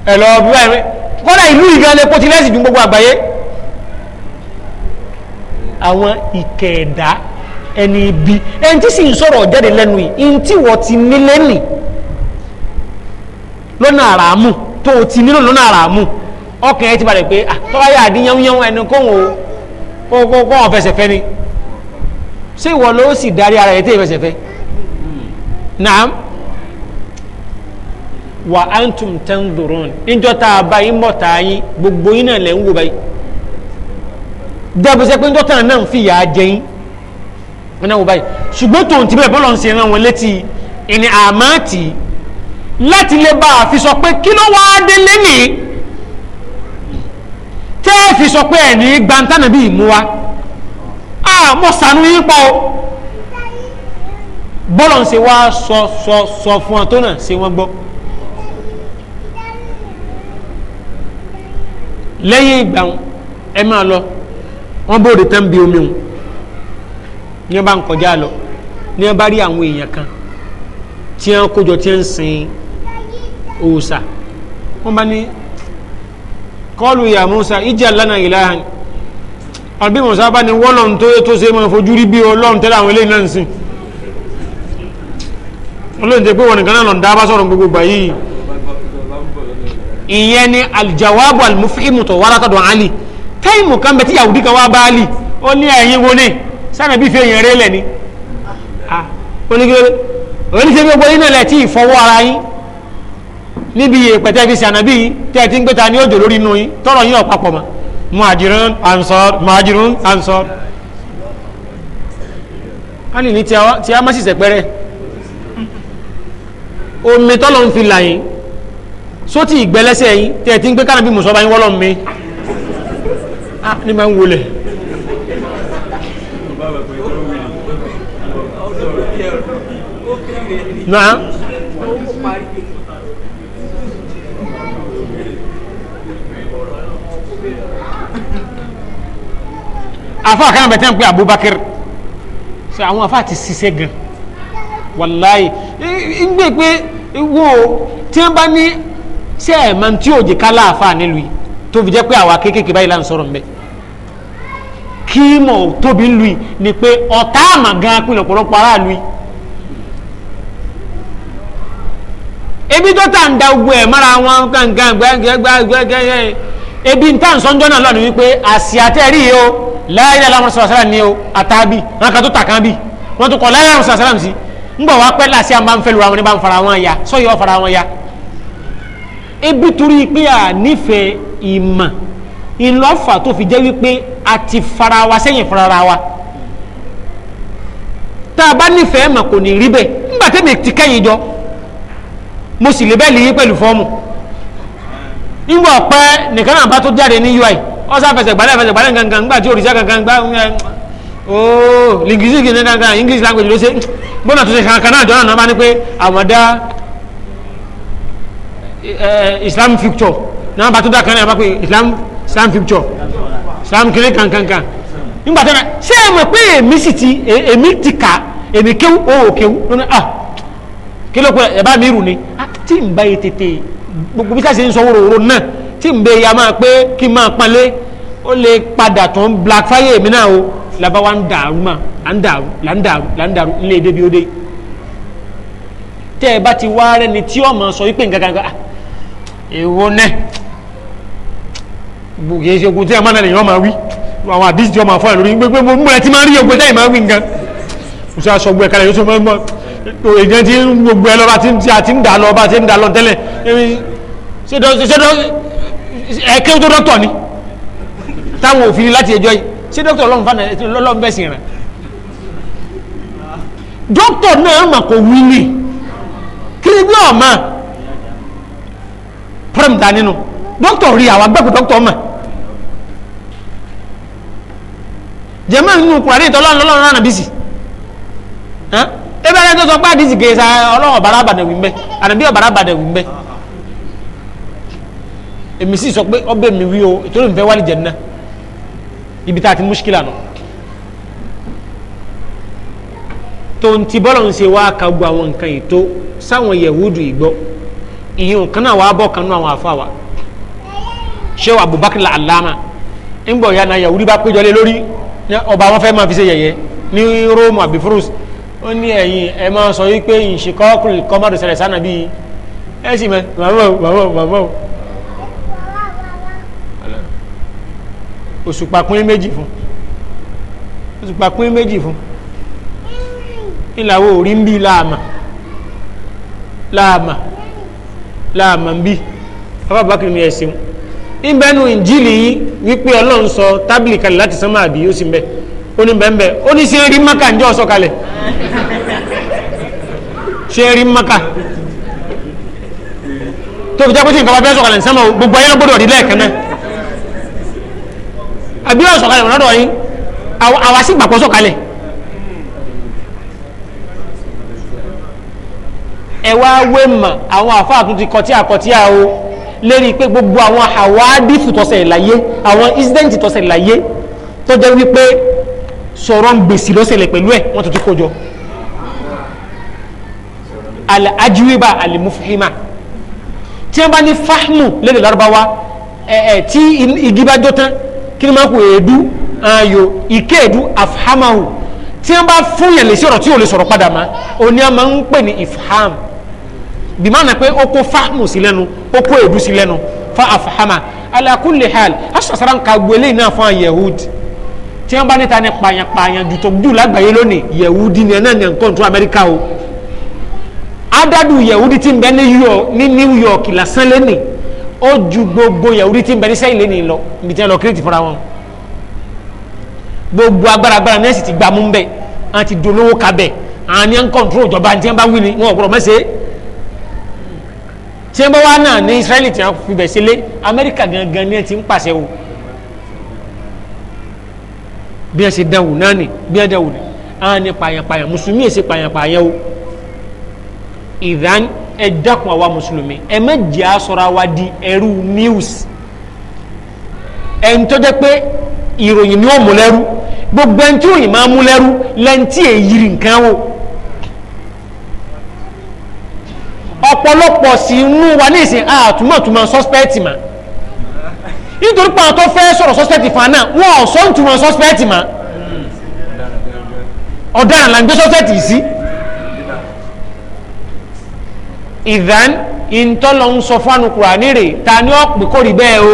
ẹ lọ bí wáyé kọ́dà ìlú ìgan lè kó ti lẹ́sìn ju gbogbo àgbáyé àwọn ìkẹ̀ẹ̀dá ẹni ibi ẹni tí sì ń sọ̀rọ̀ jáde lẹ́nu yìí ní tí wọ́n ti nílé nì lọ́nà àràmù tó o ti nílò lọ́nà àràmù ọkàn ẹ ti balẹ̀ pé tọ́láyà àdínyánwó ẹnu kóhùn o kóhùn fẹsẹ̀fẹ́ ni ṣé ìwọ ló sì darí ara ẹ̀ tẹ́ ìfẹsẹ̀fẹ́ naam wa antum tanzurun níjọ́ tá a bá yín mọ̀ tá a yín gbogbo yín náà lẹ̀ ń wò báyìí dẹ́bu sẹ́ pé níjọ́ tá a náà fi yà á jẹ yín wọn náà wò báyìí ṣùgbọ́n tòun ti bẹ́ẹ̀ ran wọn létí ìní àmàtì láti lè bá fi sọ pé kí ló wá dé lẹ́nìí tẹ́ fi sọ pé ẹ̀ ní gbantánà bíi mú wa ah mo sànú yín pa o bọ́lọ̀ ń ṣe wá sọ sọ sọ fún ọ tó náà ṣe wọ́n gbọ́. lẹ́yìn ìgbà ẹ máa lọ wọ́n bóde tán bí omi wọn ní wọ́n ń kọjá lọ ní rí àwọn èèyàn kan tí wọ́n kójọ tí wọ́n ń sin òòṣà wọ́n bá ní kọlu ya musa ìjà lánà ìlàhàn àbí musa bá ní wọ́lọ̀n tó yẹ tó ṣe máa fojú rí bí ọlọ́run tẹ́lẹ̀ àwọn eléyìí gbogbo gbà yìí ìyẹn ni aljawabu almufimu tó wá látọ̀dọ̀ ali táìmù kan bẹ tí yahudi kan wá bá ali ó ní ẹ̀yin wo ni sànà bí fi èèyàn rẹ lẹ̀ ni onígbèrè ah, oníṣẹ́ gbogbo yín náà lẹ̀ tí ìfọwọ́ ara yín níbi ìpẹ̀tẹ́ fi sànàbí tẹ́ ti ń gbé ta ní òjò lórí inú yín tọrọ yín ọ̀pápọ̀ mọ́ muhajirun ansor muhajirun ansor ní tí a má sì sẹ̀pẹ́rẹ́ omi tọ́lọ́ ń fi là yín sótì ìgbẹ́lẹ́sẹ̀ yín tẹ̀tí ń gbé kánàbí mùsọ̀bá yín wọ́lọ́ mi ah, ní máa ń wọlé. náà afa kan bẹ tẹ́ ń pè Abubakar sọ àwọn afa ti ṣiṣẹ́ gan wàláyé ń gbé pé wo tí wọ́n bá ṣé ẹ̀ máa tí òjì ká láàfáà nílùú yìí tó fi jẹ́ pé àwa kéékèèké báyìí là ń sọ̀rọ̀ mbẹ́ kí mọ̀ tóbi ń lu yìí ni pé ọ̀tá àmà gan pinnu ọ̀pọ̀lọpọ̀ aráàlú yìí ebi tó tà ń da gbogbo ẹ̀ mára wọn gangan gbẹgbẹgbẹgbẹ ebi ń tà ń sọ́njọ́ náà lọ́nu wípé àsì àtẹ́rí yìí o láyé aláwọn sàrásàrà ni o àtàbí wọn kà tó tà kan bí wọn tó kọ láyé aláwọn sàrásàrà sí ń bọ̀ wá pẹ́ láti àmà ń fẹ́ lu àwọn ní bá ń fara wọn ya sọ́yọ́ fara wọn ya ebi torí pé a nífẹ̀ẹ́ ìmọ̀ ìlọ́fà tó fi jẹ́ wípé a ti fara wa sẹ́yìn fara wa tá a bá nífẹ̀ẹ́ mà kò ní rí bẹ́ẹ̀ nígbà tẹ́mi ti kẹ́yìn jọ mo sì lè bẹ́ẹ̀ lè yí pẹ̀lú fọ́ọ̀mù nígbà ọ̀pẹ nìkan náà bá tó jáde ní ui ọ̀sán fẹsẹ̀ gbálẹ̀ fẹsẹ̀ gbálẹ̀ gangan nígbà tí òrìṣà gangan gbá ooo lingizigi ní gangan english language ló ṣe gbọ́dọ̀ tó ṣe kankan náà jọ náà bá Eh, islam future. náà bàtú da kan náà bá islam islam future. islam kiri kankankan nígbà tó náà ṣé ẹ mọ̀ pé èmi sì ti e, èmi ti kà èmi kéwù ó kéwù lónìí ah kí ló pé ẹ bá mi rù ni ah, tí n bá yẹ tètè gbogbo bí sáà ṣe ń sọ wòròwòrò náà tí n bẹ ya máa pé kí n máa panlé ó lè padà tó ń black fire mi náà o laba wa ń dàrú mà à ń dàrú là ń dàrú là ń dàrú ilé èdè bí ó dé tẹ́ ẹ bá ti wá rẹ́ni tí ọmọ sọ wípé nǹkan kan kan ah èwo nẹ kìí ṣe ogun tí a máa nà lèyàn máa wí àwọn àdísì tí wọ́n máa fọ́ ẹ̀ lórí gbogbo mo múra tí máa rí ogun tẹ́yìn máa wí nǹkan kò sí aṣọ gbẹ̀kalẹ̀ yóò tó máa mọ èdè tí gbogbo ẹ lọ́ba tí a ti ń dà lọ́ba tí ń dà lọ tẹ́lẹ̀ ẹ̀kẹ́ tó dọ́tọ̀ ni táwọn òfin láti ẹjọ́ yìí ṣé dókítà ọlọ́run fana ọlọ́run bẹ́ẹ̀ sì rìn dókítà náà mà kò wí ni kí ni bí problem da nínú dókítà rí àwọn agbẹ́kù dókítà ọmọ jẹ́mọ́ nínú kùràdé ìtọ́lọ́run lọ́lọ́run rán àbísì ẹ bẹ́ẹ̀ tó sọ pé àdìsí kèé sa ọlọ́run ọ̀bàrà àbàdàn wí mbẹ́ àdàbí ọ̀bàrà àbàdàn wí mbẹ́ èmi sì sọ pé ọbẹ̀ mi wí o ìtòlómi fẹ́ wálé jẹ̀nà ibi tá a ti múṣkìlà nù tó ń ti bọ́lọ̀ ń ṣe wá kagbọ́ àwọn nǹkan yìí tó sáwọn Yahudu ìgbọ́ ìyẹn kan náà wàá bọ̀ kan nú àwọn àfa wa ṣé Abubakar alama ńgbọ̀ ya náà yahudi bá péjọ lé lórí ọba wọn fẹ́ máa fi ṣe yẹ̀yẹ́ ní Róòmù àbí fúrúsì ó ní ẹ̀yìn ẹ máa sọ wípé ìṣìkọ́kùnrin kọ́ má dùsẹ̀lẹ̀ sánà bíi ẹ sì mẹ bàbá o bàbá o bàbá o òṣùpá pín méjì fún òṣùpá pín méjì fún ìlàwó orí ń bí láàmà láàmà láàmà ń bí bàbá bákìrì ní ẹ̀sìn ìbẹ́nu ìjìlì yìí wípé ọlọ́run sọ tábìlì kalẹ̀ láti sánmà àbí ó sì ń bẹ ó ní bẹ́ẹ̀ bẹ́ẹ̀ ó ní ṣe rí maka ǹjọ́ sọ kalẹ̀ ṣe rí maka tó fi jẹ́ pé tí nǹkan bá fẹ́ sọ kalẹ̀ sánmà gbogbo ayé ló gbọ́dọ̀ rí lẹ́ẹ̀kan náà àbí ó sọ kalẹ̀ lọ́dọ̀ yìí àwa sì gbàgbọ́ sọ kalẹ̀ ẹ wá wé mà àwọn àfáà tún ti kọtí àkọtí àwo lérí pé gbogbo àwọn àwádìí tọ́sẹ̀ láyé àwọn incident tọ́sẹ̀ láyé tó jẹ́ wípé sọ̀rọ̀ ń gbèsè lọ́sẹ̀lẹ̀ pẹ̀lú ẹ̀ wọ́n tún ti kó jọ al-ajwiba al-mufhima tí wọ́n bá ní fahmu lédè lárúbáwá ẹ̀ẹ́ tí igi bá jó tán kí ni máa kó èédú ayò ìkéèdú afhamahu tí wọ́n bá fún yẹn lè sí ọ̀rọ̀ tí ò lè sọ̀rọ̀ padà má òní a máa ń pè ní ifham bimana pé ó kó fahmu sí lẹ́nu ó kó èdú sí fa afahama ala kulli hal asasara nka gbélé náà fún yahud tí wọn bá níta ní pààyàn-pààyàn dùtọ̀dù lágbàáyé lónìí yahudi ní ẹ̀nà ní nǹkan tó o adadu yahudi ti ń bẹ ní new york lásán lẹ́nì ó ju gbogbo yahudi ti ń bẹ ní sẹ́yìn lẹ́nì lọ ibi tí wọn lọ kírètì fúnra wọn gbogbo agbáragbára nẹ́ẹ̀sì ti gbàmú bẹ́ẹ̀ àti dolówó kabẹ̀ àní à ń kọ́ńtró ìjọba àti ẹ̀ ń bá wí ni wọn ò tí wọ́n bá wá náà ní Israeli tí wọ́n fi bẹ̀ sílé Amẹ́ríkà gangan ni ẹ ti ń pàṣẹ o bí wọ́n ṣe dánwò náà ni bí wọ́n dánwò ni àwọn ni pààyàn mùsùlùmí èsì pààyàn-pààyàn o ìdán ẹ dákun àwa mùsùlùmí ẹ má jẹ́ àsọ̀rọ̀ àwa di ẹrú news ẹni tó jẹ́ pé ìròyìn ni ó mú lẹ́rú gbogbo ẹni tí òyìn máa mú lẹ́rú lẹ́ni tí èyí rìn kan wò. ọ̀pọ̀lọpọ̀ sí inú wa ní ìsìn àtúmọ̀túmọ̀ sọ́spẹ́ẹ̀tì mà nítorí pàrọ̀ tó fẹ́ sọ̀rọ̀ sọ́spẹ́ẹ̀tì fún àná wọn ò sọ́ ìtumọ̀ sọ́spẹ́ẹ̀tì mà ọ̀daràn là ń gbé sọ́spẹ́ẹ̀tì sí ìdán ìntọ́lọ̀ ń sọ fún ànukùrà nírè ta ni ó pè kórì bẹ́ẹ̀ o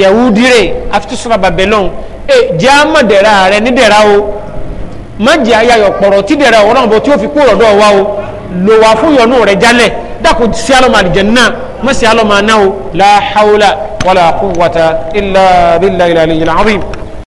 yẹ̀wúdí rè àfi tó sọ̀rọ̀ bàbẹ̀ lọ́hùn ẹ jẹ́ àmọ̀dẹ̀ra rẹ nídẹ̀ra o má jẹ́ ayayọ̀ pọ̀rọ̀ tí dẹ̀ra ọ̀rọ̀ bọ̀ tí ó fi kúrò lọ́dọ̀ wa o lò wá fún yọ̀nù rẹ̀ jálẹ̀ dàkú sí àlọ́mọ àlìjẹ̀nà mọ̀ sí àlọ́mọ anáwó la hawla wala quwwata illa billahi al-aliyyil